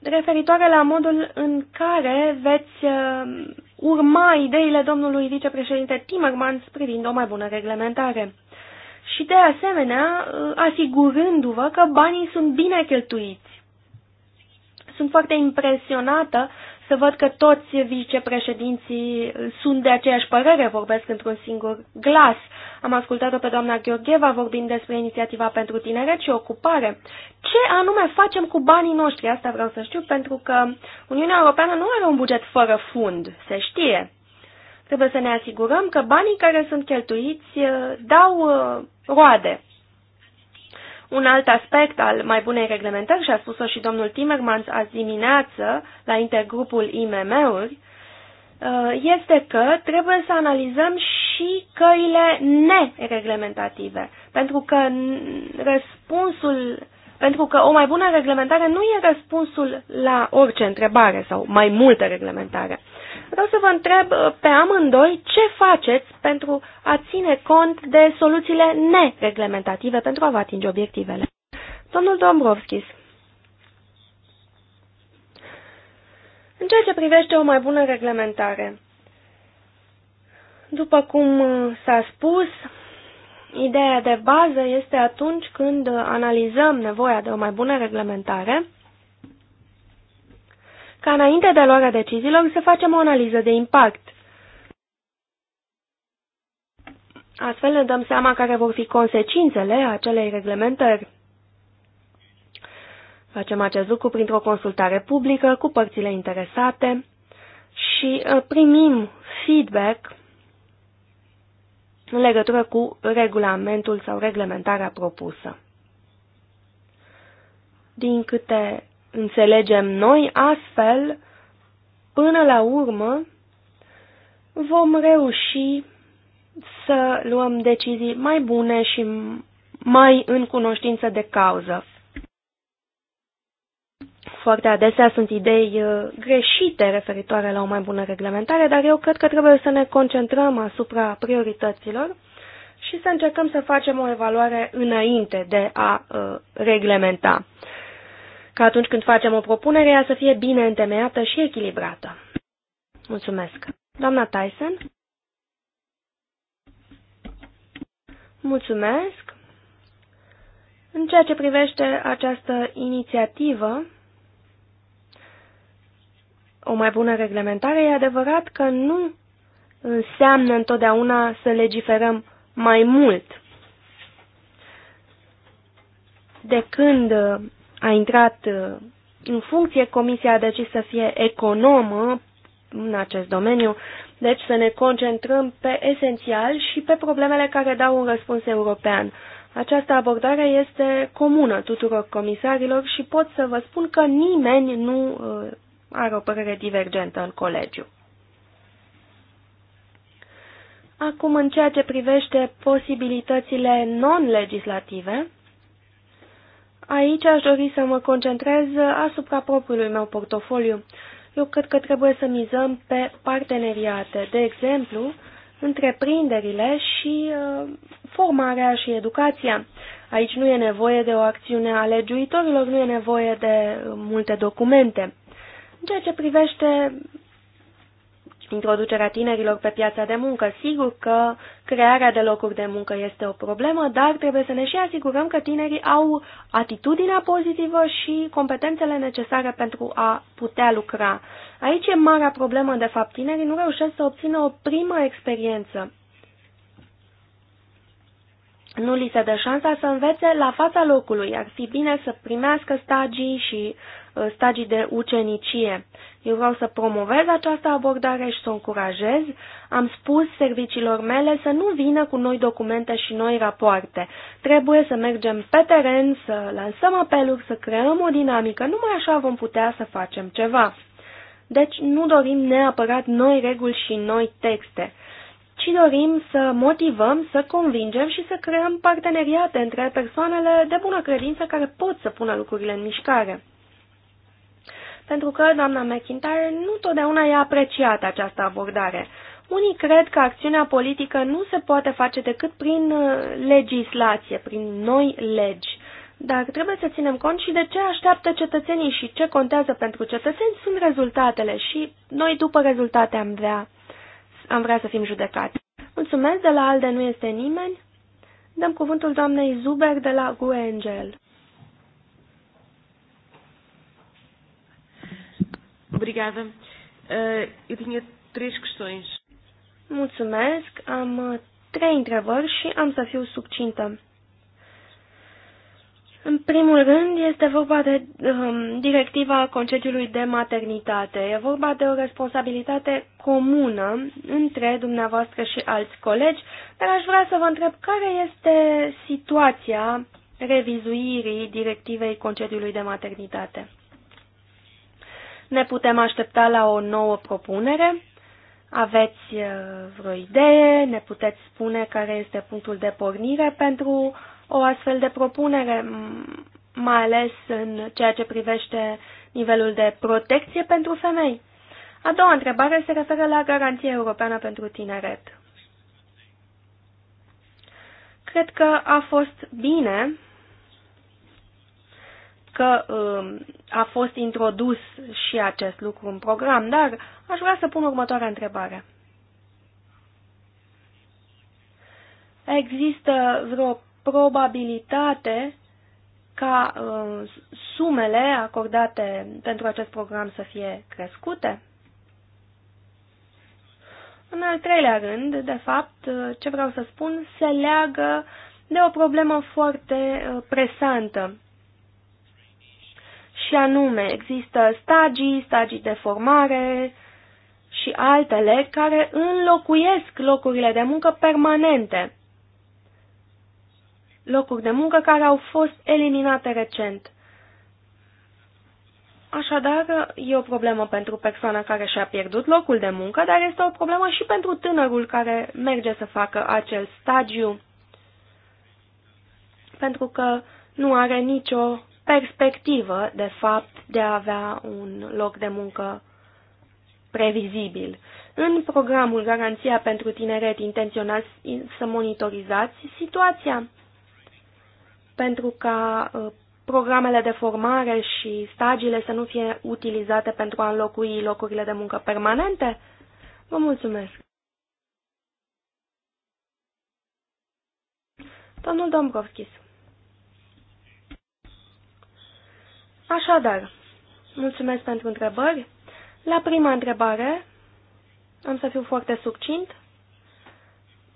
referitoare la modul în care veți uh, urma ideile domnului vicepreședinte Timmermans privind o mai bună reglementare. Și de asemenea, uh, asigurându-vă că banii sunt bine cheltuiți. Sunt foarte impresionată să văd că toți vicepreședinții sunt de aceeași părere, vorbesc într-un singur glas. Am ascultat-o pe doamna Gheorgheva vorbind despre inițiativa pentru tineret și ocupare. Ce anume facem cu banii noștri? Asta vreau să știu, pentru că Uniunea Europeană nu are un buget fără fund, se știe. Trebuie să ne asigurăm că banii care sunt cheltuiți uh, dau uh, roade. Un alt aspect al mai bunei reglementări, și a spus-o și domnul Timmermans azi dimineață la intergrupul IMM-uri, uh, este că trebuie să analizăm și căile nereglementative, pentru că răspunsul pentru că o mai bună reglementare nu e răspunsul la orice întrebare sau mai multă reglementare. Vreau să vă întreb uh, pe amândoi ce faceți pentru a ține cont de soluțiile nereglementative pentru a vă atinge obiectivele. Domnul Dombrovskis. În ceea ce privește o mai bună reglementare, după cum uh, s-a spus, ideea de bază este atunci când uh, analizăm nevoia de o mai bună reglementare, ca înainte de luarea deciziilor să facem o analiză de impact. Astfel ne dăm seama care vor fi consecințele acelei reglementări. Facem acest lucru printr-o consultare publică cu părțile interesate și uh, primim feedback în legătură cu regulamentul sau reglementarea propusă. Din câte înțelegem noi, astfel, până la urmă, vom reuși să luăm decizii mai bune și mai în cunoștință de cauză. Foarte adesea sunt idei uh, greșite referitoare la o mai bună reglementare, dar eu cred că trebuie să ne concentrăm asupra priorităților și să încercăm să facem o evaluare înainte de a uh, reglementa ca atunci când facem o propunere, ea să fie bine întemeiată și echilibrată. Mulțumesc. Doamna Tyson? Mulțumesc. În ceea ce privește această inițiativă, o mai bună reglementare, e adevărat că nu înseamnă întotdeauna să legiferăm mai mult. De când a intrat uh, în funcție, comisia a decis să fie economă în acest domeniu, deci să ne concentrăm pe esențial și pe problemele care dau un răspuns european. Această abordare este comună tuturor comisarilor și pot să vă spun că nimeni nu uh, are o părere divergentă în colegiu. Acum, în ceea ce privește posibilitățile non-legislative, Aici aș dori să mă concentrez asupra propriului meu portofoliu. Eu cred că trebuie să mizăm pe parteneriate, de exemplu, întreprinderile și uh, formarea și educația. Aici nu e nevoie de o acțiune a legiuitorilor, nu e nevoie de uh, multe documente. În ceea ce privește introducerea tinerilor pe piața de muncă. Sigur că crearea de locuri de muncă este o problemă, dar trebuie să ne și asigurăm că tinerii au atitudinea pozitivă și competențele necesare pentru a putea lucra. Aici e marea problemă, de fapt, tinerii nu reușesc să obțină o primă experiență. Nu li se dă șansa să învețe la fața locului. Ar fi bine să primească stagii și Uh, stagii de ucenicie. Eu vreau să promovez această abordare și să o încurajez. Am spus serviciilor mele să nu vină cu noi documente și noi rapoarte. Trebuie să mergem pe teren, să lansăm apeluri, să creăm o dinamică. Numai așa vom putea să facem ceva. Deci nu dorim neapărat noi reguli și noi texte, ci dorim să motivăm, să convingem și să creăm parteneriate între persoanele de bună credință care pot să pună lucrurile în mișcare pentru că doamna McIntyre nu totdeauna i-a apreciat această abordare. Unii cred că acțiunea politică nu se poate face decât prin uh, legislație, prin noi legi. Dar trebuie să ținem cont și de ce așteaptă cetățenii și ce contează pentru cetățeni sunt rezultatele și noi după rezultate am vrea, am vrea să fim judecați. Mulțumesc, de la ALDE nu este nimeni. Dăm cuvântul doamnei Zuber de la Guengel. Obrigada. Eh, eu tinha três questões. Mulțumesc. Am uh, trei întrebări și am să fiu subcintă. În primul rând, este vorba de um, directiva concediului de maternitate. E vorba de o responsabilitate comună între dumneavoastră și alți colegi, dar aș vrea să vă întreb care este situația revizuirii directivei concediului de maternitate. Ne putem aștepta la o nouă propunere? Aveți uh, vreo idee? Ne puteți spune care este punctul de pornire pentru o astfel de propunere, mai ales în ceea ce privește nivelul de protecție pentru femei? A doua întrebare se referă la Garanția Europeană pentru Tineret. Cred că a fost bine că um, a fost introdus și acest lucru în program, dar aș vrea să pun următoarea întrebare. Există vreo probabilitate ca uh, sumele acordate pentru acest program să fie crescute? În al treilea rând, de fapt, ce vreau să spun se leagă de o problemă foarte uh, presantă. Și anume, există stagii, stagii de formare și altele care înlocuiesc locurile de muncă permanente. Locuri de muncă care au fost eliminate recent. Așadar, e o problemă pentru persoana care și-a pierdut locul de muncă, dar este o problemă și pentru tânărul care merge să facă acel stagiu, pentru că nu are nicio perspectivă, de fapt, de a avea un loc de muncă previzibil. În programul Garanția pentru Tineret intenționați să monitorizați situația, pentru ca ă, programele de formare și stagiile să nu fie utilizate pentru a înlocui locurile de muncă permanente? Vă mulțumesc! Domnul Dombrovskis. Așadar, mulțumesc pentru întrebări. La prima întrebare, am să fiu foarte succint,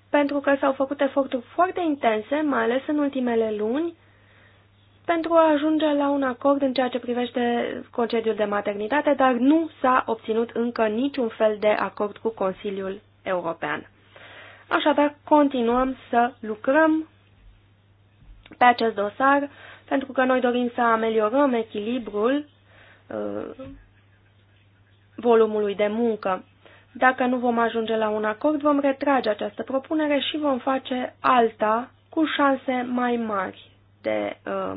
pentru că s-au făcut eforturi foarte intense, mai ales în ultimele luni, pentru a ajunge la un acord în ceea ce privește concediul de maternitate, dar nu s-a obținut încă niciun fel de acord cu Consiliul European. Așadar, continuăm să lucrăm pe acest dosar pentru că noi dorim să ameliorăm echilibrul uh, volumului de muncă. Dacă nu vom ajunge la un acord, vom retrage această propunere și vom face alta cu șanse mai mari de uh,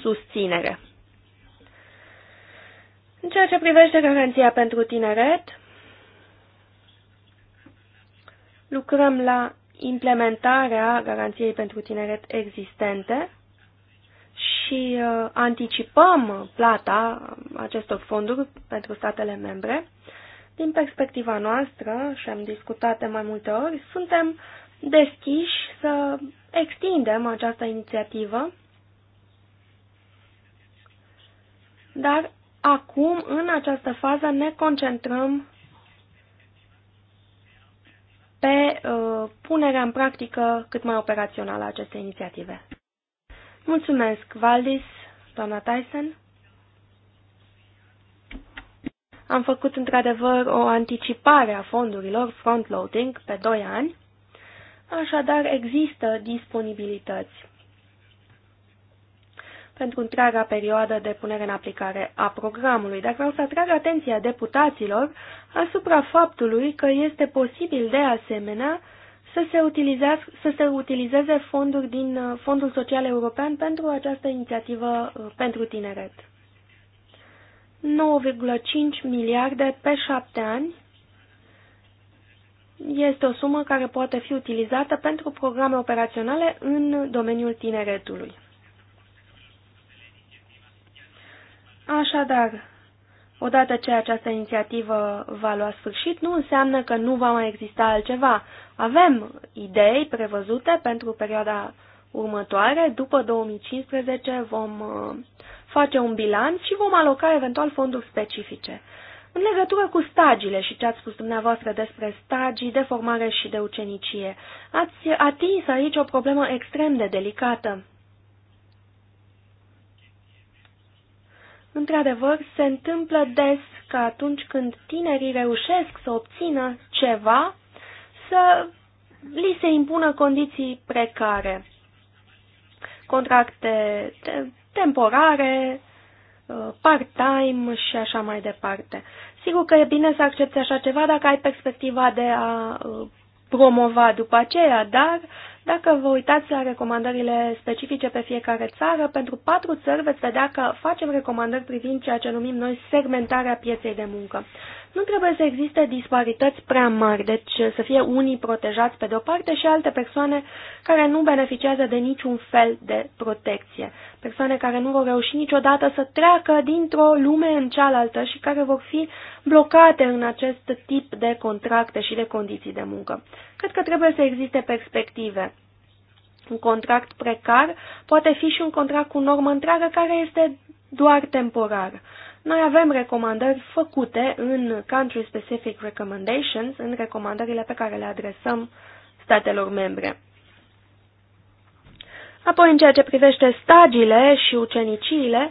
susținere. În ceea ce privește garanția pentru tineret, lucrăm la implementarea garanției pentru tineret existente și uh, anticipăm plata acestor fonduri pentru statele membre. Din perspectiva noastră, și am discutat de mai multe ori, suntem deschiși să extindem această inițiativă, dar acum, în această fază, ne concentrăm pe uh, punerea în practică cât mai operațională a acestei inițiative. Mulțumesc, Valdis, doamna Tyson. Am făcut într-adevăr o anticipare a fondurilor front-loading pe 2 ani, așadar există disponibilități pentru întreaga perioadă de punere în aplicare a programului, dar vreau să atrag atenția deputaților asupra faptului că este posibil de asemenea să se, să se utilizeze fonduri din uh, Fondul Social European pentru această inițiativă uh, pentru tineret. 9,5 miliarde pe șapte ani este o sumă care poate fi utilizată pentru programe operaționale în domeniul tineretului. Așadar, Odată ce această inițiativă va lua sfârșit, nu înseamnă că nu va mai exista altceva. Avem idei prevăzute pentru perioada următoare. După 2015 vom uh, face un bilanț și vom aloca eventual fonduri specifice. În legătură cu stagiile și ce ați spus dumneavoastră despre stagii de formare și de ucenicie, ați atins aici o problemă extrem de delicată. Într-adevăr, se întâmplă des că atunci când tinerii reușesc să obțină ceva, să li se impună condiții precare, contracte temporare, uh, part-time și așa mai departe. Sigur că e bine să accepti așa ceva dacă ai perspectiva de a uh, promova după aceea, dar dacă vă uitați la recomandările specifice pe fiecare țară, pentru patru țări veți vedea că facem recomandări privind ceea ce numim noi segmentarea pieței de muncă. Nu trebuie să existe disparități prea mari, deci să fie unii protejați pe de-o parte și alte persoane care nu beneficiază de niciun fel de protecție. Persoane care nu vor reuși niciodată să treacă dintr-o lume în cealaltă și care vor fi blocate în acest tip de contracte și de condiții de muncă. Cred că trebuie să existe perspective. Un contract precar poate fi și un contract cu normă întreagă care este doar temporar. Noi avem recomandări făcute în Country Specific Recommendations, în recomandările pe care le adresăm statelor membre. Apoi, în ceea ce privește stagiile și uceniciile,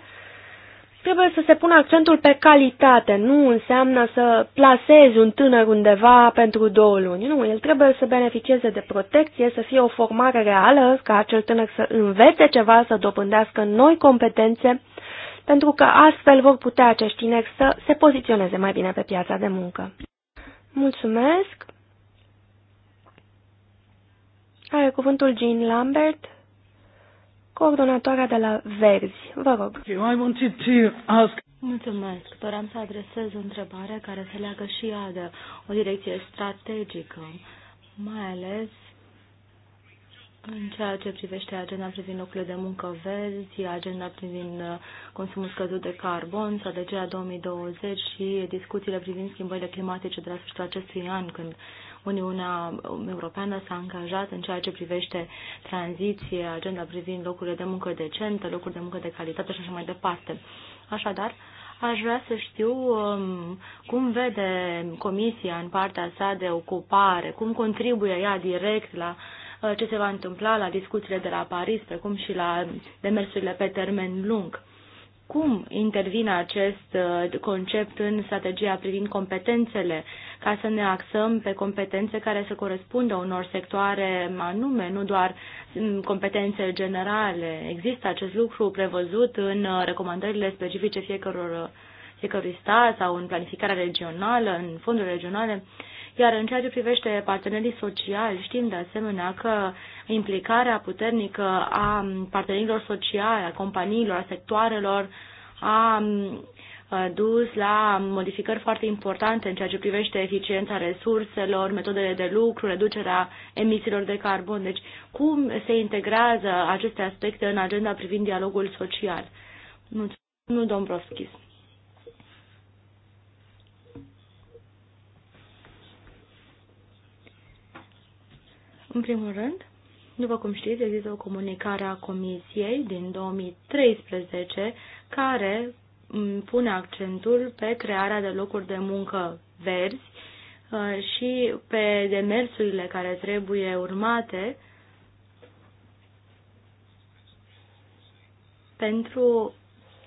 trebuie să se pună accentul pe calitate. Nu înseamnă să plasezi un tânăr undeva pentru două luni. Nu, el trebuie să beneficieze de protecție, să fie o formare reală, ca acel tânăr să învețe ceva, să dobândească noi competențe pentru că astfel vor putea acești tineri să se poziționeze mai bine pe piața de muncă. Mulțumesc! Are cuvântul Jean Lambert, coordonatoarea de la Verzi. Vă rog. Mulțumesc. Doream să adresez o întrebare care se leagă și ea de o direcție strategică, mai ales în ceea ce privește agenda privind locurile de muncă verzi, agenda privind uh, consumul scăzut de carbon, strategia 2020 și discuțiile privind schimbările climatice de la sfârșitul acestui an, când Uniunea Europeană s-a angajat în ceea ce privește tranziție, agenda privind locurile de muncă decente, locuri de muncă de calitate și așa mai departe. Așadar, aș vrea să știu um, cum vede Comisia în partea sa de ocupare, cum contribuie ea direct la Uh, ce se va întâmpla la discuțiile de la Paris, precum și la demersurile pe termen lung. Cum intervine acest uh, concept în strategia privind competențele, ca să ne axăm pe competențe care să corespundă unor sectoare anume, nu doar mm, competențe generale? Există acest lucru prevăzut în uh, recomandările specifice fiecăror, fiecărui stat sau în planificarea regională, în fonduri regionale? Iar în ceea ce privește partenerii sociali, știm de asemenea că implicarea puternică a partenerilor sociali, a companiilor, a sectoarelor, a dus la modificări foarte importante în ceea ce privește eficiența resurselor, metodele de lucru, reducerea emisiilor de carbon. Deci, cum se integrează aceste aspecte în agenda privind dialogul social? Mulțumesc, domnul Dombrovskis. În primul rând, după cum știți, există o comunicare a Comisiei din 2013 care mm, pune accentul pe crearea de locuri de muncă verzi uh, și pe demersurile care trebuie urmate pentru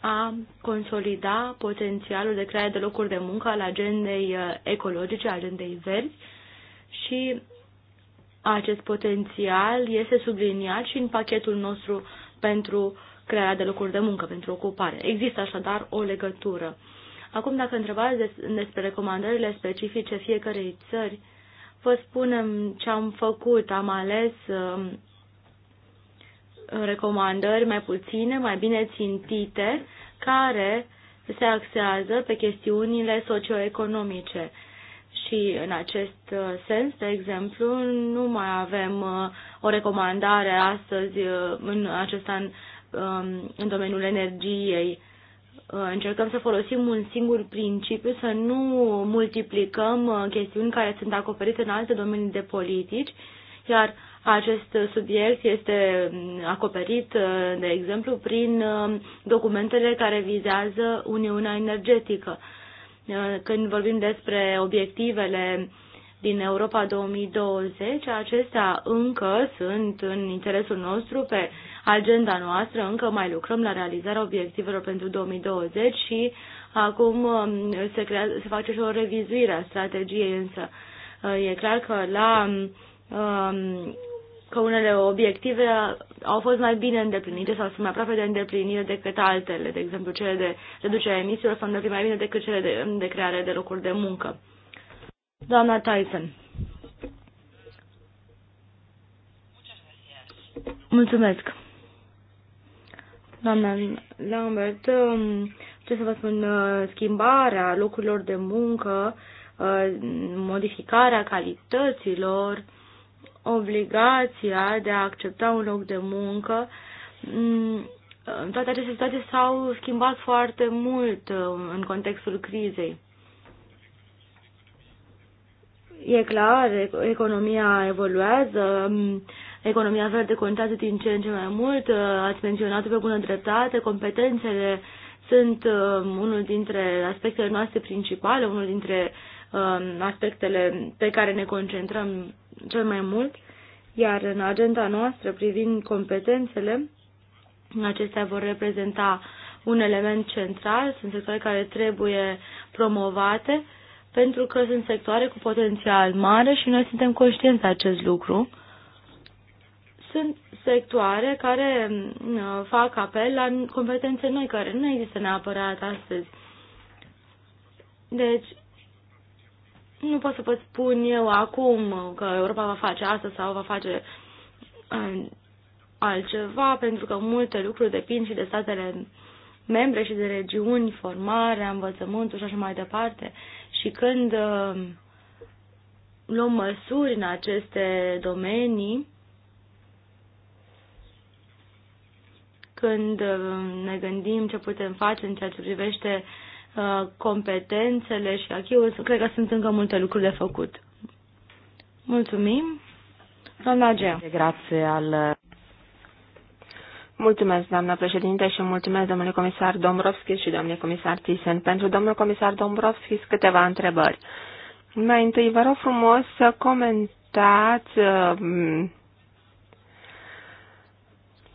a consolida potențialul de creare de locuri de muncă al agendei uh, ecologice, agendei verzi și acest potențial este subliniat și în pachetul nostru pentru crearea de locuri de muncă, pentru ocupare. Există așadar o legătură. Acum, dacă întrebați despre recomandările specifice fiecarei țări, vă spunem ce am făcut. Am ales um, recomandări mai puține, mai bine țintite, care se axează pe chestiunile socioeconomice. Și în acest uh, sens, de exemplu, nu mai avem uh, o recomandare astăzi uh, în acest an um, în domeniul energiei. Încercăm să folosim un singur principiu, să nu multiplicăm chestiuni care sunt acoperite în alte domenii de politici, iar acest subiect este mm, acoperit, de exemplu, prin documentele care vizează Uniunea Energetică. Uh, când vorbim despre obiectivele din Europa 2020, acestea încă sunt în interesul nostru pe agenda noastră, încă mai lucrăm la realizarea obiectivelor pentru 2020 și acum um, se, crea, se face și o revizuire a strategiei, însă uh, e clar că la um, că unele obiective au fost mai bine îndeplinite sau sunt mai aproape de îndeplinire decât altele, de exemplu cele de reducere a emisiilor sunt îndeplinite mai bine decât cele de, de creare de locuri de muncă. Doamna Tyson. Mulțumesc. Doamna Lambert, um, ce să vă spun, uh, schimbarea locurilor de muncă, uh, modificarea calităților, obligația de a accepta un loc de muncă, mm, toate aceste situații s-au schimbat foarte mult um, în contextul crizei. E clar, economia evoluează, mm, economia verde contează din ce în ce mai mult, uh, ați menționat pe bună dreptate, competențele sunt um, unul dintre aspectele noastre principale, unul dintre um, aspectele pe care ne concentrăm cel mai mult, iar în agenda noastră privind competențele, acestea vor reprezenta un element central, sunt sectoare care trebuie promovate, pentru că sunt sectoare cu potențial mare și noi suntem conștienți de acest lucru. Sunt sectoare care mm, fac apel la competențe noi, care nu există neapărat astăzi. Deci, nu pot să vă spun eu acum că Europa va face asta sau va face uh, altceva, pentru că multe lucruri depind și de statele membre și de regiuni, formarea, învățământul și așa mai departe. Și când uh, luăm măsuri în aceste domenii, când uh, ne gândim ce putem face în ceea ce privește uh, Uh, competențele și achiul, cred că sunt încă multe lucruri de făcut. Mulțumim. Doamna Gea. Grație al... Uh, mulțumesc, doamna președinte, și mulțumesc domnule comisar Dombrovskis și domnului comisar Tisen. Pentru domnul comisar Dombrovskis câteva întrebări. Mai întâi, vă rog frumos să comentați uh,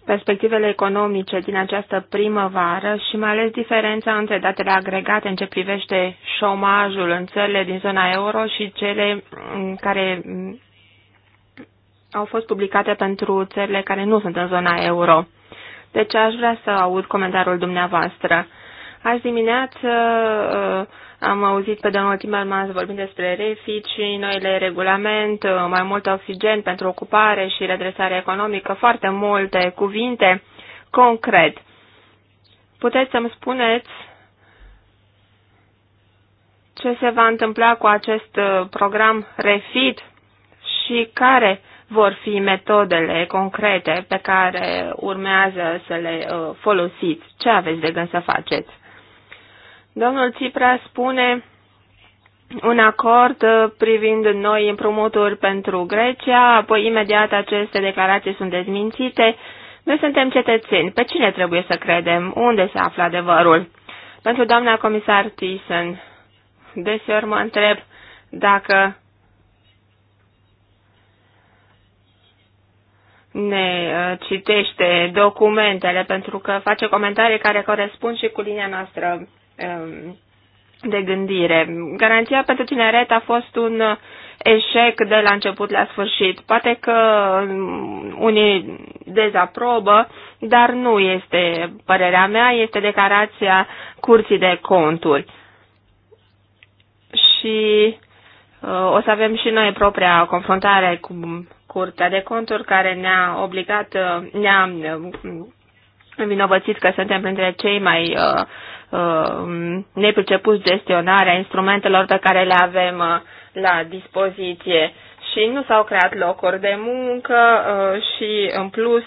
perspectivele economice din această primăvară și mai ales diferența între datele agregate în ce privește șomajul în țările din zona euro și cele mm, care mm, au fost publicate pentru țările care nu sunt în zona euro. Deci aș vrea să aud comentariul dumneavoastră. Azi dimineață uh, am auzit pe domnul Timmermans vorbind despre refit și noile regulament, mai mult oxigen pentru ocupare și redresare economică, foarte multe cuvinte concret. Puteți să-mi spuneți ce se va întâmpla cu acest uh, program refit și care vor fi metodele concrete pe care urmează să le uh, folosiți? Ce aveți de gând să faceți? Domnul Tsipra spune un acord uh, privind noi împrumuturi pentru Grecia, apoi imediat aceste declarații sunt dezmințite. Noi suntem cetățeni. Pe cine trebuie să credem? Unde se află adevărul? Pentru doamna comisar Thyssen, deseori mă întreb dacă ne uh, citește documentele, pentru că face comentarii care corespund și cu linia noastră Um, de gândire. Garanția pentru tineret a fost un eșec de la început la sfârșit. Poate că um, unii dezaprobă, dar nu este părerea mea, este declarația curții de conturi. Și uh, o să avem și noi propria confruntare cu Curtea de Conturi care ne-a obligat, uh, ne-a uh, învinovățit că suntem printre cei mai uh, Uh, nepricepuți gestionarea instrumentelor pe care le avem uh, la dispoziție și nu s-au creat locuri de muncă uh, și, în plus,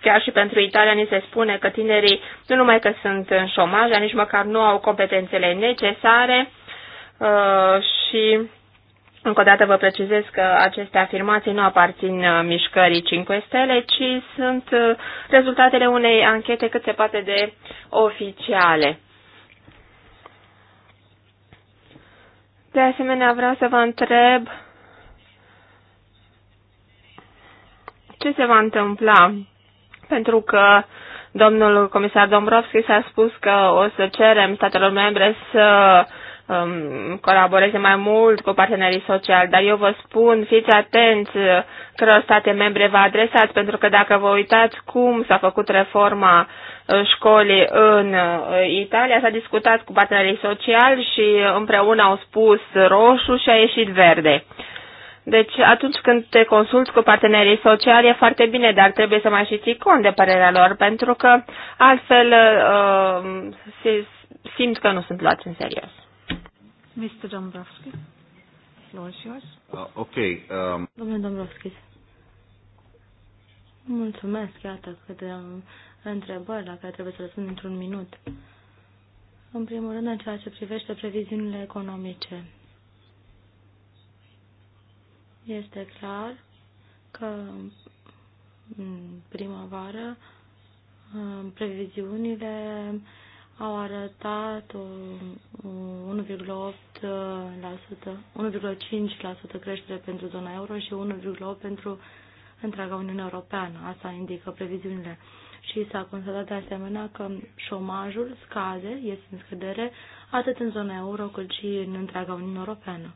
chiar și pentru Italia ni se spune că tinerii nu numai că sunt în șomaj, dar nici măcar nu au competențele necesare și încă o dată vă precizez că aceste afirmații nu aparțin uh, mișcării 5 stele, ci sunt uh, rezultatele unei anchete cât se poate de oficiale. De asemenea, vreau să vă întreb ce se va întâmpla, pentru că domnul comisar Dombrovski s-a spus că o să cerem statelor membre să uh, um, colaboreze mai mult cu partenerii sociali, dar eu vă spun, fiți atenți uh, căror state membre vă adresați, pentru că dacă vă uitați cum s-a făcut reforma uh, școlii în uh, Italia, s-a discutat cu partenerii sociali și împreună au spus roșu și a ieșit verde. Deci atunci când te consulți cu partenerii sociali e foarte bine, dar trebuie să mai și ții cont de părerea lor, pentru că altfel uh, um, se simt că nu sunt luați în serios. Mr. Dombrovskis, floor is yours. Uh, ok. Um... Domnule Dombrovskis, mulțumesc, iată, că de um, întrebări la care trebuie să răspund într-un minut. În primul rând, în ceea ce privește previziunile economice, este clar că în primăvară um, previziunile au arătat 1,5% creștere pentru zona euro și 1,8% pentru întreaga Uniune Europeană. Asta indică previziunile. Și s-a constatat de asemenea că șomajul scade, este în scădere, atât în zona euro cât și în întreaga Uniune Europeană.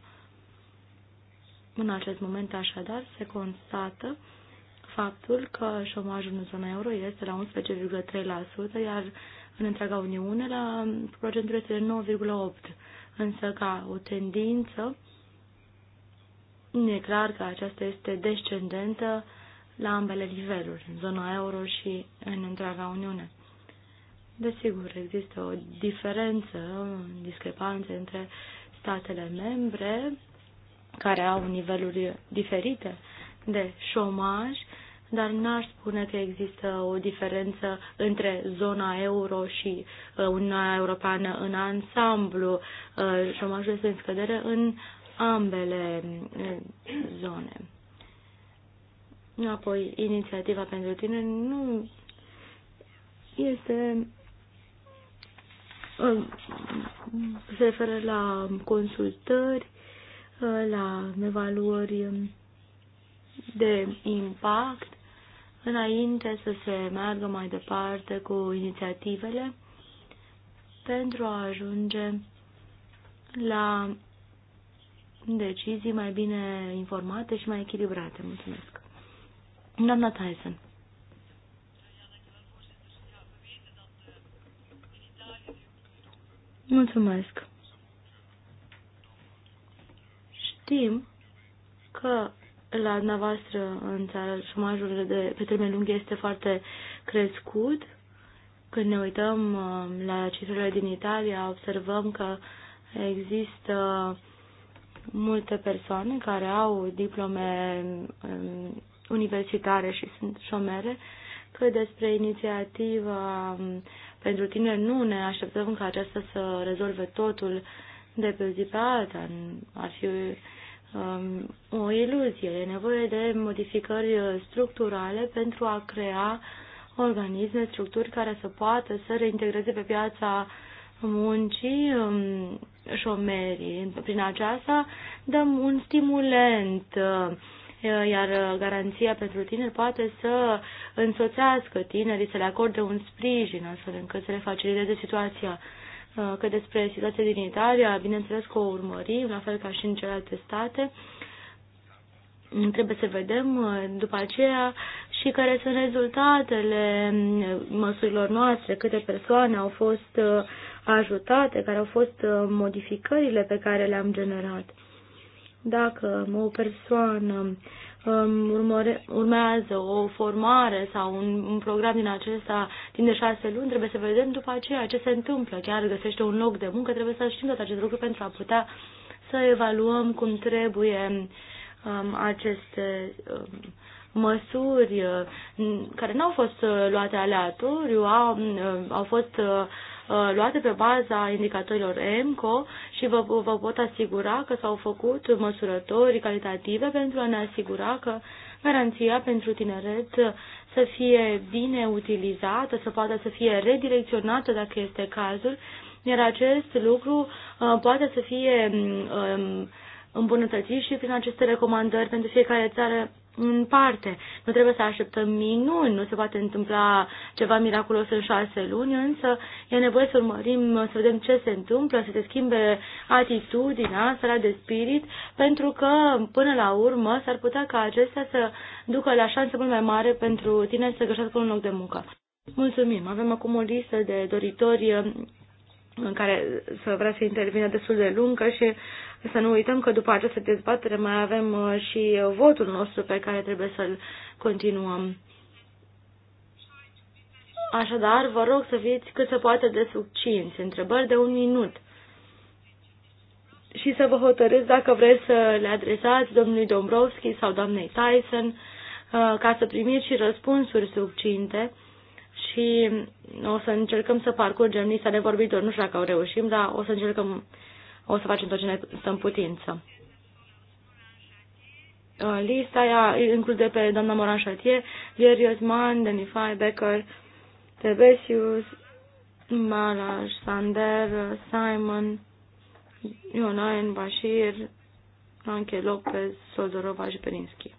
În acest moment, așadar, se constată faptul că șomajul în zona euro este la 11,3%, iar în întreaga Uniune, la procentul este de 9,8. Însă, ca o tendință, e clar că aceasta este descendentă la ambele niveluri, în zona euro și în întreaga Uniune. Desigur, există o diferență, discrepanțe între statele membre care au niveluri diferite de șomaj dar n-aș spune că există o diferență între zona euro și uh, Uniunea Europeană în ansamblu. Uh, șomajul este în scădere în ambele uh, zone. Apoi, inițiativa pentru tine nu este se referă la consultări, la evaluări de impact înainte să se meargă mai departe cu inițiativele pentru a ajunge la decizii mai bine informate și mai echilibrate. Mulțumesc. Doamna Tyson. Mulțumesc. Știm că la dumneavoastră în țară șomajul de, pe termen lung este foarte crescut. Când ne uităm uh, la cifrele din Italia, observăm că există multe persoane care au diplome um, universitare și sunt șomere, că despre inițiativa um, pentru tine nu ne așteptăm ca aceasta să rezolve totul de pe zi pe alta. Ar fi Um, o iluzie. E nevoie de modificări structurale pentru a crea organisme, structuri care să poată să reintegreze pe piața muncii um, șomerii. Prin aceasta dăm un stimulent, uh, iar garanția pentru tineri poate să însoțească tinerii, să le acorde un sprijin, astfel încât să le faciliteze situația Uh, că despre situația din Italia, bineînțeles că o urmări, la fel ca și în celelalte state. Trebuie să vedem uh, după aceea și care sunt rezultatele măsurilor noastre, câte persoane au fost uh, ajutate, care au fost modificările pe care le-am generat. Dacă o persoană Um, urmăre, urmează o formare sau un, un program din acesta timp de șase luni, trebuie să vedem după aceea ce se întâmplă. Chiar găsește un loc de muncă, trebuie să știm tot acest lucru pentru a putea să evaluăm cum trebuie um, aceste um, măsuri uh, care n-au fost uh, luate aleatoriu, au, um, au fost uh, Uh, luate pe baza indicatorilor EMCO și vă, vă pot asigura că s-au făcut măsurători calitative pentru a ne asigura că garanția pentru tineret să fie bine utilizată, să poată să fie redirecționată dacă este cazul, iar acest lucru uh, poate să fie um, îmbunătățit și prin aceste recomandări pentru fiecare țară în parte. Nu trebuie să așteptăm minuni, nu se poate întâmpla ceva miraculos în șase luni, însă e nevoie să urmărim, să vedem ce se întâmplă, să se schimbe atitudinea, starea de spirit, pentru că până la urmă s-ar putea ca acestea să ducă la șanse mult mai mare pentru tine să găsească un loc de muncă. Mulțumim! Avem acum o listă de doritori um, în care să vrea să intervină destul de lungă și să nu uităm că după această dezbatere mai avem uh, și uh, votul nostru pe care trebuie să-l continuăm. Așadar, vă rog să fiți cât se poate de succinți, întrebări de un minut. Și să vă hotărâți dacă vreți să le adresați domnului Dombrovski sau doamnei Tyson, uh, ca să primiți și răspunsuri succinte și o să încercăm să parcurgem lista de vorbitori. Nu știu dacă o reușim, dar o să încercăm o să facem tot ce ne stă în putință. Uh, lista aia include pe doamna Moran Chartier, Vieri Osman, Denifai, Becker, Tebesius, Malaj, Sander, Simon, Ionain, Bashir, Anche Lopez, Sodorova și Perinski.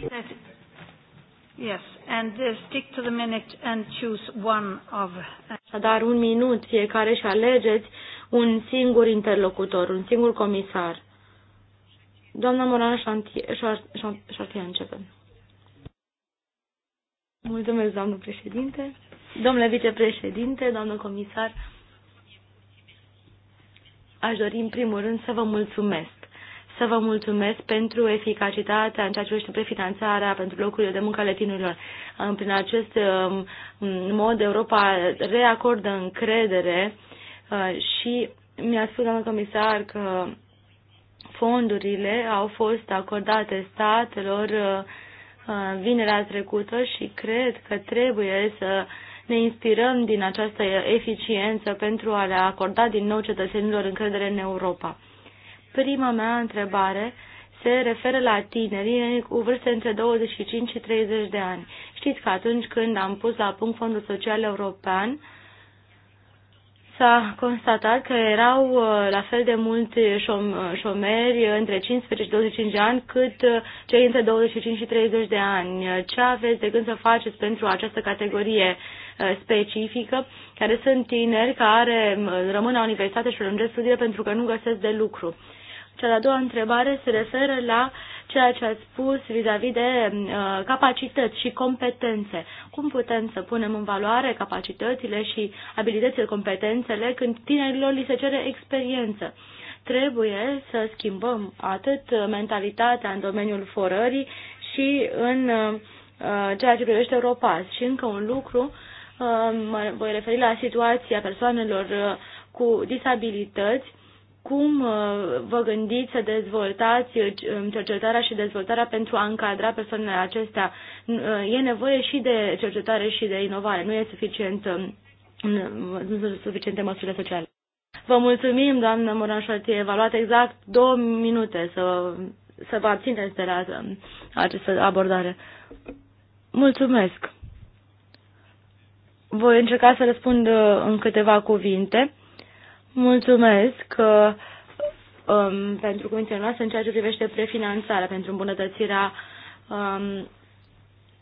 Yes. yes, and uh, stick to the minute and choose one of... Uh, dar un minut fiecare și alegeți un singur interlocutor, un singur comisar. Doamna Moran Șartia începe. Mulțumesc, doamnă președinte. Domnule vicepreședinte, doamnă comisar, aș dori în primul rând să vă mulțumesc să vă mulțumesc pentru eficacitatea în ceea ce privește prefinanțarea pentru locurile de muncă ale tinerilor. Prin acest um, mod, Europa reacordă încredere uh, și mi-a spus doamna comisar că fondurile au fost acordate statelor uh, uh, vinerea trecută și cred că trebuie să ne inspirăm din această eficiență pentru a le acorda din nou cetățenilor încredere în Europa. Prima mea întrebare se referă la tinerii cu vârste între 25 și 30 de ani. Știți că atunci când am pus la punct Fondul Social European, s-a constatat că erau uh, la fel de mulți uh, șomeri între 15 și 25 de ani cât uh, cei între 25 și 30 de ani. Ce aveți de gând să faceți pentru această categorie specifică, care sunt tineri care rămân la universitate și prelungesc studiile pentru că nu găsesc de lucru? Cea de-a doua întrebare se referă la ceea ce ați spus vis-a-vis -vis de uh, capacități și competențe. Cum putem să punem în valoare capacitățile și abilitățile, competențele când tinerilor li se cere experiență? Trebuie să schimbăm atât mentalitatea în domeniul forării și în uh, uh ceea ce privește ROPAS. Și încă un lucru, uh, mă voi referi la situația persoanelor uh, cu disabilități cum uh, vă gândiți să dezvoltați uh, cercetarea și dezvoltarea pentru a încadra persoanele acestea? Uh, e nevoie și de cercetare și de inovare, nu e suficient, um, nu sunt suficiente măsurile sociale. Vă mulțumim, doamnă Moran Șoltie, v-a luat exact două minute să, să vă abțineți de la um, această abordare. Mulțumesc! Voi încerca să răspund în câteva cuvinte. Mulțumesc uh, um, pentru cuvintele noastre în ceea ce privește prefinanțarea pentru îmbunătățirea um,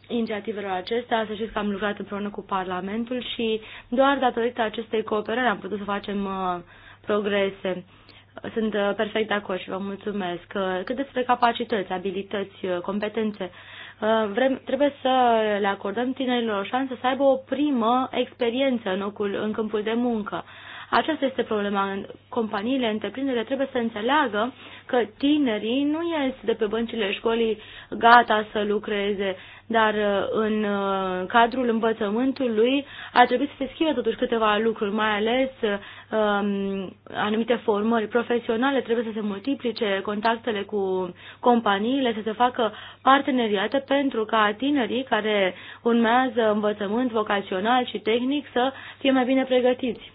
inițiativelor acestea. Să știți că am lucrat împreună cu Parlamentul și doar datorită acestei cooperări am putut să facem uh, progrese. Sunt uh, perfect de acord și vă mulțumesc. Uh, cât despre capacități, abilități, uh, competențe, uh, vrem, trebuie să le acordăm tinerilor o șansă să aibă o primă experiență în, ocul, în câmpul de muncă. Aceasta este problema. Companiile, întreprinderile trebuie să înțeleagă că tinerii nu ies de pe băncile școlii gata să lucreze, dar uh, în uh, cadrul învățământului ar trebui să se schimbe totuși câteva lucruri, mai ales um, anumite formări profesionale, trebuie să se multiplice contactele cu companiile, să se facă parteneriate pentru ca tinerii care urmează învățământ vocațional și tehnic să fie mai bine pregătiți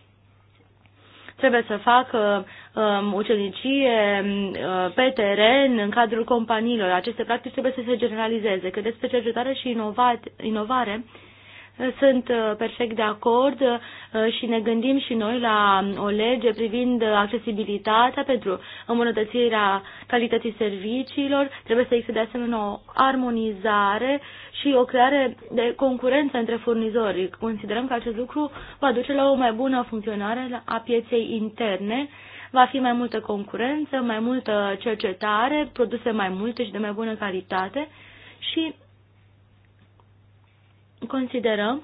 trebuie să facă um, ucenicie um, pe teren în cadrul companiilor. Aceste practici trebuie să se generalizeze. Că despre cercetare și inovat, inovare, sunt uh, perfect de acord uh, și ne gândim și noi la o lege privind accesibilitatea pentru îmbunătățirea calității serviciilor. Trebuie să existe de asemenea o armonizare și o creare de concurență între furnizori. Considerăm că acest lucru va duce la o mai bună funcționare a pieței interne va fi mai multă concurență, mai multă cercetare, produse mai multe și de mai bună calitate și considerăm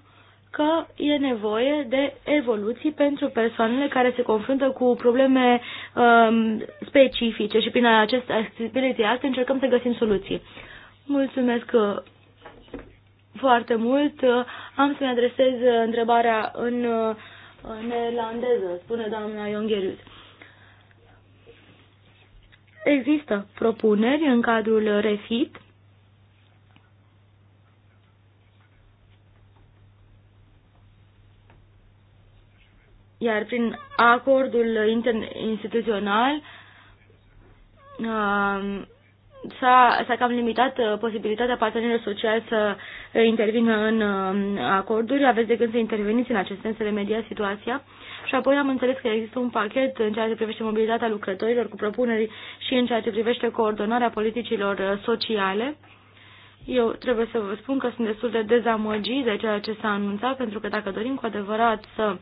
că e nevoie de evoluții pentru persoanele care se confruntă cu probleme um, specifice și prin acest accessibility act încercăm să găsim soluții. Mulțumesc uh, foarte mult. Uh, am să-mi adresez uh, întrebarea în neerlandeză, spune doamna Iongheriut. Există propuneri în cadrul REFIT Iar prin acordul instituțional um, s-a, s-a cam limitat uh, posibilitatea partenerilor sociali să uh, intervină în um, acorduri. Aveți de gând să interveniți în acest sens, să remediați situația. Și apoi am înțeles că există un pachet în ceea ce privește mobilitatea lucrătorilor cu propuneri și în ceea ce privește coordonarea politicilor uh, sociale. Eu trebuie să vă spun că sunt destul de dezamăgit de ceea ce s-a anunțat, pentru că dacă dorim cu adevărat să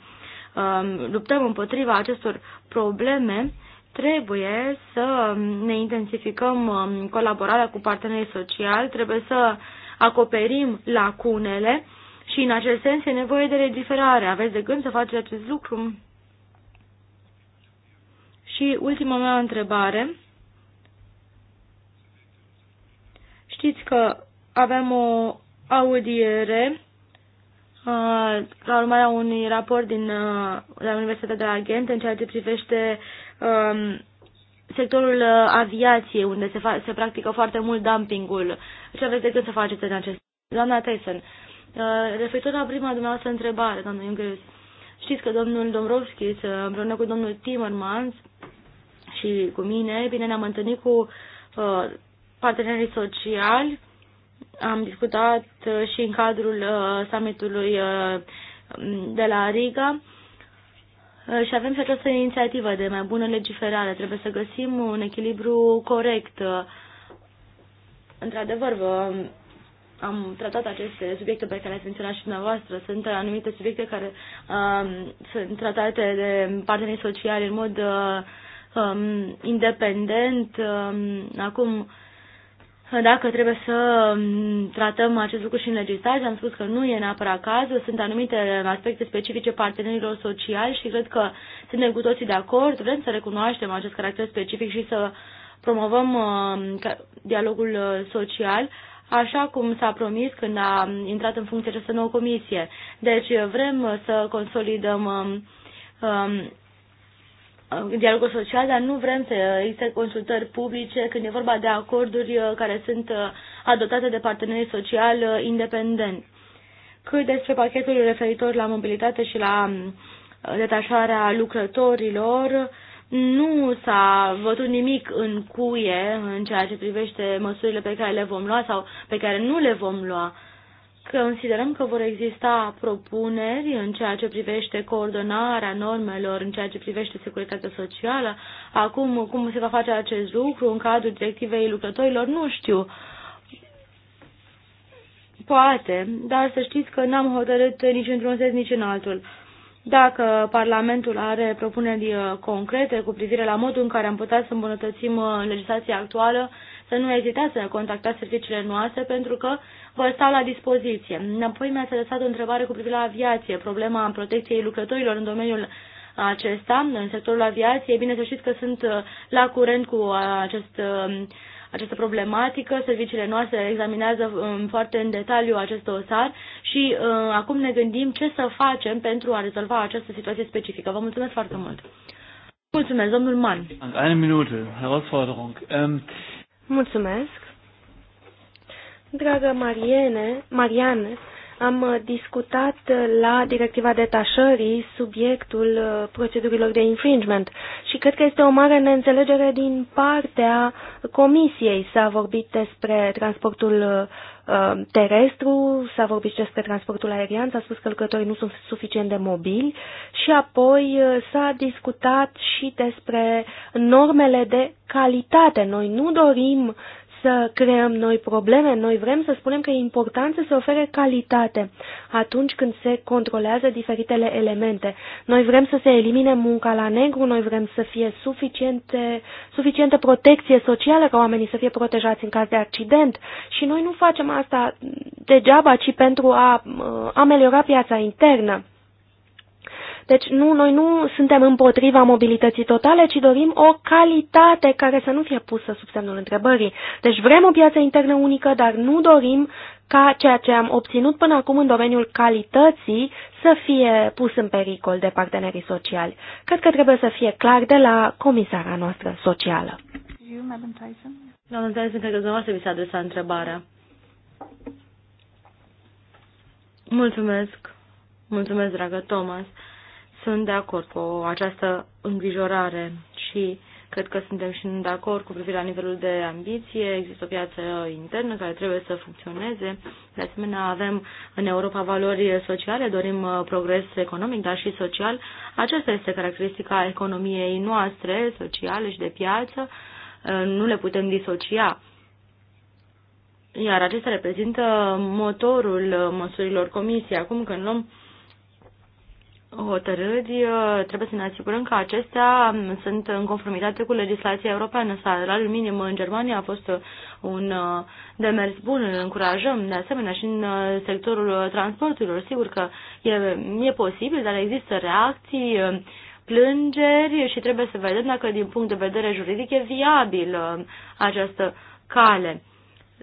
Um, luptăm împotriva acestor probleme, trebuie să ne intensificăm um, colaborarea cu partenerii sociali, trebuie să acoperim lacunele și în acest sens e nevoie de legiferare. Aveți de gând să faceți acest lucru? Și ultima mea întrebare. Știți că avem o audiere Uh, la urmarea unui raport din, uh, la Universitatea de la Ghent în ceea ce privește um, sectorul uh, aviației, unde se, se practică foarte mult dumpingul. Ce aveți de gând să faceți în acest Doamna Tyson, uh, referitor la prima dumneavoastră întrebare, doamna Juncker, știți că domnul Domrovski, împreună cu domnul Timmermans și cu mine, bine ne-am întâlnit cu uh, partenerii sociali am discutat uh, și în cadrul uh, summitului uh, de la Riga și avem și această inițiativă de mai bună legiferare. Trebuie să găsim un echilibru corect. Într-adevăr, am tratat aceste subiecte pe care le-ați menționat și dumneavoastră. Sunt anumite subiecte care um, sunt tratate de partenerii sociali în mod uh, um, independent. Um, acum, uh, dacă trebuie să mm, tratăm acest lucru și în legislație, am spus că nu e neapărat cazul, sunt anumite aspecte specifice partenerilor sociali și cred că suntem cu toții de acord, vrem să recunoaștem acest caracter specific și să promovăm mm, dialogul mm, social, așa cum s-a promis când a intrat în funcție această nouă comisie. Deci vrem să consolidăm dialogul social, dar nu vrem să existe consultări publice când e vorba de acorduri uh, care sunt uh, adoptate de partenerii sociali uh, independenți. Cât despre pachetul referitor la mobilitate și la mm, detașarea lucrătorilor, nu s-a văzut nimic în cuie în ceea ce privește măsurile pe care le vom lua sau pe care nu le vom lua. Considerăm că vor exista propuneri în ceea ce privește coordonarea normelor, în ceea ce privește securitatea socială. Acum, cum se va face acest lucru în cadrul directivei lucrătorilor, nu știu. Poate, dar să știți că n-am hotărât nici într-un sens, nici în altul. Dacă Parlamentul are propuneri uh, concrete cu privire la modul în care am putea să îmbunătățim uh, legislația actuală, să nu ezitați să ne contactați serviciile noastre pentru că vă stau la dispoziție. Apoi mi-ați lăsat o întrebare cu privire la aviație, problema protecției lucrătorilor în domeniul acesta, în sectorul aviației. Bine să știți că sunt uh, la curent cu uh, acest um, această problematică. Serviciile noastre examinează um, foarte în detaliu acest dosar și uh, acum ne gândim ce să facem pentru a rezolva această situație specifică. Vă mulțumesc foarte mult! Mulțumesc, domnul Man. Eine Minute, Herausforderung. Ähm, Mulțumesc. Dragă Mariene, Mariane, am discutat la directiva detașării subiectul procedurilor de infringement și cred că este o mare neînțelegere din partea comisiei. S-a vorbit despre transportul Uh, terestru, s-a vorbit și despre transportul aerian, s-a spus că lucrătorii nu sunt suficient de mobili și apoi uh, s-a discutat și despre normele de calitate. Noi nu dorim să creăm noi probleme, noi vrem să spunem că e important să se ofere calitate atunci când se controlează diferitele elemente. Noi vrem să se elimine munca la negru, noi vrem să fie suficiente, suficientă protecție socială ca oamenii să fie protejați în caz de accident și noi nu facem asta degeaba, ci pentru a uh, ameliora piața internă. Deci nu, noi nu suntem împotriva mobilității totale, ci dorim o calitate care să nu fie pusă sub semnul întrebării. Deci vrem o piață internă unică, dar nu dorim ca ceea ce am obținut până acum în domeniul calității să fie pus în pericol de partenerii sociali. Cred că trebuie să fie clar de la comisara noastră socială. Doamna Tyson, cred că dumneavoastră vi s-a adresat întrebarea. Mulțumesc. Mulțumesc, dragă Thomas. Sunt de acord cu această îngrijorare și cred că suntem și de acord cu privire la nivelul de ambiție. Există o piață internă care trebuie să funcționeze. De asemenea, avem în Europa valori sociale, dorim uh, progres economic, dar și social. Aceasta este caracteristica economiei noastre, sociale și de piață. Uh, nu le putem disocia. Iar acesta reprezintă motorul uh, măsurilor comisiei. Acum când luăm hotărâri, uh, trebuie să ne asigurăm că acestea um, sunt în conformitate cu legislația europeană. Salariul minim în Germania a fost uh, un uh, demers bun, îl încurajăm de asemenea și în sectorul transporturilor. Sigur că e, e posibil, dar există reacții, plângeri și trebuie să vedem dacă din punct de vedere juridic e viabil această cale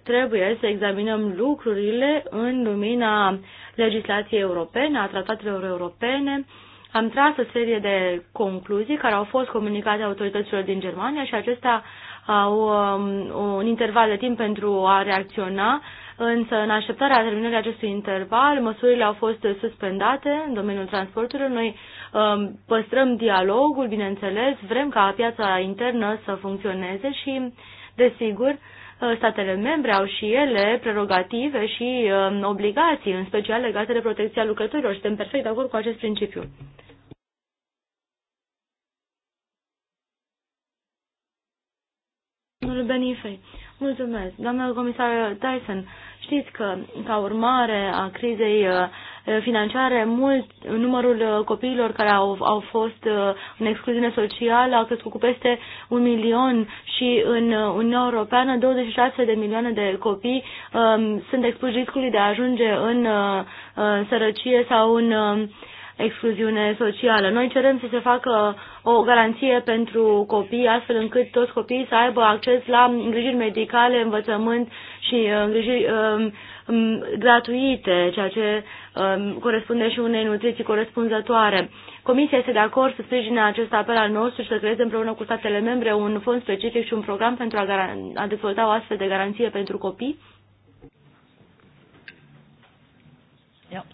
trebuie să examinăm lucrurile în lumina legislației europene, a tratatelor europene. Am tras o serie de concluzii care au fost comunicate autorităților din Germania și acestea au um, un interval de timp pentru a reacționa, însă în așteptarea terminării acestui interval, măsurile au fost suspendate în domeniul transporturilor. Noi um, păstrăm dialogul, bineînțeles, vrem ca piața internă să funcționeze și, desigur, Uh, statele membre au și ele prerogative și um, obligații, în special legate de protecția lucrătorilor. Suntem perfect de acord cu acest principiu. Domnul Benifei, mulțumesc. Doamna comisar Tyson, știți că ca urmare a crizei uh, Eh, financiare, mult numărul eh, copiilor care au, au fost eh, în excluziune socială a crescut cu peste un milion și în Uniunea Europeană 26 de milioane de copii um, sunt expuși riscului de a ajunge în uh, sărăcie sau în uh, excluziune socială. Noi cerem să se facă o garanție pentru copii, astfel încât toți copiii să aibă acces la îngrijiri medicale, învățământ și îngrijiri Um, gratuite, ceea ce um, corespunde și unei nutriții corespunzătoare. Comisia este de acord să sprijine acest apel al nostru și să creeze împreună cu statele membre un fond specific și un program pentru a, a dezvolta o astfel de garanție pentru copii? Ja,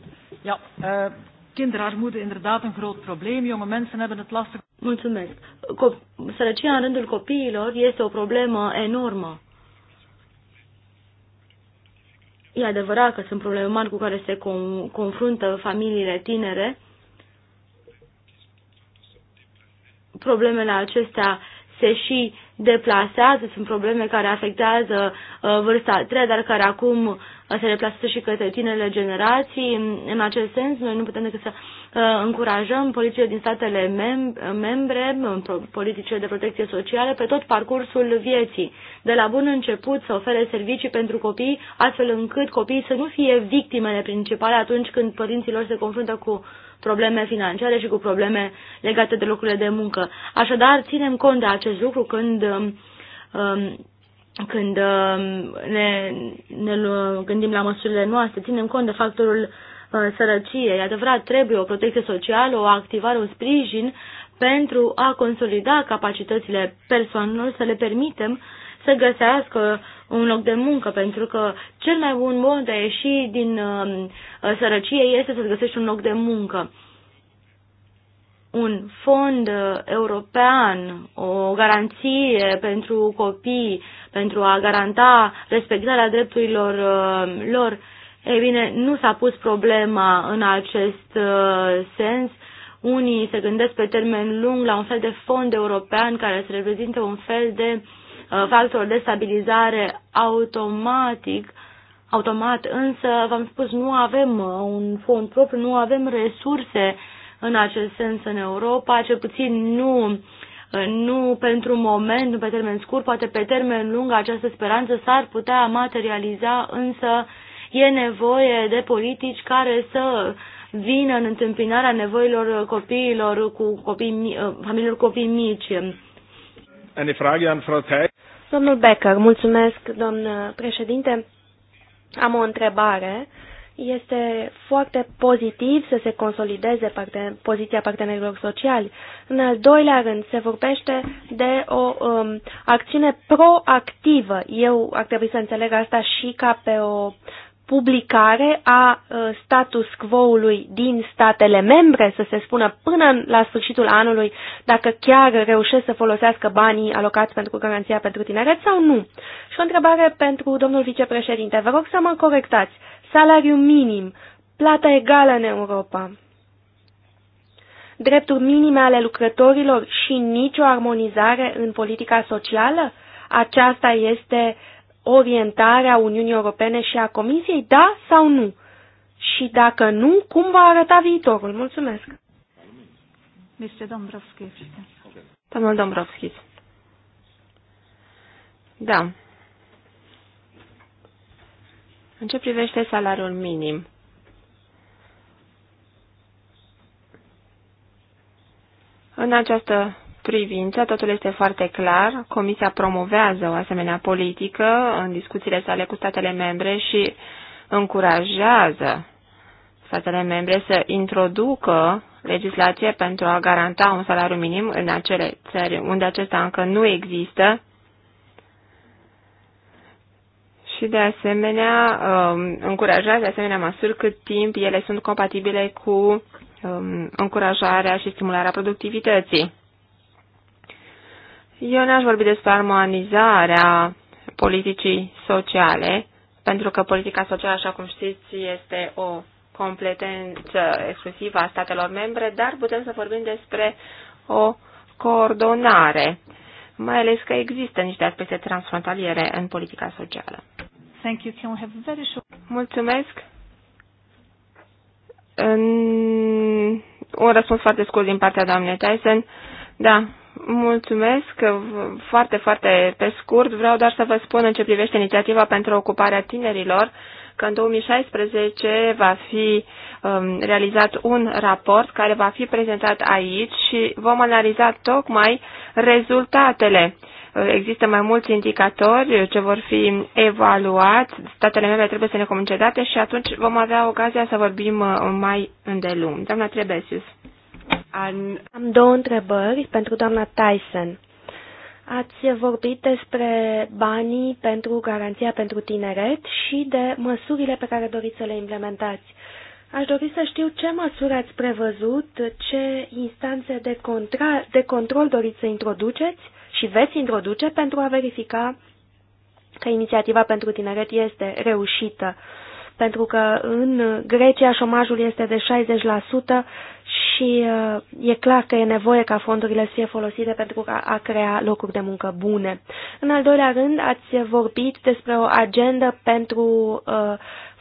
ja. Uh, eh, kinderarmoede inderdaad een groot probleem. Jonge mensen hebben het lastig. Mulțumesc. sărăcia în rândul copiilor este o problemă enormă. E adevărat că sunt probleme mari cu care se confruntă familiile tinere. Problemele acestea se și deplasează, sunt probleme care afectează uh, vârsta a treia, dar care acum se replasează și către tinele generații. În acest sens, noi nu putem decât să uh, încurajăm poliția din statele membre, uh, politicile de protecție socială, pe tot parcursul vieții. De la bun început să ofere servicii pentru copii, astfel încât copiii să nu fie victimele principale atunci când părinții lor se confruntă cu probleme financiare și cu probleme legate de locurile de muncă. Așadar, ținem cont de acest lucru când um, um, când um, ne, ne gândim la măsurile noastre, ținem cont de factorul uh, sărăcie. E adevărat, trebuie o protecție socială, o activare, un sprijin pentru a consolida capacitățile persoanelor, să le permitem să găsească un loc de muncă, pentru că cel mai bun mod de a ieși din um, uh, sărăcie este să-ți găsești un loc de muncă un fond uh, european, o garanție pentru copii, pentru a garanta respectarea drepturilor uh, lor, ei bine, nu s-a pus problema în acest uh, sens. Unii se gândesc pe termen lung la un fel de fond european care să reprezinte un fel de uh, factor de stabilizare automatic, automat, însă, v-am spus, nu avem un fond propriu, nu avem resurse în acest sens în Europa, cel puțin nu nu pentru un moment, nu pe termen scurt, poate pe termen lung această speranță s-ar putea materializa, însă e nevoie de politici care să vină în întâmpinarea nevoilor copiilor cu copii, uh, familiilor copii mici. Domnul Becker, mulțumesc, domnul președinte. Am o întrebare este foarte pozitiv să se consolideze parten poziția partenerilor sociali. În al doilea rând, se vorbește de o um, acțiune proactivă. Eu ar trebui să înțeleg asta și ca pe o publicare a uh, status quo-ului din statele membre, să se spună până la sfârșitul anului dacă chiar reușesc să folosească banii alocați pentru garanția pentru tineret sau nu. Și o întrebare pentru domnul vicepreședinte. Vă rog să mă corectați salariu minim, plata egală în Europa, drepturi minime ale lucrătorilor și nicio armonizare în politica socială? Aceasta este orientarea Uniunii Europene și a Comisiei, da sau nu? Și dacă nu, cum va arăta viitorul? Mulțumesc! Domnul Dombrovski. Da. În ce privește salariul minim? În această privință, totul este foarte clar. Comisia promovează o asemenea politică în discuțiile sale cu statele membre și încurajează statele membre să introducă legislație pentru a garanta un salariu minim în acele țări unde acesta încă nu există și de asemenea um, încurajați de asemenea măsuri cât timp ele sunt compatibile cu um, încurajarea și stimularea productivității. Eu n-aș vorbi despre armonizarea politicii sociale, pentru că politica socială, așa cum știți, este o competență exclusivă a statelor membre, dar putem să vorbim despre o coordonare, mai ales că există niște aspecte transfrontaliere în politica socială. Thank you. Can we have very short... Mulțumesc. Un răspuns foarte scurt din partea doamnei Tyson. Da, mulțumesc. Foarte, foarte pe scurt. Vreau doar să vă spun în ce privește inițiativa pentru ocuparea tinerilor că în 2016 va fi um, realizat un raport care va fi prezentat aici și vom analiza tocmai rezultatele Uh, există mai mulți indicatori ce vor fi evaluați, statele membre trebuie să ne comunice date și atunci vom avea ocazia să vorbim uh, mai îndelung. Doamna Trebesius. Am două întrebări pentru doamna Tyson. Ați vorbit despre banii pentru garanția pentru tineret și de măsurile pe care doriți să le implementați. Aș dori să știu ce măsuri ați prevăzut, ce instanțe de, contra, de control doriți să introduceți și veți introduce pentru a verifica că inițiativa pentru tineret este reușită. Pentru că în Grecia șomajul este de 60% și uh, e clar că e nevoie ca fondurile să fie folosite pentru a, a crea locuri de muncă bune. În al doilea rând, ați vorbit despre o agendă pentru uh,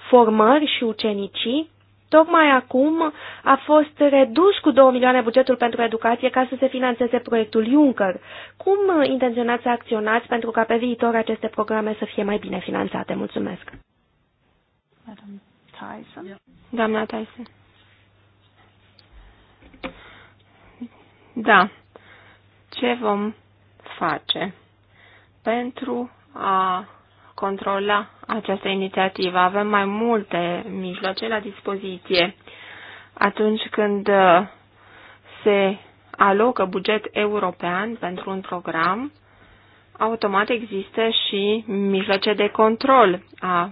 formări și ucenicii Tocmai acum a fost redus cu 2 milioane bugetul pentru educație ca să se financeze proiectul Juncker. Cum intenționați să acționați pentru ca pe viitor aceste programe să fie mai bine finanțate? Mulțumesc! Tyson. Doamna Tyson. Da. Ce vom face pentru a controla această inițiativă. Avem mai multe mijloace la dispoziție. Atunci când uh, se alocă buget european pentru un program, automat există și mijloace de control a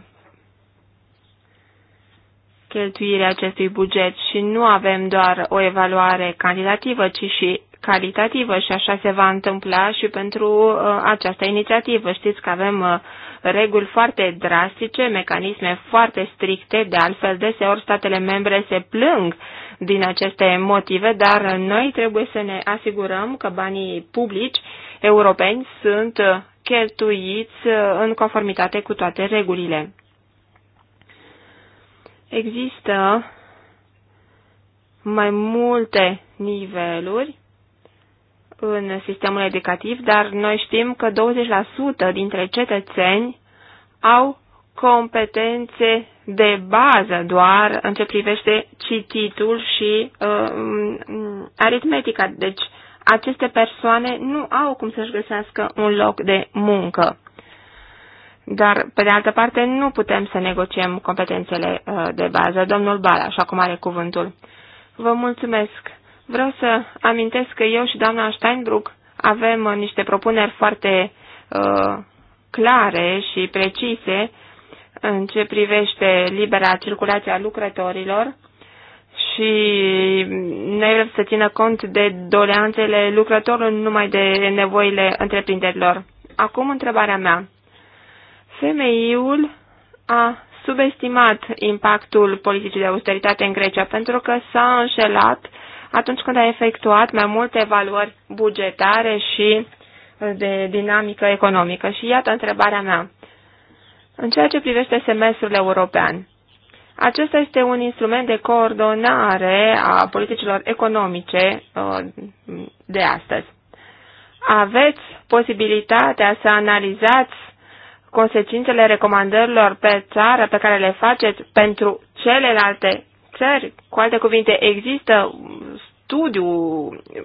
cheltuirea acestui buget și nu avem doar o evaluare cantitativă, ci și calitativă și așa se va întâmpla și pentru uh, această inițiativă. Știți că avem uh, reguli foarte drastice, mecanisme foarte stricte, de altfel deseori statele membre se plâng din aceste motive, dar noi trebuie să ne asigurăm că banii publici europeni sunt uh, cheltuiți în conformitate cu toate regulile. Există mai multe niveluri în sistemul educativ, dar noi știm că 20% dintre cetățeni au competențe de bază doar în ce privește cititul și uh, aritmetica. Deci aceste persoane nu au cum să-și găsească un loc de muncă. Dar, pe de altă parte, nu putem să negociem competențele uh, de bază. Domnul Bala, așa cum are cuvântul. Vă mulțumesc, Vreau să amintesc că eu și doamna Steinbruck avem uh, niște propuneri foarte uh, clare și precise în ce privește libera circulație a lucrătorilor și noi vrem să țină cont de doleanțele lucrătorilor, nu numai de nevoile întreprinderilor. Acum întrebarea mea. Femeiul a subestimat impactul politicii de austeritate în Grecia pentru că s-a înșelat atunci când a efectuat mai multe evaluări bugetare și de dinamică economică. Și iată întrebarea mea. În ceea ce privește semestrul european, acesta este un instrument de coordonare a politicilor economice uh, de astăzi. Aveți posibilitatea să analizați consecințele recomandărilor pe țară pe care le faceți pentru celelalte țări. Cu alte cuvinte, există studiu,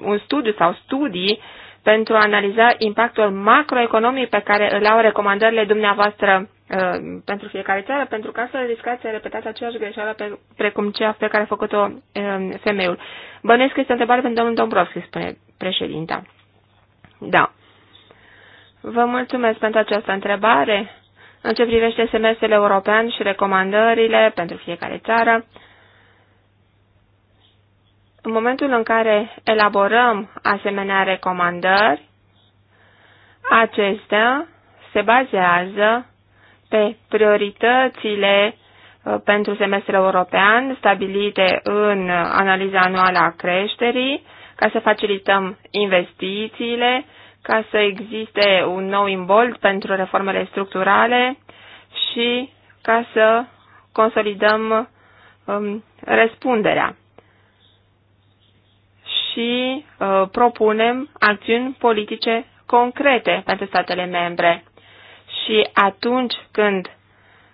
un studiu sau studii pentru a analiza impactul macroeconomic pe care îl au recomandările dumneavoastră uh, pentru fiecare țară, pentru ca să riscați să repetați aceeași greșeală pe, precum cea pe care a făcut-o uh, femeiul. Bănesc este o întrebare pentru domnul Dombrovski, spune președinta. Da. Vă mulțumesc pentru această întrebare. În ce privește semestrele european și recomandările pentru fiecare țară, în momentul în care elaborăm asemenea recomandări, acestea se bazează pe prioritățile uh, pentru semestrul european stabilite în analiza anuală a creșterii, ca să facilităm investițiile, ca să existe un nou imbold pentru reformele structurale și ca să consolidăm um, răspunderea și uh, propunem acțiuni politice concrete pentru statele membre. Și atunci când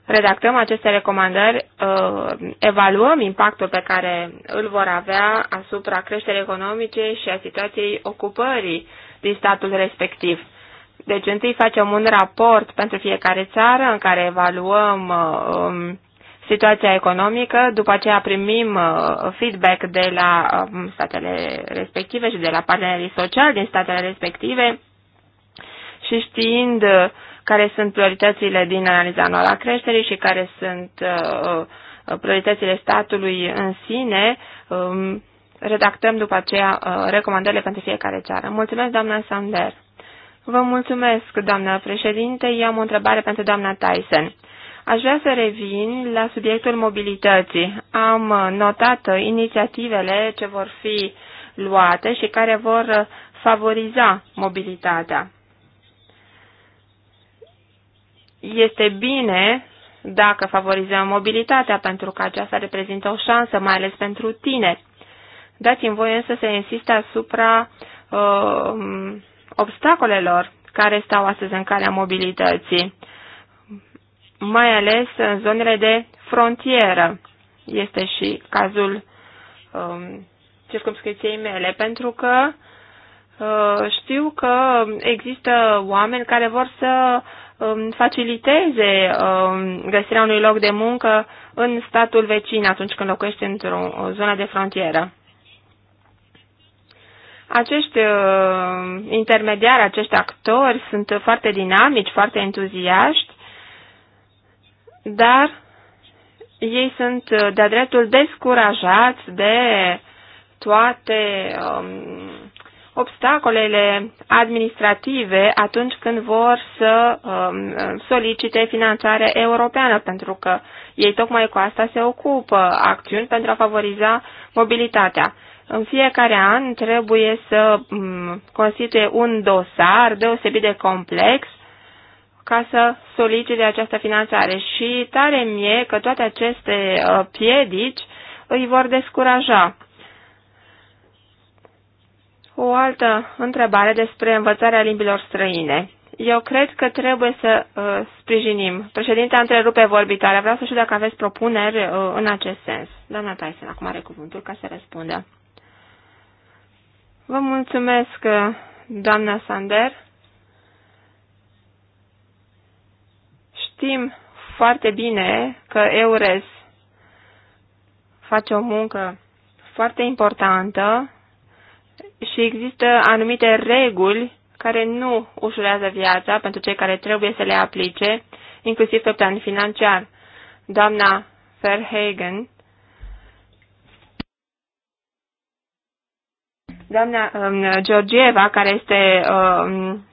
redactăm aceste recomandări, uh, evaluăm impactul pe care îl vor avea asupra creșterii economice și a situației ocupării din statul respectiv. Deci întâi facem un raport pentru fiecare țară în care evaluăm uh, um, situația economică, după aceea primim uh, feedback de la um, statele respective și de la partenerii sociali din statele respective și știind uh, care sunt prioritățile din analiza anuală a creșterii și care sunt uh, prioritățile statului în sine, um, redactăm după aceea recomandările pentru fiecare țară. Mulțumesc, doamna Sander. Vă mulțumesc, doamnă președinte. Eu am o întrebare pentru doamna Tyson. Aș vrea să revin la subiectul mobilității. Am notat inițiativele ce vor fi luate și care vor favoriza mobilitatea. Este bine dacă favorizăm mobilitatea, pentru că aceasta reprezintă o șansă, mai ales pentru tineri. Dați-mi voie însă să insiste asupra uh, obstacolelor care stau astăzi în calea mobilității. Uh, mai ales în zonele de frontieră. Este și cazul um, circumscriției mele, pentru că uh, știu că există oameni care vor să um, faciliteze um, găsirea unui loc de muncă în statul vecin atunci când locuiești într-o zonă de frontieră. Acești uh, intermediari, acești actori sunt foarte dinamici, foarte entuziaști dar ei sunt uh, de-a dreptul descurajați de toate um, obstacolele administrative atunci când vor să um, solicite finanțare europeană, pentru că ei tocmai cu asta se ocupă, acțiuni pentru a favoriza mobilitatea. În fiecare an trebuie să um, constituie un dosar deosebit de complex ca să solicite această finanțare și tare mie că toate aceste uh, piedici îi vor descuraja. O altă întrebare despre învățarea limbilor străine. Eu cred că trebuie să uh, sprijinim. Președinte, întrerupe vorbitoarea. Vreau să știu dacă aveți propuneri uh, în acest sens. Doamna Tyson, acum are cuvântul ca să răspundă. Vă mulțumesc, uh, doamna Sander. știm foarte bine că EURES face o muncă foarte importantă și există anumite reguli care nu ușurează viața pentru cei care trebuie să le aplice, inclusiv pe plan financiar. Doamna Verhagen, doamna um, Georgieva, care este um,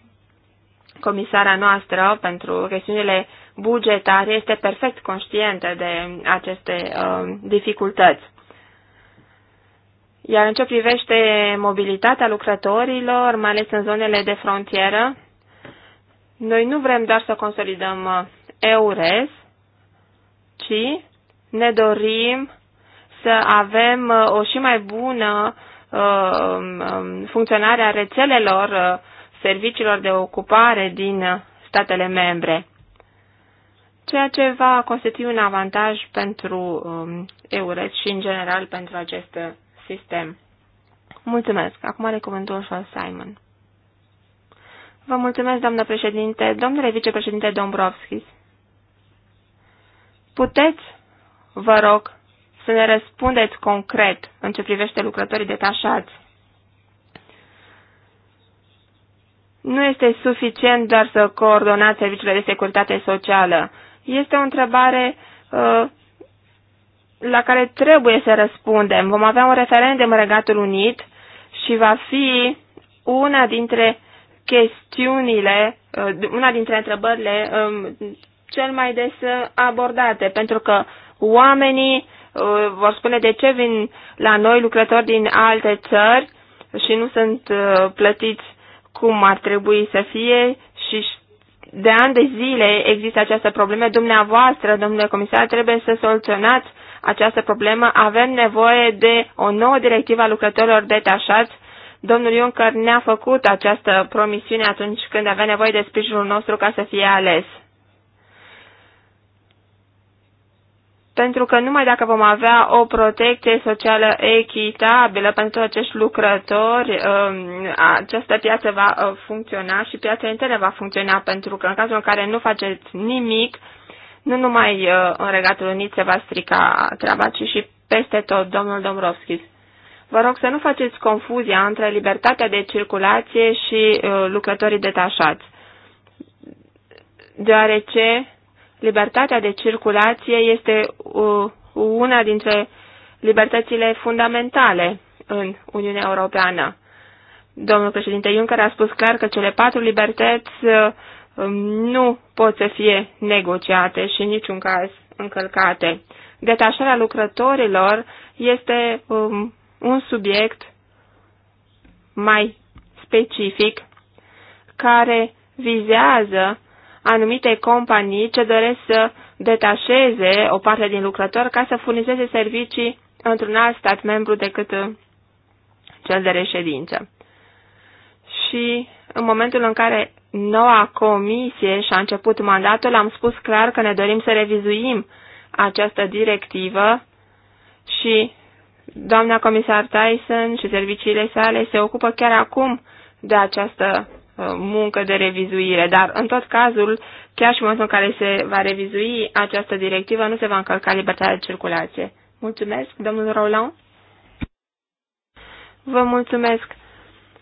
comisara noastră pentru chestiunile bugetare este perfect conștientă de aceste uh, dificultăți. Iar în ce privește mobilitatea lucrătorilor, mai ales în zonele de frontieră, noi nu vrem doar să consolidăm uh, EURES, ci ne dorim să avem uh, o și mai bună uh, um, um, funcționare a rețelelor serviciilor de ocupare din statele membre ceea ce va constitui un avantaj pentru um, EURES și, în general, pentru acest sistem. Mulțumesc. Acum are cuvântul Sean Simon. Vă mulțumesc, doamnă președinte. Domnule vicepreședinte Dombrovskis, puteți, vă rog, să ne răspundeți concret în ce privește lucrătorii detașați. Nu este suficient doar să coordonați serviciile de securitate socială. Este o întrebare uh, la care trebuie să răspundem. Vom avea un referendum în Regatul Unit și va fi una dintre chestiunile, uh, una dintre întrebările um, cel mai des abordate, pentru că oamenii uh, vor spune de ce vin la noi lucrători din alte țări și nu sunt plătiți cum ar trebui să fie și de ani de zile există această problemă. Dumneavoastră, domnule comisar, trebuie să soluționați această problemă. Avem nevoie de o nouă directivă a lucrătorilor detașați. Domnul Juncker ne-a făcut această promisiune atunci când avea nevoie de sprijinul nostru ca să fie ales. pentru că numai dacă vom avea o protecție socială echitabilă pentru acești lucrători, um, această piață va uh, funcționa și piața interne va funcționa, pentru că în cazul în care nu faceți nimic, nu numai uh, în Regatul Unit se va strica treaba, ci și peste tot, domnul Domrovskis. Vă rog să nu faceți confuzia între libertatea de circulație și uh, lucrătorii detașați, deoarece libertatea de circulație este uh, una dintre libertățile fundamentale în Uniunea Europeană. Domnul președinte Juncker a spus clar că cele patru libertăți uh, nu pot să fie negociate și în niciun caz încălcate. Detașarea lucrătorilor este um, un subiect mai specific care vizează anumite companii ce doresc să detașeze o parte din lucrători ca să furnizeze servicii într-un alt stat membru decât uh, cel de reședință. Și în momentul în care noua comisie și-a început mandatul, am spus clar că ne dorim să revizuim această directivă și doamna comisar Tyson și serviciile sale se ocupă chiar acum de această Uh, muncă de revizuire, dar în tot cazul, chiar și în momentul în care se va revizui această directivă, nu se va încălca libertatea de circulație. Mulțumesc, domnul Roland. Vă mulțumesc,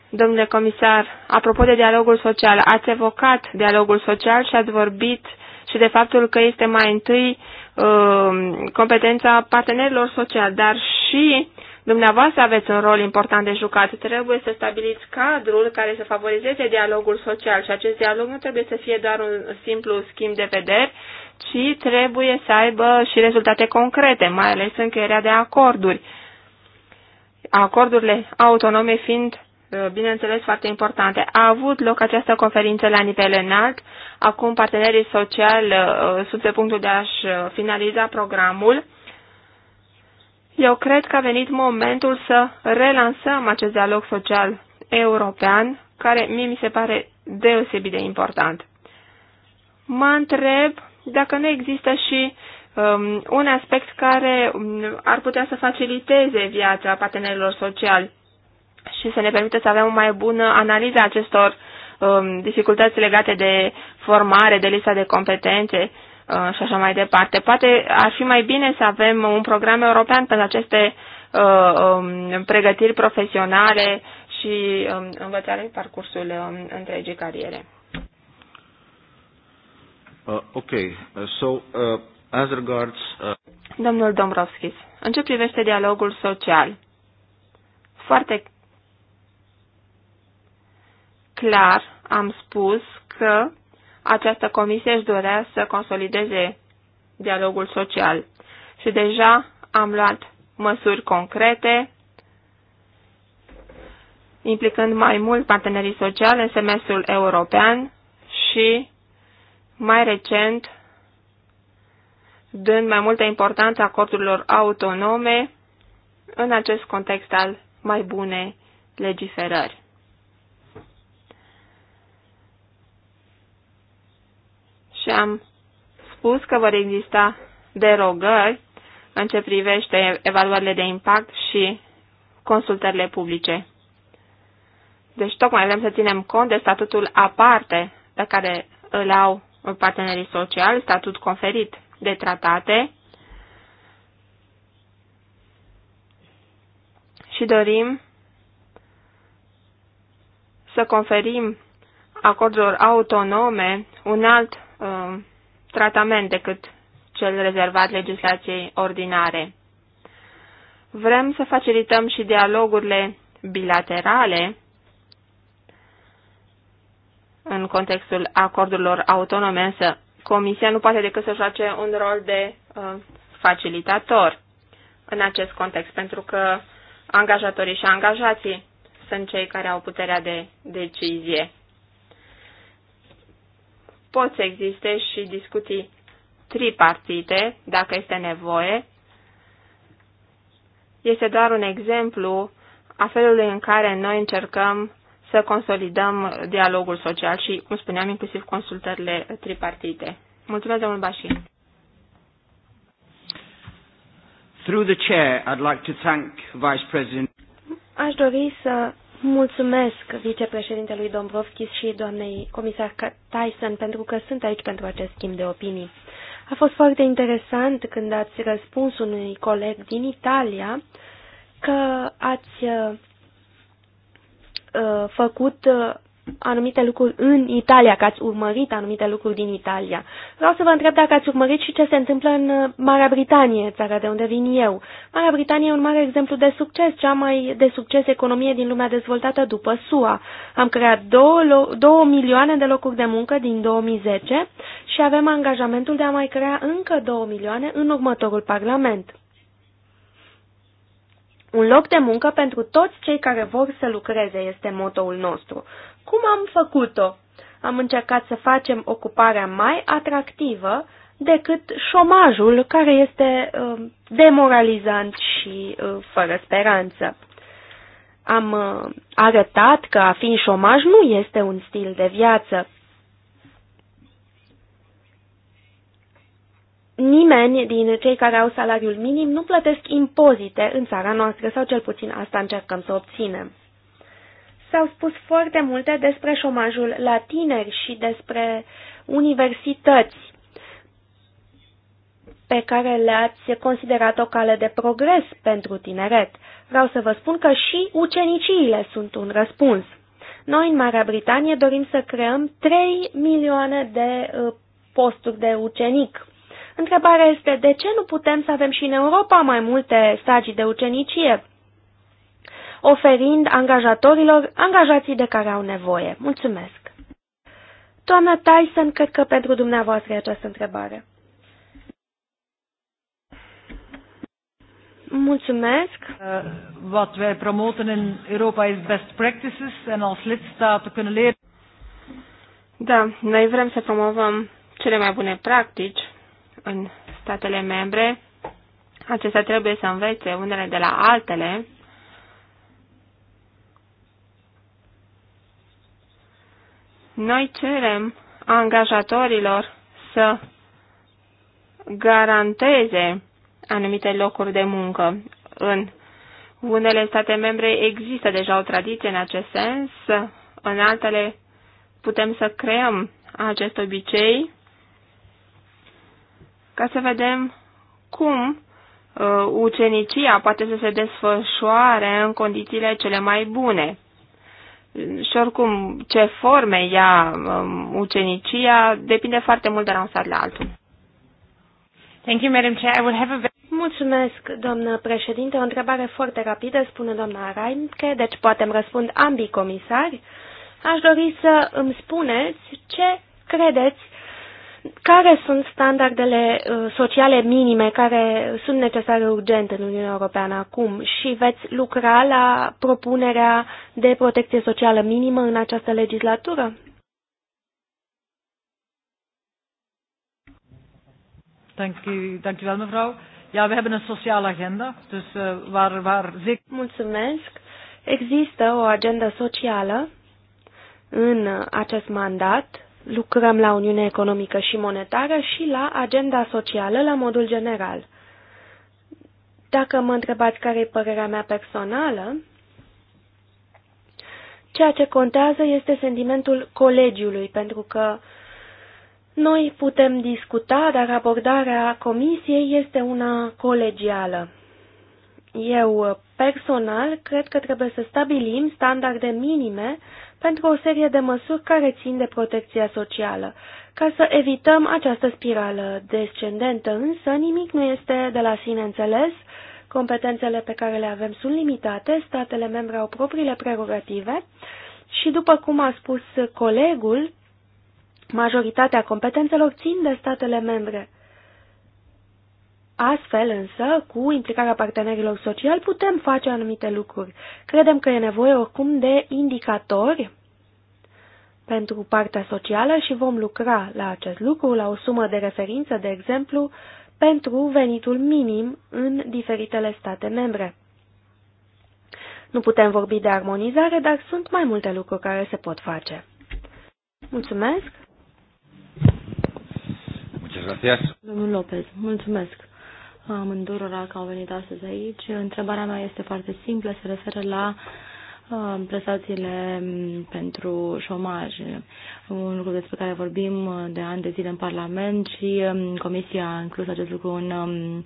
domnule comisar. Apropo de dialogul social, ați evocat dialogul social și ați vorbit și de faptul că este mai întâi uh, competența partenerilor sociali, dar și uh, Dumneavoastră aveți un rol important de jucat. Trebuie să stabiliți cadrul care să favorizeze dialogul social și acest dialog nu trebuie să fie doar un simplu schimb de vederi, ci trebuie să aibă și rezultate concrete, mai ales încheierea de acorduri. Acordurile autonome fiind uh, bineînțeles, foarte importante. A avut loc această conferință la nivel înalt. Acum partenerii sociali uh, sunt pe punctul de a-și uh, finaliza programul eu cred că a venit momentul să relansăm acest dialog social european, care mie mi se pare deosebit de important. Mă întreb dacă nu există și um, un aspect care um, ar putea să faciliteze viața partenerilor sociali și să ne permită să avem o mai bună analiză a acestor um, dificultăți legate de formare, de lista de competențe Uh, și așa mai departe. Poate ar fi mai bine să avem un program european pentru aceste uh, um, pregătiri profesionale și um, învățare în parcursul um, întregii cariere. Uh, ok, uh, so uh, as regards... Uh... Domnul Dombrovskis, în ce privește dialogul social? Foarte clar am spus că această comisie își dorea să consolideze dialogul social și deja am luat măsuri concrete, implicând mai mult partenerii sociali în semestrul european și, mai recent, dând mai multă importanță acordurilor autonome în acest context al mai bune legiferări. și am spus că vor exista derogări în ce privește evaluările de impact și consultările publice. Deci tocmai vrem să ținem cont de statutul aparte pe care îl au partenerii sociali, statut conferit de tratate și dorim să conferim acordurilor autonome un alt Um, tratament decât cel rezervat legislației ordinare. Vrem să facilităm și dialogurile bilaterale în contextul acordurilor autonome, însă Comisia nu poate decât să joace un rol de uh, facilitator în acest context, pentru că angajatorii și angajații sunt cei care au puterea de decizie pot să existe și discuții tripartite, dacă este nevoie. Este doar un exemplu a felului în care noi încercăm să consolidăm dialogul social și, cum spuneam, inclusiv consultările tripartite. Mulțumesc, domnul Bașin. Through the chair, I'd like to thank Vice President. Aș dori să Mulțumesc vicepreședintelui Dombrovskis și doamnei comisar Tyson pentru că sunt aici pentru acest schimb de opinii. A fost foarte interesant când ați răspuns unui coleg din Italia că ați uh, făcut uh, anumite lucruri în Italia, că ați urmărit anumite lucruri din Italia. Vreau să vă întreb dacă ați urmărit și ce se întâmplă în uh, Marea Britanie, țara de unde vin eu. Marea Britanie e un mare exemplu de succes, cea mai de succes economie din lumea dezvoltată după SUA. Am creat 2 milioane de locuri de muncă din 2010 și avem angajamentul de a mai crea încă 2 milioane în următorul Parlament. Un loc de muncă pentru toți cei care vor să lucreze este motoul nostru. Cum am făcut-o? Am încercat să facem ocuparea mai atractivă decât șomajul care este uh, demoralizant și uh, fără speranță. Am uh, arătat că a fi în șomaj nu este un stil de viață. Nimeni din cei care au salariul minim nu plătesc impozite în țara noastră, sau cel puțin asta încercăm să obținem. S-au spus foarte multe despre șomajul la tineri și despre universități pe care le-ați considerat o cale de progres pentru tineret. Vreau să vă spun că și uceniciile sunt un răspuns. Noi, în Marea Britanie, dorim să creăm 3 milioane de uh, posturi de ucenic. Întrebarea este de ce nu putem să avem și în Europa mai multe stagii de ucenicie? oferind angajatorilor angajații de care au nevoie. Mulțumesc! Doamna Tyson, cred că pentru dumneavoastră e această întrebare. Mulțumesc. Uh, wat wij promoten in Europa is best practices en als lidstaten kunnen leren. Da, noi vrem să promovăm cele mai bune practici în statele membre. Acestea trebuie să învețe unele de la altele Noi cerem angajatorilor să garanteze anumite locuri de muncă. În unele state membre există deja o tradiție în acest sens, în altele putem să creăm acest obicei ca să vedem cum uh, ucenicia poate să se desfășoare în condițiile cele mai bune. Și oricum, ce forme ia um, ucenicia depinde foarte mult de la un stat la altul. Thank you, Madam Chair. I will have a... Mulțumesc, doamnă președinte. O întrebare foarte rapidă, spune doamna Reinke, deci poate îmi răspund ambii comisari. Aș dori să îmi spuneți ce credeți care sunt standardele uh, sociale minime care sunt necesare urgent în Uniunea Europeană acum și veți lucra la propunerea de protecție socială minimă în această legislatură? Ja, we hebben een sociale agenda, dus uh, waar, waar zeker... Mulțumesc. Există o agendă socială în uh, acest mandat lucrăm la Uniunea Economică și Monetară și la agenda socială la modul general. Dacă mă întrebați care e părerea mea personală, ceea ce contează este sentimentul colegiului, pentru că noi putem discuta, dar abordarea comisiei este una colegială. Eu personal cred că trebuie să stabilim standarde minime pentru o serie de măsuri care țin de protecția socială. Ca să evităm această spirală descendentă, însă, nimic nu este de la sine înțeles, competențele pe care le avem sunt limitate, statele membre au propriile prerogative și, după cum a spus colegul, majoritatea competențelor țin de statele membre. Astfel însă, cu implicarea partenerilor sociali, putem face anumite lucruri. Credem că e nevoie oricum de indicatori pentru partea socială și vom lucra la acest lucru, la o sumă de referință, de exemplu, pentru venitul minim în diferitele state membre. Nu putem vorbi de armonizare, dar sunt mai multe lucruri care se pot face. Mulțumesc! Mulțumesc! Domnul mulțumesc! amândurora că au venit astăzi aici. Întrebarea mea este foarte simplă, se referă la uh, prestațiile mm, pentru șomaj, un lucru despre care vorbim uh, de ani de zile în Parlament și um, Comisia a inclus acest lucru în, um,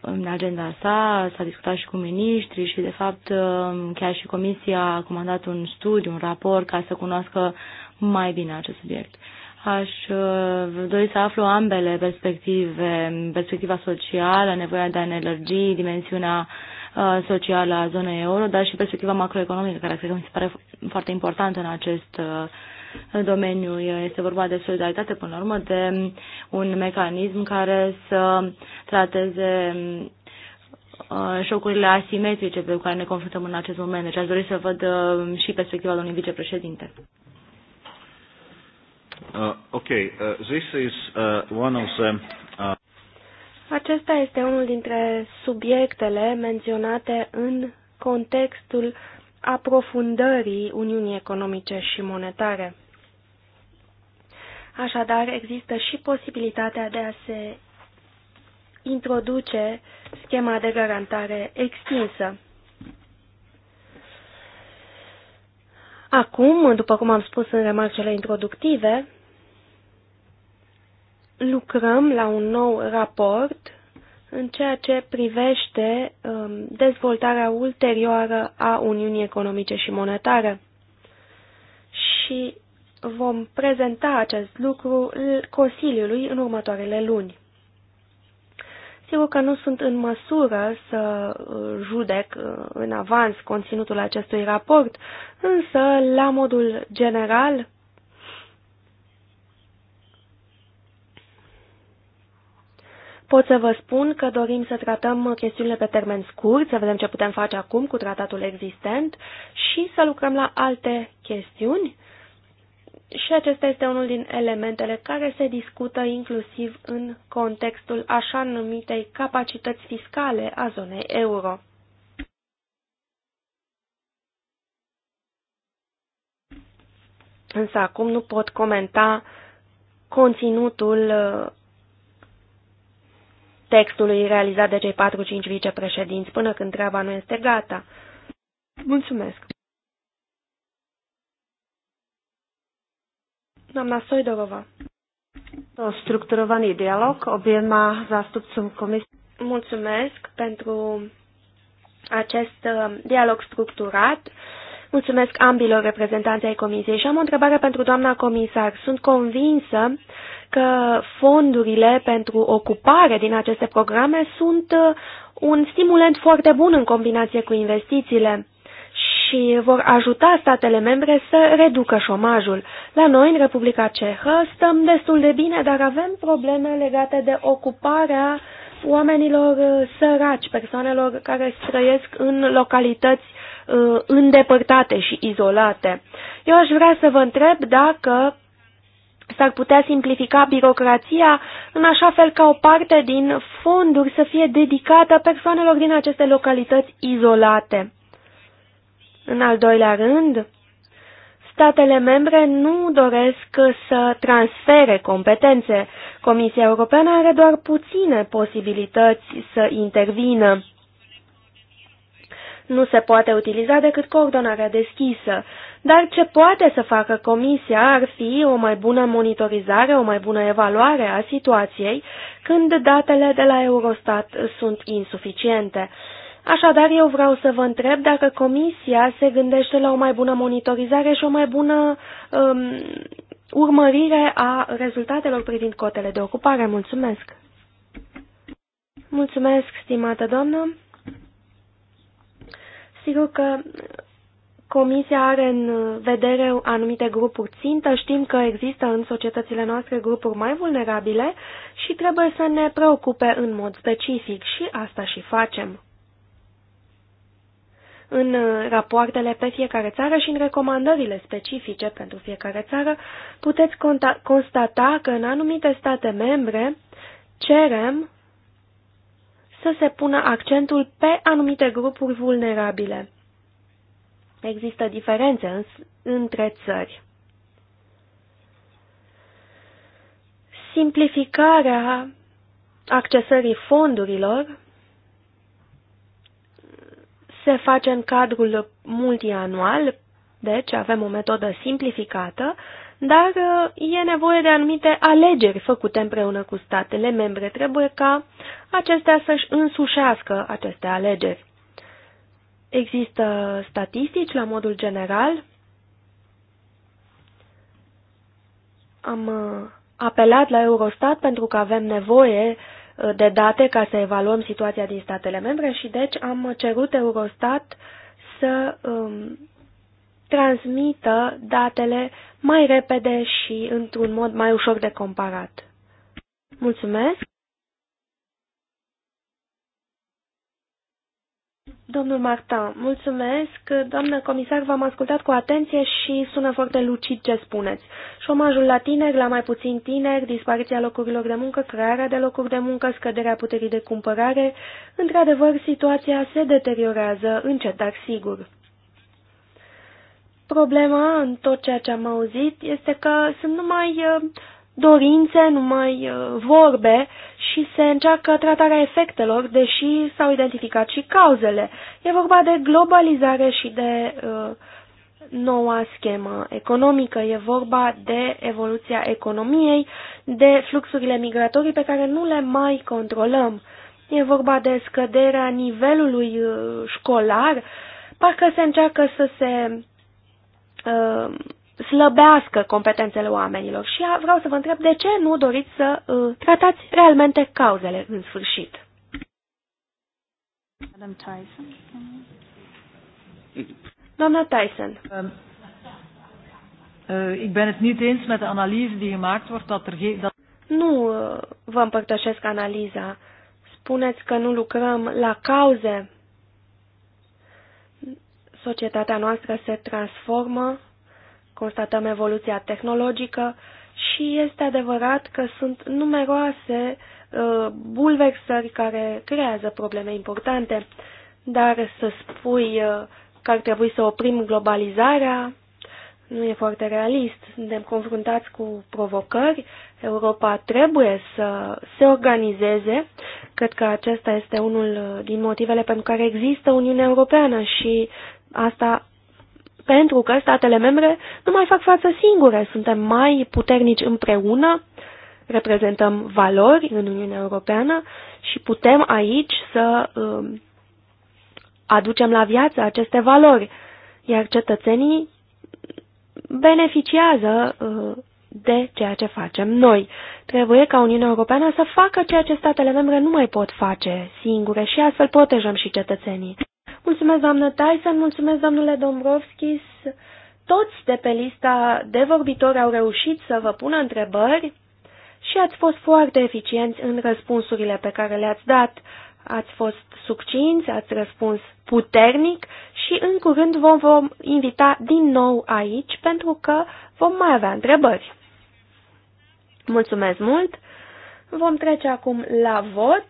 în agenda sa, s-a discutat și cu miniștri și, de fapt, uh, chiar și Comisia a comandat un studiu, un raport ca să cunoască mai bine acest subiect. Aș uh, dori să aflu ambele perspective, perspectiva socială, nevoia de a ne lărgi dimensiunea uh, socială a zonei euro, dar și perspectiva macroeconomică, care cred că mi se pare foarte importantă în acest uh, domeniu. Este vorba de solidaritate, până la urmă, de un mecanism care să trateze șocurile asimetrice pe care ne confruntăm în acest moment. Deci aș dori să văd și perspectiva domnului vicepreședinte. Uh, okay, uh, this is uh, one of the. Uh, Acesta este unul dintre subiectele menționate în contextul aprofundării Uniunii Economice și Monetare. Așadar, există și posibilitatea de a se introduce schema de garantare extinsă. Acum, după cum am spus în remarcele introductive, lucrăm la un nou raport în ceea ce privește um, dezvoltarea ulterioară a Uniunii Economice și Monetare. Și vom prezenta acest lucru Consiliului în următoarele luni. Sigur că nu sunt în măsură să uh, judec uh, în avans conținutul acestui raport, însă, la modul general, Pot să vă spun că dorim să tratăm chestiunile pe termen scurt, să vedem ce putem face acum cu tratatul existent și să lucrăm la alte chestiuni și acesta este unul din elementele care se discută inclusiv în contextul așa numitei capacități fiscale a zonei euro. Însă acum nu pot comenta conținutul uh, textului realizat de cei 4-5 vicepreședinți până când treaba nu este gata. Mulțumesc! Doamna Soidorova. Structurovaný dialog oběma zástupcům komise. Mulțumesc pentru acest uh, dialog structurat. Mulțumesc ambilor reprezentanți ai Comisiei și am o întrebare pentru doamna comisar. Sunt convinsă că fondurile pentru ocupare din aceste programe sunt uh, un stimulent foarte bun în combinație cu investițiile și vor ajuta statele membre să reducă șomajul. La noi, în Republica Cehă, stăm destul de bine, dar avem probleme legate de ocuparea oamenilor uh, săraci, persoanelor care străiesc în localități uh, îndepărtate și izolate. Eu aș vrea să vă întreb dacă s-ar putea simplifica birocrația în așa fel ca o parte din fonduri să fie dedicată persoanelor din aceste localități izolate. În al doilea rând, statele membre nu doresc să transfere competențe. Comisia Europeană are doar puține posibilități să intervină. Nu se poate utiliza decât coordonarea deschisă, dar ce poate să facă Comisia ar fi o mai bună monitorizare, o mai bună evaluare a situației când datele de la Eurostat sunt insuficiente. Așadar, eu vreau să vă întreb dacă Comisia se gândește la o mai bună monitorizare și o mai bună um, urmărire a rezultatelor privind cotele de ocupare. Mulțumesc! Mulțumesc, stimată doamnă! Sigur că Comisia are în vedere anumite grupuri țintă. Știm că există în societățile noastre grupuri mai vulnerabile și trebuie să ne preocupe în mod specific și asta și facem în uh, rapoartele pe fiecare țară și în recomandările specifice pentru fiecare țară, puteți constata că în anumite state membre cerem să se pună accentul pe anumite grupuri vulnerabile. Există diferențe între țări. Simplificarea accesării fondurilor se face în cadrul multianual, deci avem o metodă simplificată, dar uh, e nevoie de anumite alegeri făcute împreună cu statele membre. Trebuie ca acestea să-și însușească aceste alegeri. Există statistici la modul general. Am uh, apelat la Eurostat pentru că avem nevoie de date ca să evaluăm situația din statele membre și deci am cerut Eurostat să um, transmită datele mai repede și într-un mod mai ușor de comparat. Mulțumesc! Domnul Marta, mulțumesc. Doamnă comisar, v-am ascultat cu atenție și sună foarte lucid ce spuneți. Șomajul la tineri, la mai puțin tineri, dispariția locurilor de muncă, crearea de locuri de muncă, scăderea puterii de cumpărare, într-adevăr, situația se deteriorează încet, dar sigur. Problema în tot ceea ce am auzit este că sunt numai dorințe, numai uh, vorbe și se încearcă tratarea efectelor, deși s-au identificat și cauzele. E vorba de globalizare și de uh, noua schemă economică, e vorba de evoluția economiei, de fluxurile migratorii pe care nu le mai controlăm. E vorba de scăderea nivelului uh, școlar, parcă se încearcă să se uh, slăbească competențele oamenilor. Și vreau să vă întreb de ce nu doriți să uh, tratați realmente cauzele în sfârșit. Madam Tyson. Doamna Tyson. Um, uh, ik ben het niet eens met de analyse die gemaakt wordt dat er geen... Dat... Nu uh, vă împărtășesc analiza. Spuneți că nu lucrăm la cauze. Societatea noastră se transformă Constatăm evoluția tehnologică și este adevărat că sunt numeroase uh, bulversări care creează probleme importante, dar să spui uh, că ar trebui să oprim globalizarea nu e foarte realist. Suntem confruntați cu provocări, Europa trebuie să se organizeze. Cred că acesta este unul din motivele pentru care există Uniunea Europeană și asta pentru că statele membre nu mai fac față singure, suntem mai puternici împreună, reprezentăm valori în Uniunea Europeană și putem aici să um, aducem la viață aceste valori, iar cetățenii beneficiază uh, de ceea ce facem noi. Trebuie ca Uniunea Europeană să facă ceea ce statele membre nu mai pot face singure și astfel protejăm și cetățenii. Mulțumesc, doamnă Tyson, mulțumesc, domnule Dombrovskis. Toți de pe lista de vorbitori au reușit să vă pună întrebări și ați fost foarte eficienți în răspunsurile pe care le-ați dat. Ați fost succinți, ați răspuns puternic și în curând vom, vom invita din nou aici pentru că vom mai avea întrebări. Mulțumesc mult! Vom trece acum la vot.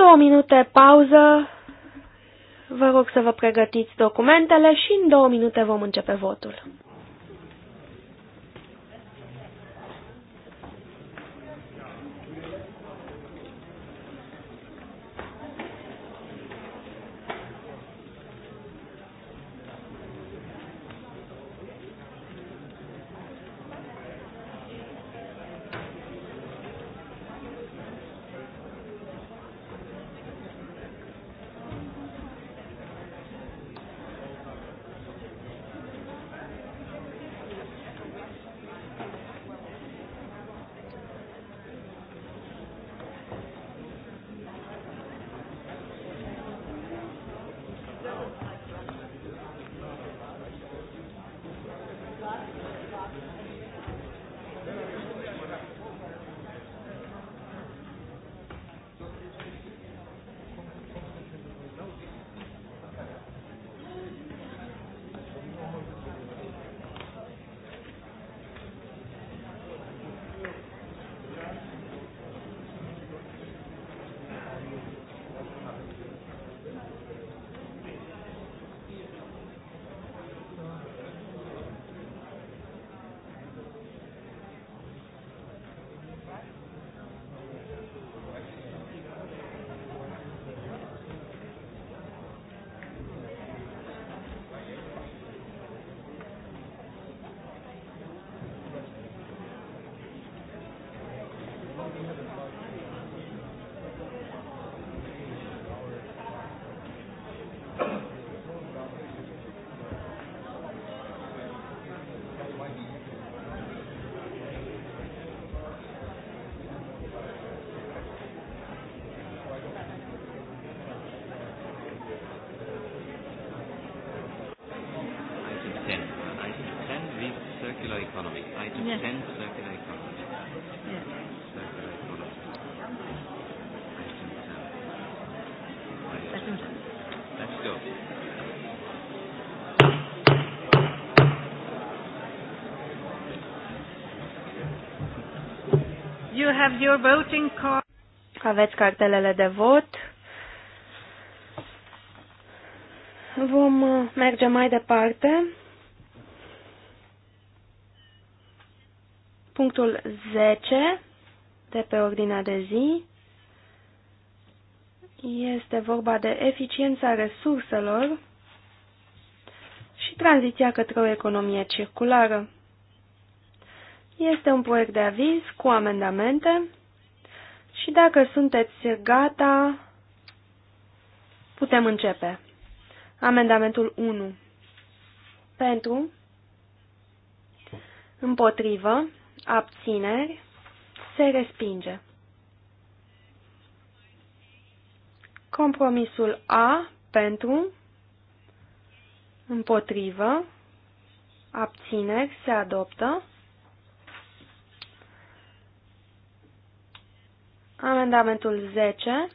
Două minute pauză. Vă rog să vă pregătiți documentele și în două minute vom începe votul. have your voting card. Aveți cartelele de vot. Vom uh, merge mai departe. Punctul 10 de pe ordinea de zi este vorba de eficiența resurselor și tranziția către o economie circulară. Este un proiect de aviz cu amendamente și dacă sunteți gata, putem începe. Amendamentul 1. Pentru, împotrivă, abțineri, se respinge. Compromisul A pentru, împotrivă, abțineri, se adoptă. Amendamentul 10.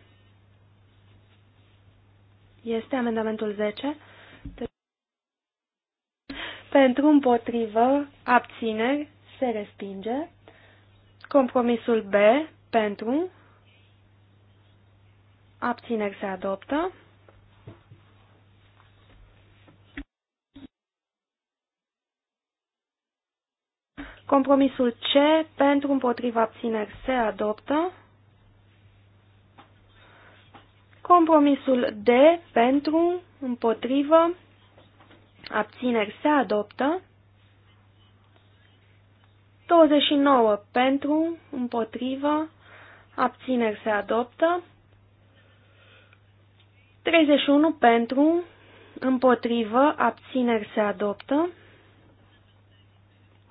Este amendamentul 10. Pentru împotrivă, abțineri, se respinge. Compromisul B, pentru, abțineri se adoptă. Compromisul C, pentru împotrivă, abțineri, se adoptă. Compromisul D pentru, împotrivă, abțineri se adoptă. 29 pentru, împotrivă, abțineri se adoptă. 31 pentru, împotrivă, abțineri se adoptă.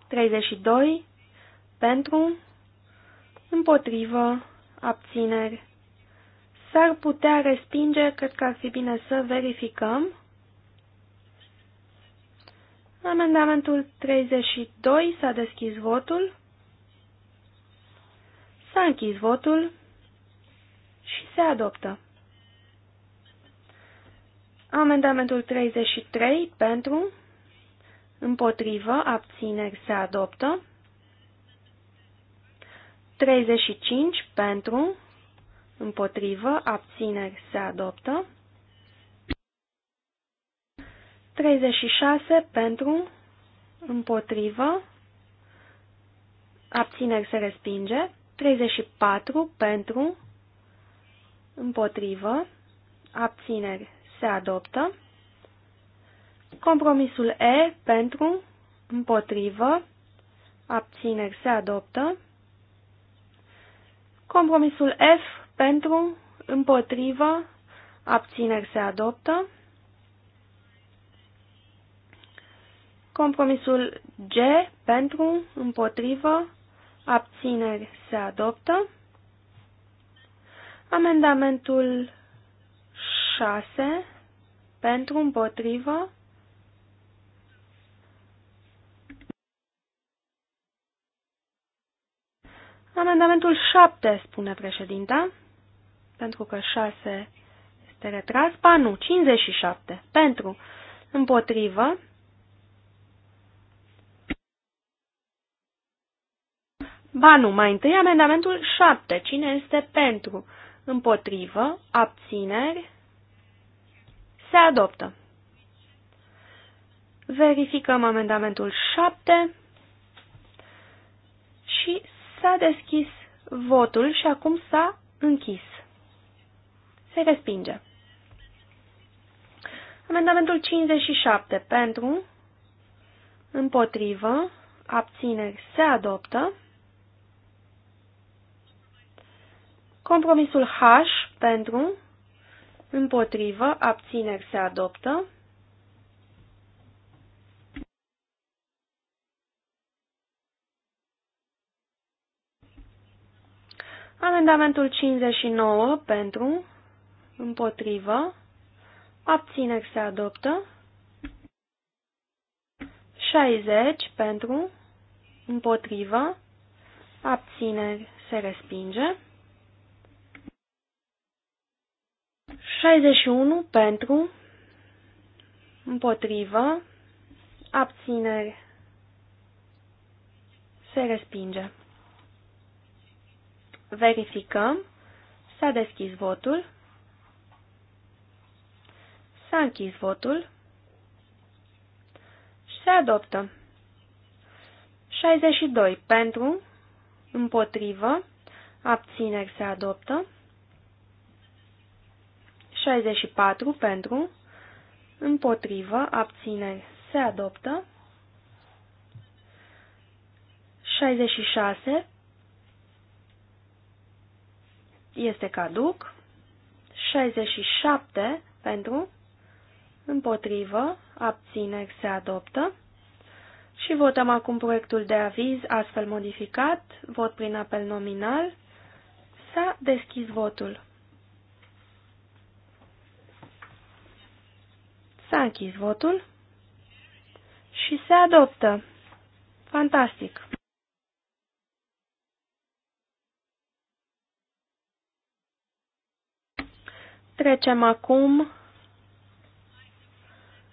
32 pentru, împotrivă, abțineri S-ar putea respinge, cred că ar fi bine să verificăm. Amendamentul 32 s-a deschis votul. S-a închis votul și se adoptă. Amendamentul 33 pentru, împotrivă, abțineri se adoptă. 35 pentru, Împotrivă, abțineri se adoptă. 36 pentru, împotrivă, abțineri se respinge. 34 pentru, împotrivă, abțineri se adoptă. Compromisul E pentru, împotrivă, abțineri se adoptă. Compromisul F pentru, împotrivă, abțineri se adoptă. Compromisul G pentru, împotrivă, abțineri se adoptă. Amendamentul 6 pentru, împotrivă, Amendamentul 7, spune președinta, pentru că 6 este retras. Ba nu, 57 pentru împotrivă. Ba nu, mai întâi amendamentul 7. Cine este pentru? Împotrivă, abțineri, se adoptă. Verificăm amendamentul 7 și s-a deschis votul și acum s-a închis. Se respinge. Amendamentul 57 pentru, împotrivă, abțineri se adoptă. Compromisul H pentru, împotrivă, abțineri se adoptă. Amendamentul 59 pentru, împotrivă, abțineri se adoptă, 60 pentru, împotrivă, abțineri se respinge, 61 pentru, împotrivă, abțineri se respinge. Verificăm. S-a deschis votul. S-a închis votul și se adoptă. 62 pentru, împotrivă, abțineri se adoptă. 64 pentru, împotrivă, abțineri se adoptă. 66 este caduc. 67 pentru, împotrivă, abțineri se adoptă. Și votăm acum proiectul de aviz astfel modificat, vot prin apel nominal. S-a deschis votul. S-a închis votul și se adoptă. Fantastic! Trecem acum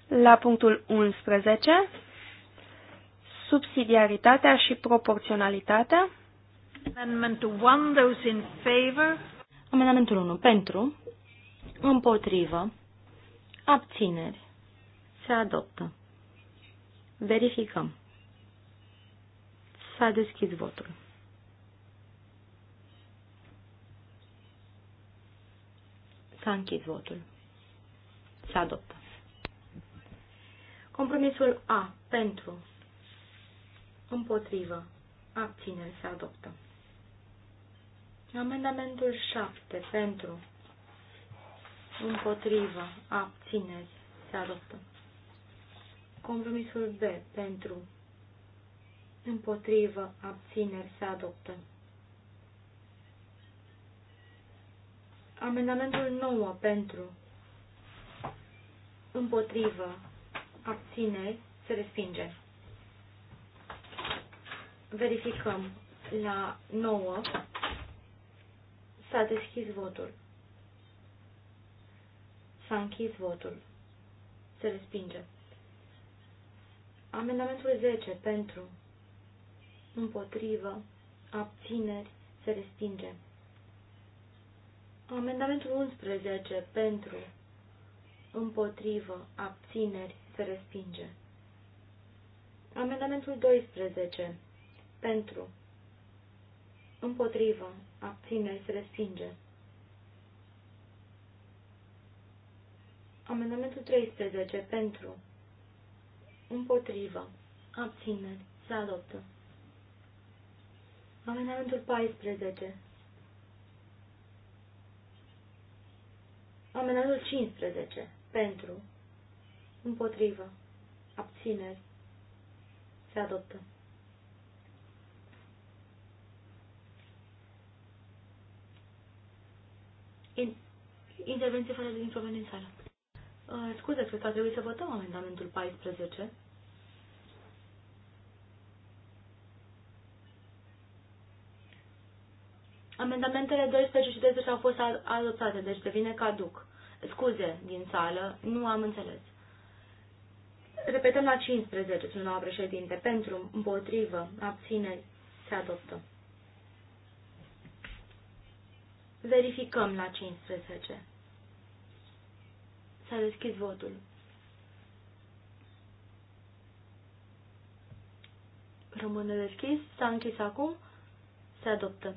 la punctul 11, subsidiaritatea și proporționalitatea. Amendamentul 1, those in favor. Amendamentul 1, pentru, împotrivă, abțineri, se adoptă. Verificăm. S-a deschis votul. S-a închis votul. S-a adoptat. Compromisul A. Pentru. Împotrivă. Abține Se adoptă. Amendamentul 7. Pentru. Împotrivă. Abține Se adoptă. Compromisul B. Pentru. Împotrivă. Abține Se adoptă. Amendamentul 9. Pentru. Împotrivă abțineri, se respinge. Verificăm la 9. S-a deschis votul. S-a închis votul. Se respinge. Amendamentul 10 pentru împotrivă abțineri se respinge. Amendamentul 11 pentru împotrivă abțineri se respinge. Amendamentul 12. Pentru. Împotrivă. Abține. se respinge. Amendamentul 13. Pentru. Împotrivă. Abține. Se adoptă. Amendamentul 14. Amendamentul 15. Pentru. Împotrivă. Abțineri. Se adoptă. intervenție fără din microfon în sală. Uh, scuze, cred că a trebuit să votăm amendamentul 14. Amendamentele 12 și 13 au fost adoptate, deci devine caduc. Scuze din sală, nu am înțeles. Repetăm la 15, sunt noua președinte. Pentru, împotrivă, abține, se adoptă. Verificăm la 15. S-a deschis votul. Rămâne deschis. S-a închis acum. Se adoptă.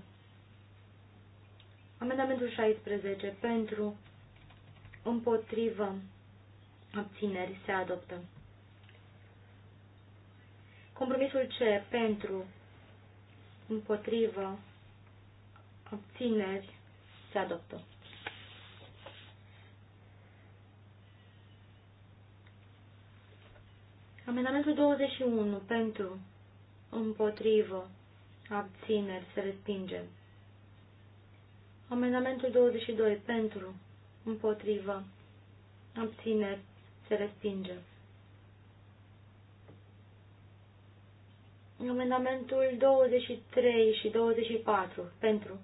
Amendamentul 16. Pentru, împotrivă, abțineri, se adoptă. Compromisul C pentru, împotrivă, obțineri, se adoptă. Amendamentul 21 pentru, împotrivă, abțineri, se respinge. Amendamentul 22 pentru, împotrivă, abțineri, se respinge. Amendamentul 23 și 24. Pentru.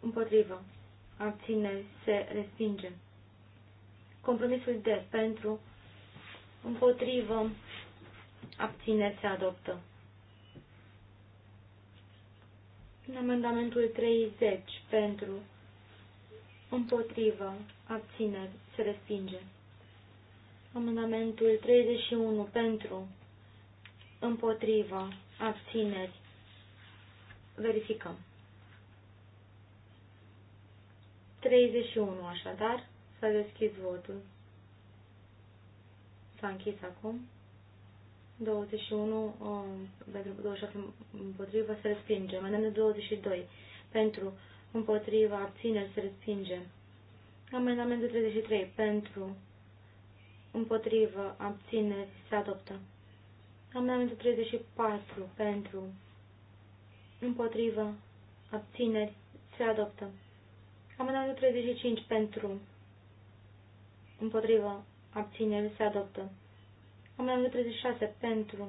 Împotrivă. Abține. Se respinge. Compromisul de. Pentru. Împotrivă. Abține. Se adoptă. Amendamentul 30. Pentru. Împotrivă. Abține. Se respinge. Amendamentul 31. Pentru împotrivă, abțineri, verificăm. 31 așadar, s-a deschis votul. S-a închis acum. 21 um, pentru 27 împotrivă se respinge. Amendăm de 22 pentru împotriva abțineri se respinge. Amendamentul 33 pentru împotrivă abțineri se adoptă. Amendamentul 34 pentru împotrivă abțineri se adoptă. Amendamentul 35 pentru împotrivă abțineri se adoptă. Amendamentul 36 pentru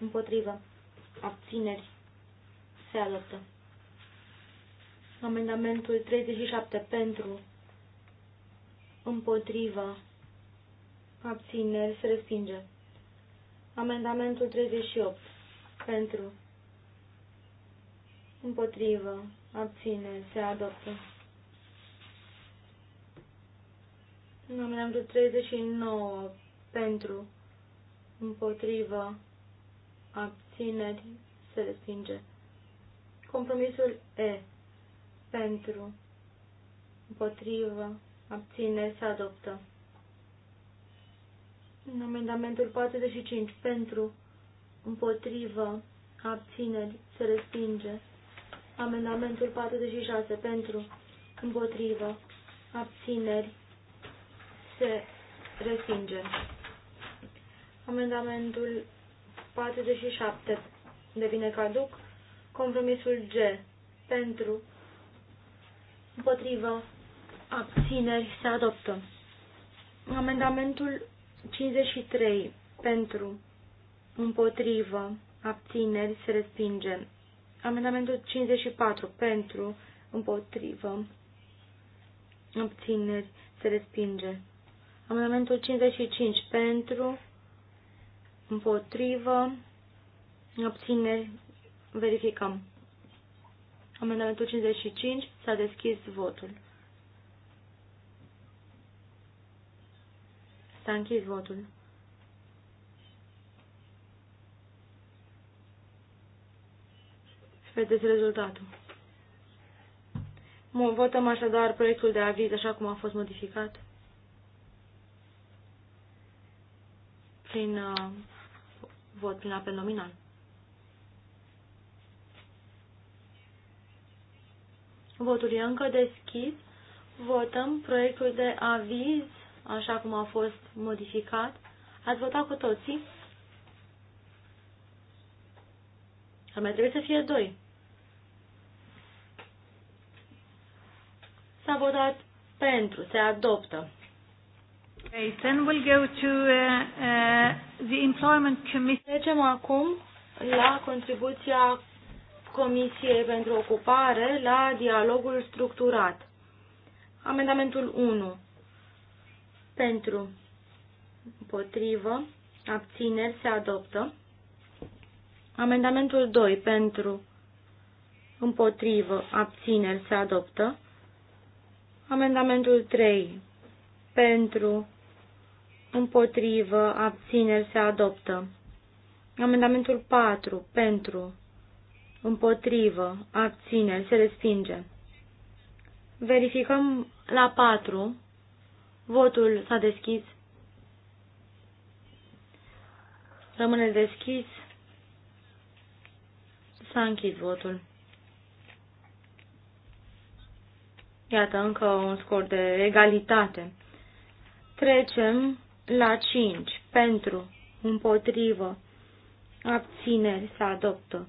împotrivă abțineri se adoptă. Amendamentul 37 pentru împotriva abțineri se respinge. Amendamentul 38. Pentru. Împotrivă. Abține. Se adoptă. Amendamentul 39. Pentru. Împotrivă. Abține. Se respinge. Compromisul E. Pentru. Împotrivă. Abține. Se adoptă. În amendamentul 45 pentru, împotrivă, abțineri, se respinge. Amendamentul 46 pentru, împotrivă, abțineri, se respinge. Amendamentul 47 devine caduc. Compromisul G pentru, împotrivă, abțineri, se adoptă. Amendamentul 53 pentru, împotrivă, abțineri, se respinge. Amendamentul 54 pentru, împotrivă, abțineri, se respinge. Amendamentul 55 pentru, împotrivă, abțineri, verificăm. Amendamentul 55 s-a deschis votul. S-a închis votul. Vedeți rezultatul. Bun, votăm așadar proiectul de aviz așa cum a fost modificat. Prin uh, vot, prin apel nominal. Votul e încă deschis. Votăm proiectul de aviz așa cum a fost modificat. Ați votat cu toții? Ar mai trebui să fie doi. S-a votat pentru, se adoptă. Okay, then we'll go to uh, uh, the employment committee. Trecem acum la contribuția Comisiei pentru Ocupare la dialogul structurat. Amendamentul 1 pentru, împotrivă, abțineri se adoptă. Amendamentul 2 pentru, împotrivă, abțineri se adoptă. Amendamentul 3 pentru, împotrivă, abțineri se adoptă. Amendamentul 4 pentru, împotrivă, abțineri se respinge. Verificăm la 4 Votul s-a deschis. Rămâne deschis. S-a închis votul. Iată, încă un scor de egalitate. Trecem la 5. Pentru, împotrivă, abțineri se adoptă.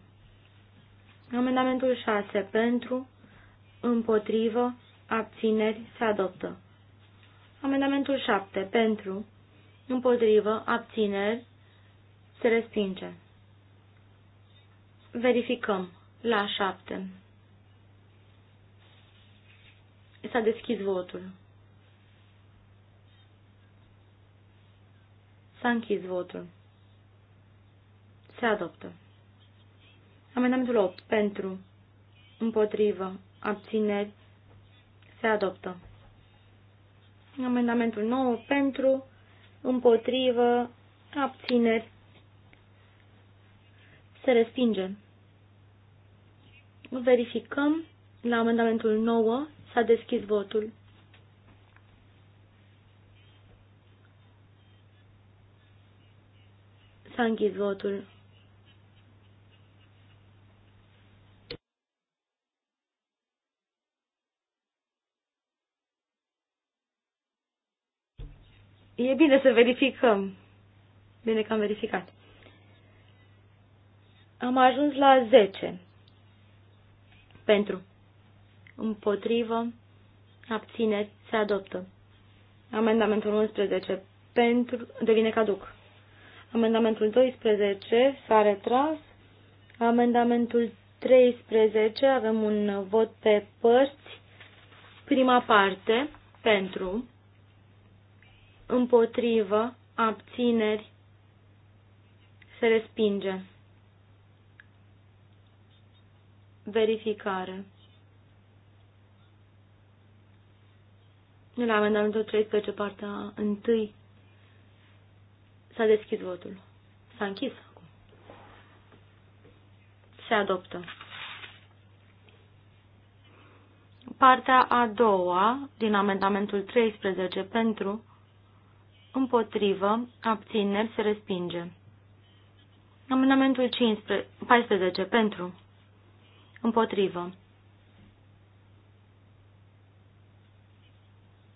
Amendamentul 6. Pentru, împotrivă, abțineri se adoptă. Amendamentul 7. Pentru. Împotrivă. Abțineri. Se respinge. Verificăm. La 7. S-a deschis votul. S-a închis votul. Se adoptă. Amendamentul 8. Pentru. Împotrivă. Abțineri. Se adoptă. Amendamentul 9 pentru, împotrivă, abțineri, se respinge. Verificăm la amendamentul 9 s-a deschis votul. S-a închis votul. E bine să verificăm. Bine că am verificat. Am ajuns la 10. Pentru. Împotrivă. Abțineri. Se adoptă. Amendamentul 11. Pentru. Devine caduc. Amendamentul 12 s-a retras. Amendamentul 13 avem un vot pe părți. Prima parte. Pentru împotrivă, abțineri, se respinge. Verificare. La amendamentul 13, partea 1, s-a deschis votul. S-a închis acum. Se adoptă. Partea a doua din amendamentul 13 pentru împotrivă, abțineri, se respinge. Amendamentul 15, 14 pentru, împotrivă.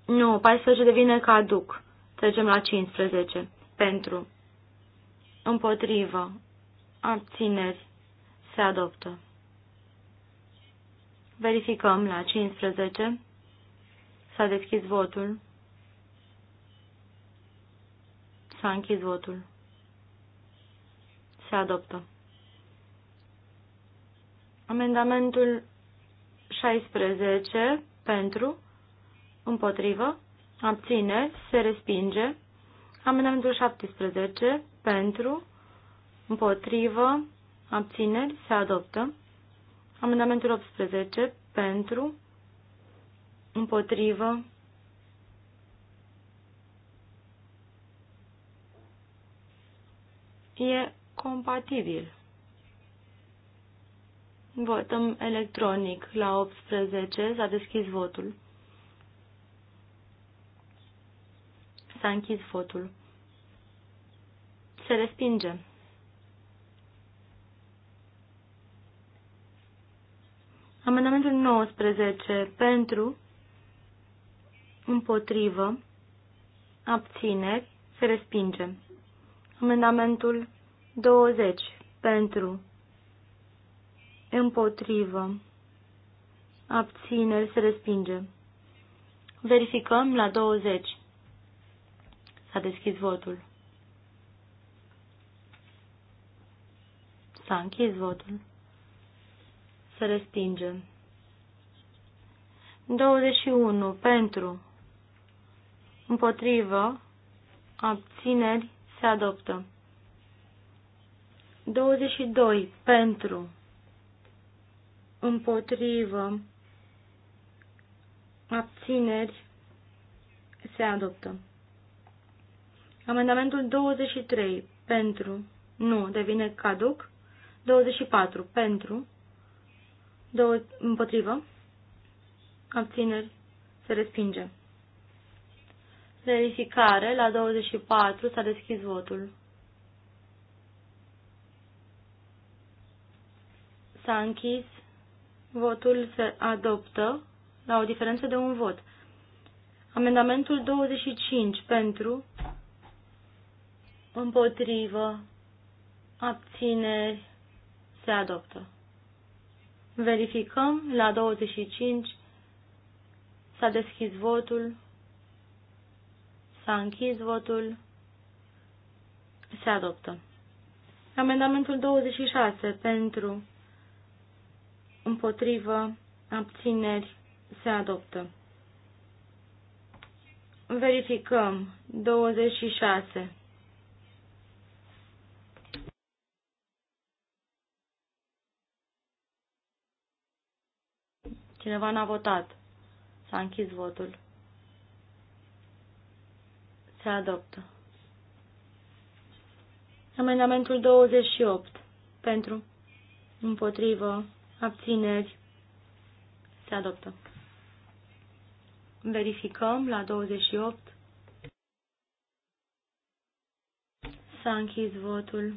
Nu, 14 devine caduc. Trecem la 15. Pentru. Împotrivă. Abțineri. Se adoptă. Verificăm la 15. S-a deschis votul. S-a închis votul. Se adoptă. Amendamentul 16 pentru, împotrivă, abține, se respinge. Amendamentul 17 pentru, împotrivă, abțineri, se adoptă. Amendamentul 18 pentru, împotrivă, E compatibil. Votăm electronic la 18. S-a deschis votul. S-a închis votul. Se respinge. Amendamentul 19 pentru, împotrivă, abțineri, se respinge. Amendamentul 20 pentru împotrivă abțineri se respinge. Verificăm la 20. S-a deschis votul. S-a închis votul. Se respinge. 21. Pentru. Împotrivă. Abțineri. Se adoptă. 22. Pentru. Împotrivă. Abțineri. Se adoptă. Amendamentul 23. Pentru. Nu. Devine caduc. 24. Pentru. împotrivă. Abțineri. Se respinge. Verificare la 24 s-a deschis votul. S-a închis. Votul se adoptă la o diferență de un vot. Amendamentul 25 pentru, împotrivă, abțineri, se adoptă. Verificăm la 25 s-a deschis votul. S-a închis votul. Se adoptă. Amendamentul 26 pentru împotrivă abțineri se adoptă. Verificăm 26. Cineva n-a votat. S-a închis votul. Se adoptă. Amendamentul 28. Pentru. Împotrivă. Abțineri. Se adoptă. Verificăm la 28. S-a închis votul.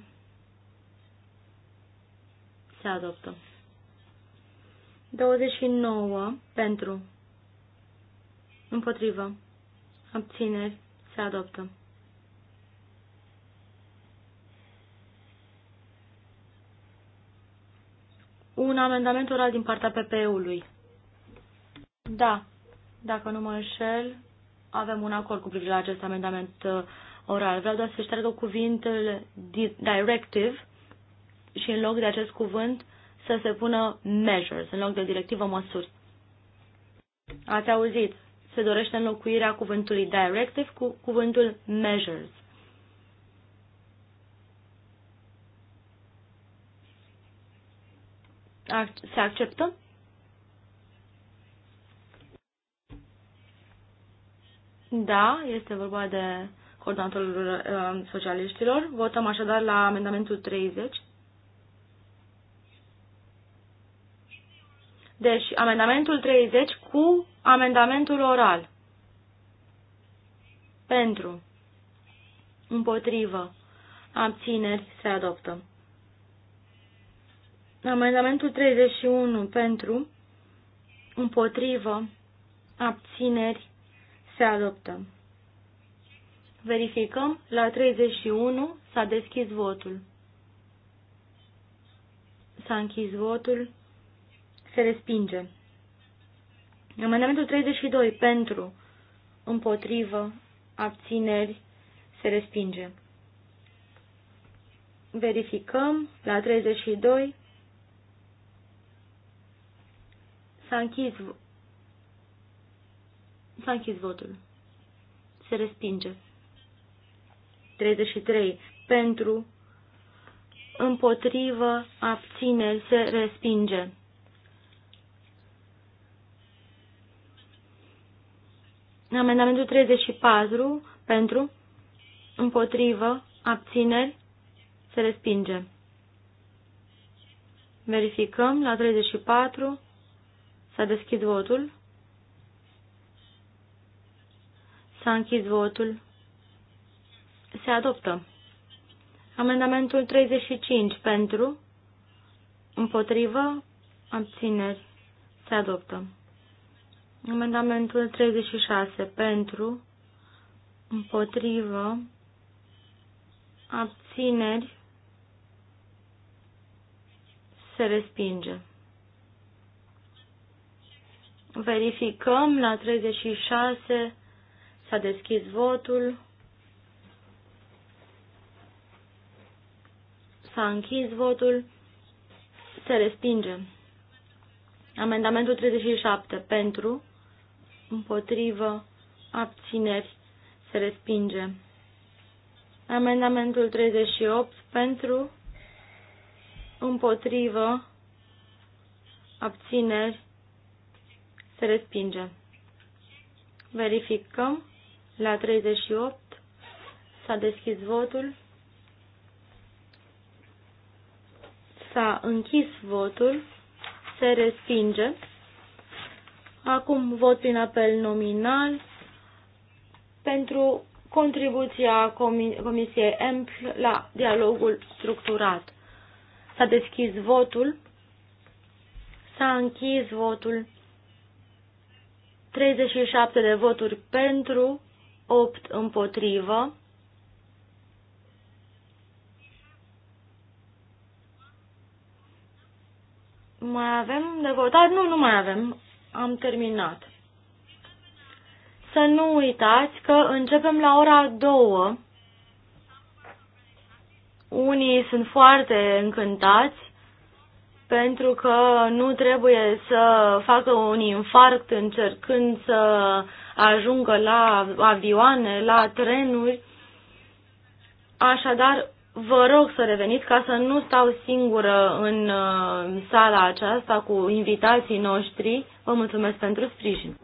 Se adoptă. 29 pentru. Împotrivă. Abțineri. Se adoptă. Un amendament oral din partea PPE-ului. Da, dacă nu mă înșel, avem un acord cu privire la acest amendament uh, oral. Vreau doar să ștergă cuvintele directive și în loc de acest cuvânt să se pună measures, în loc de directivă măsuri. Ați auzit, se dorește înlocuirea cuvântului directive cu cuvântul measures. Se acceptă? Da, este vorba de coordonatorul uh, socialiștilor. Votăm așadar la amendamentul 30. Deci, amendamentul 30 cu Amendamentul oral. Pentru. Împotrivă. Abțineri se adoptă. Amendamentul 31 pentru, împotrivă, abțineri se adoptă. Verificăm, la 31 s-a deschis votul. S-a închis votul, se respinge. Amendamentul 32 pentru, împotrivă, abțineri, se respinge. Verificăm la 32. S-a închis, s-a închis votul. Se respinge. 33. Pentru, împotrivă, abțineri, se respinge. Amendamentul 34 pentru, împotrivă, abțineri, se respinge. Verificăm la 34. S-a deschis votul. S-a închis votul. Se adoptă. Amendamentul 35 pentru, împotrivă, abțineri, se adoptă. Amendamentul 36 pentru, împotrivă, abțineri, se respinge. Verificăm la 36, s-a deschis votul, s-a închis votul, se respinge. Amendamentul 37 pentru, împotrivă, abțineri, se respinge. Amendamentul 38 pentru, împotrivă, abțineri, se respinge. Verificăm la 38. S-a deschis votul. S-a închis votul. Se respinge. Acum vot prin apel nominal pentru contribuția Comisiei EMPL la dialogul structurat. S-a deschis votul, s-a închis votul, 37 de voturi pentru, 8 împotrivă. Mai avem de votat? Nu, nu mai avem am terminat. Să nu uitați că începem la ora 2. Unii sunt foarte încântați pentru că nu trebuie să facă un infarct încercând să ajungă la avioane, la trenuri. Așadar, Vă rog să reveniți ca să nu stau singură în uh, sala aceasta cu invitații noștri. Vă mulțumesc pentru sprijin.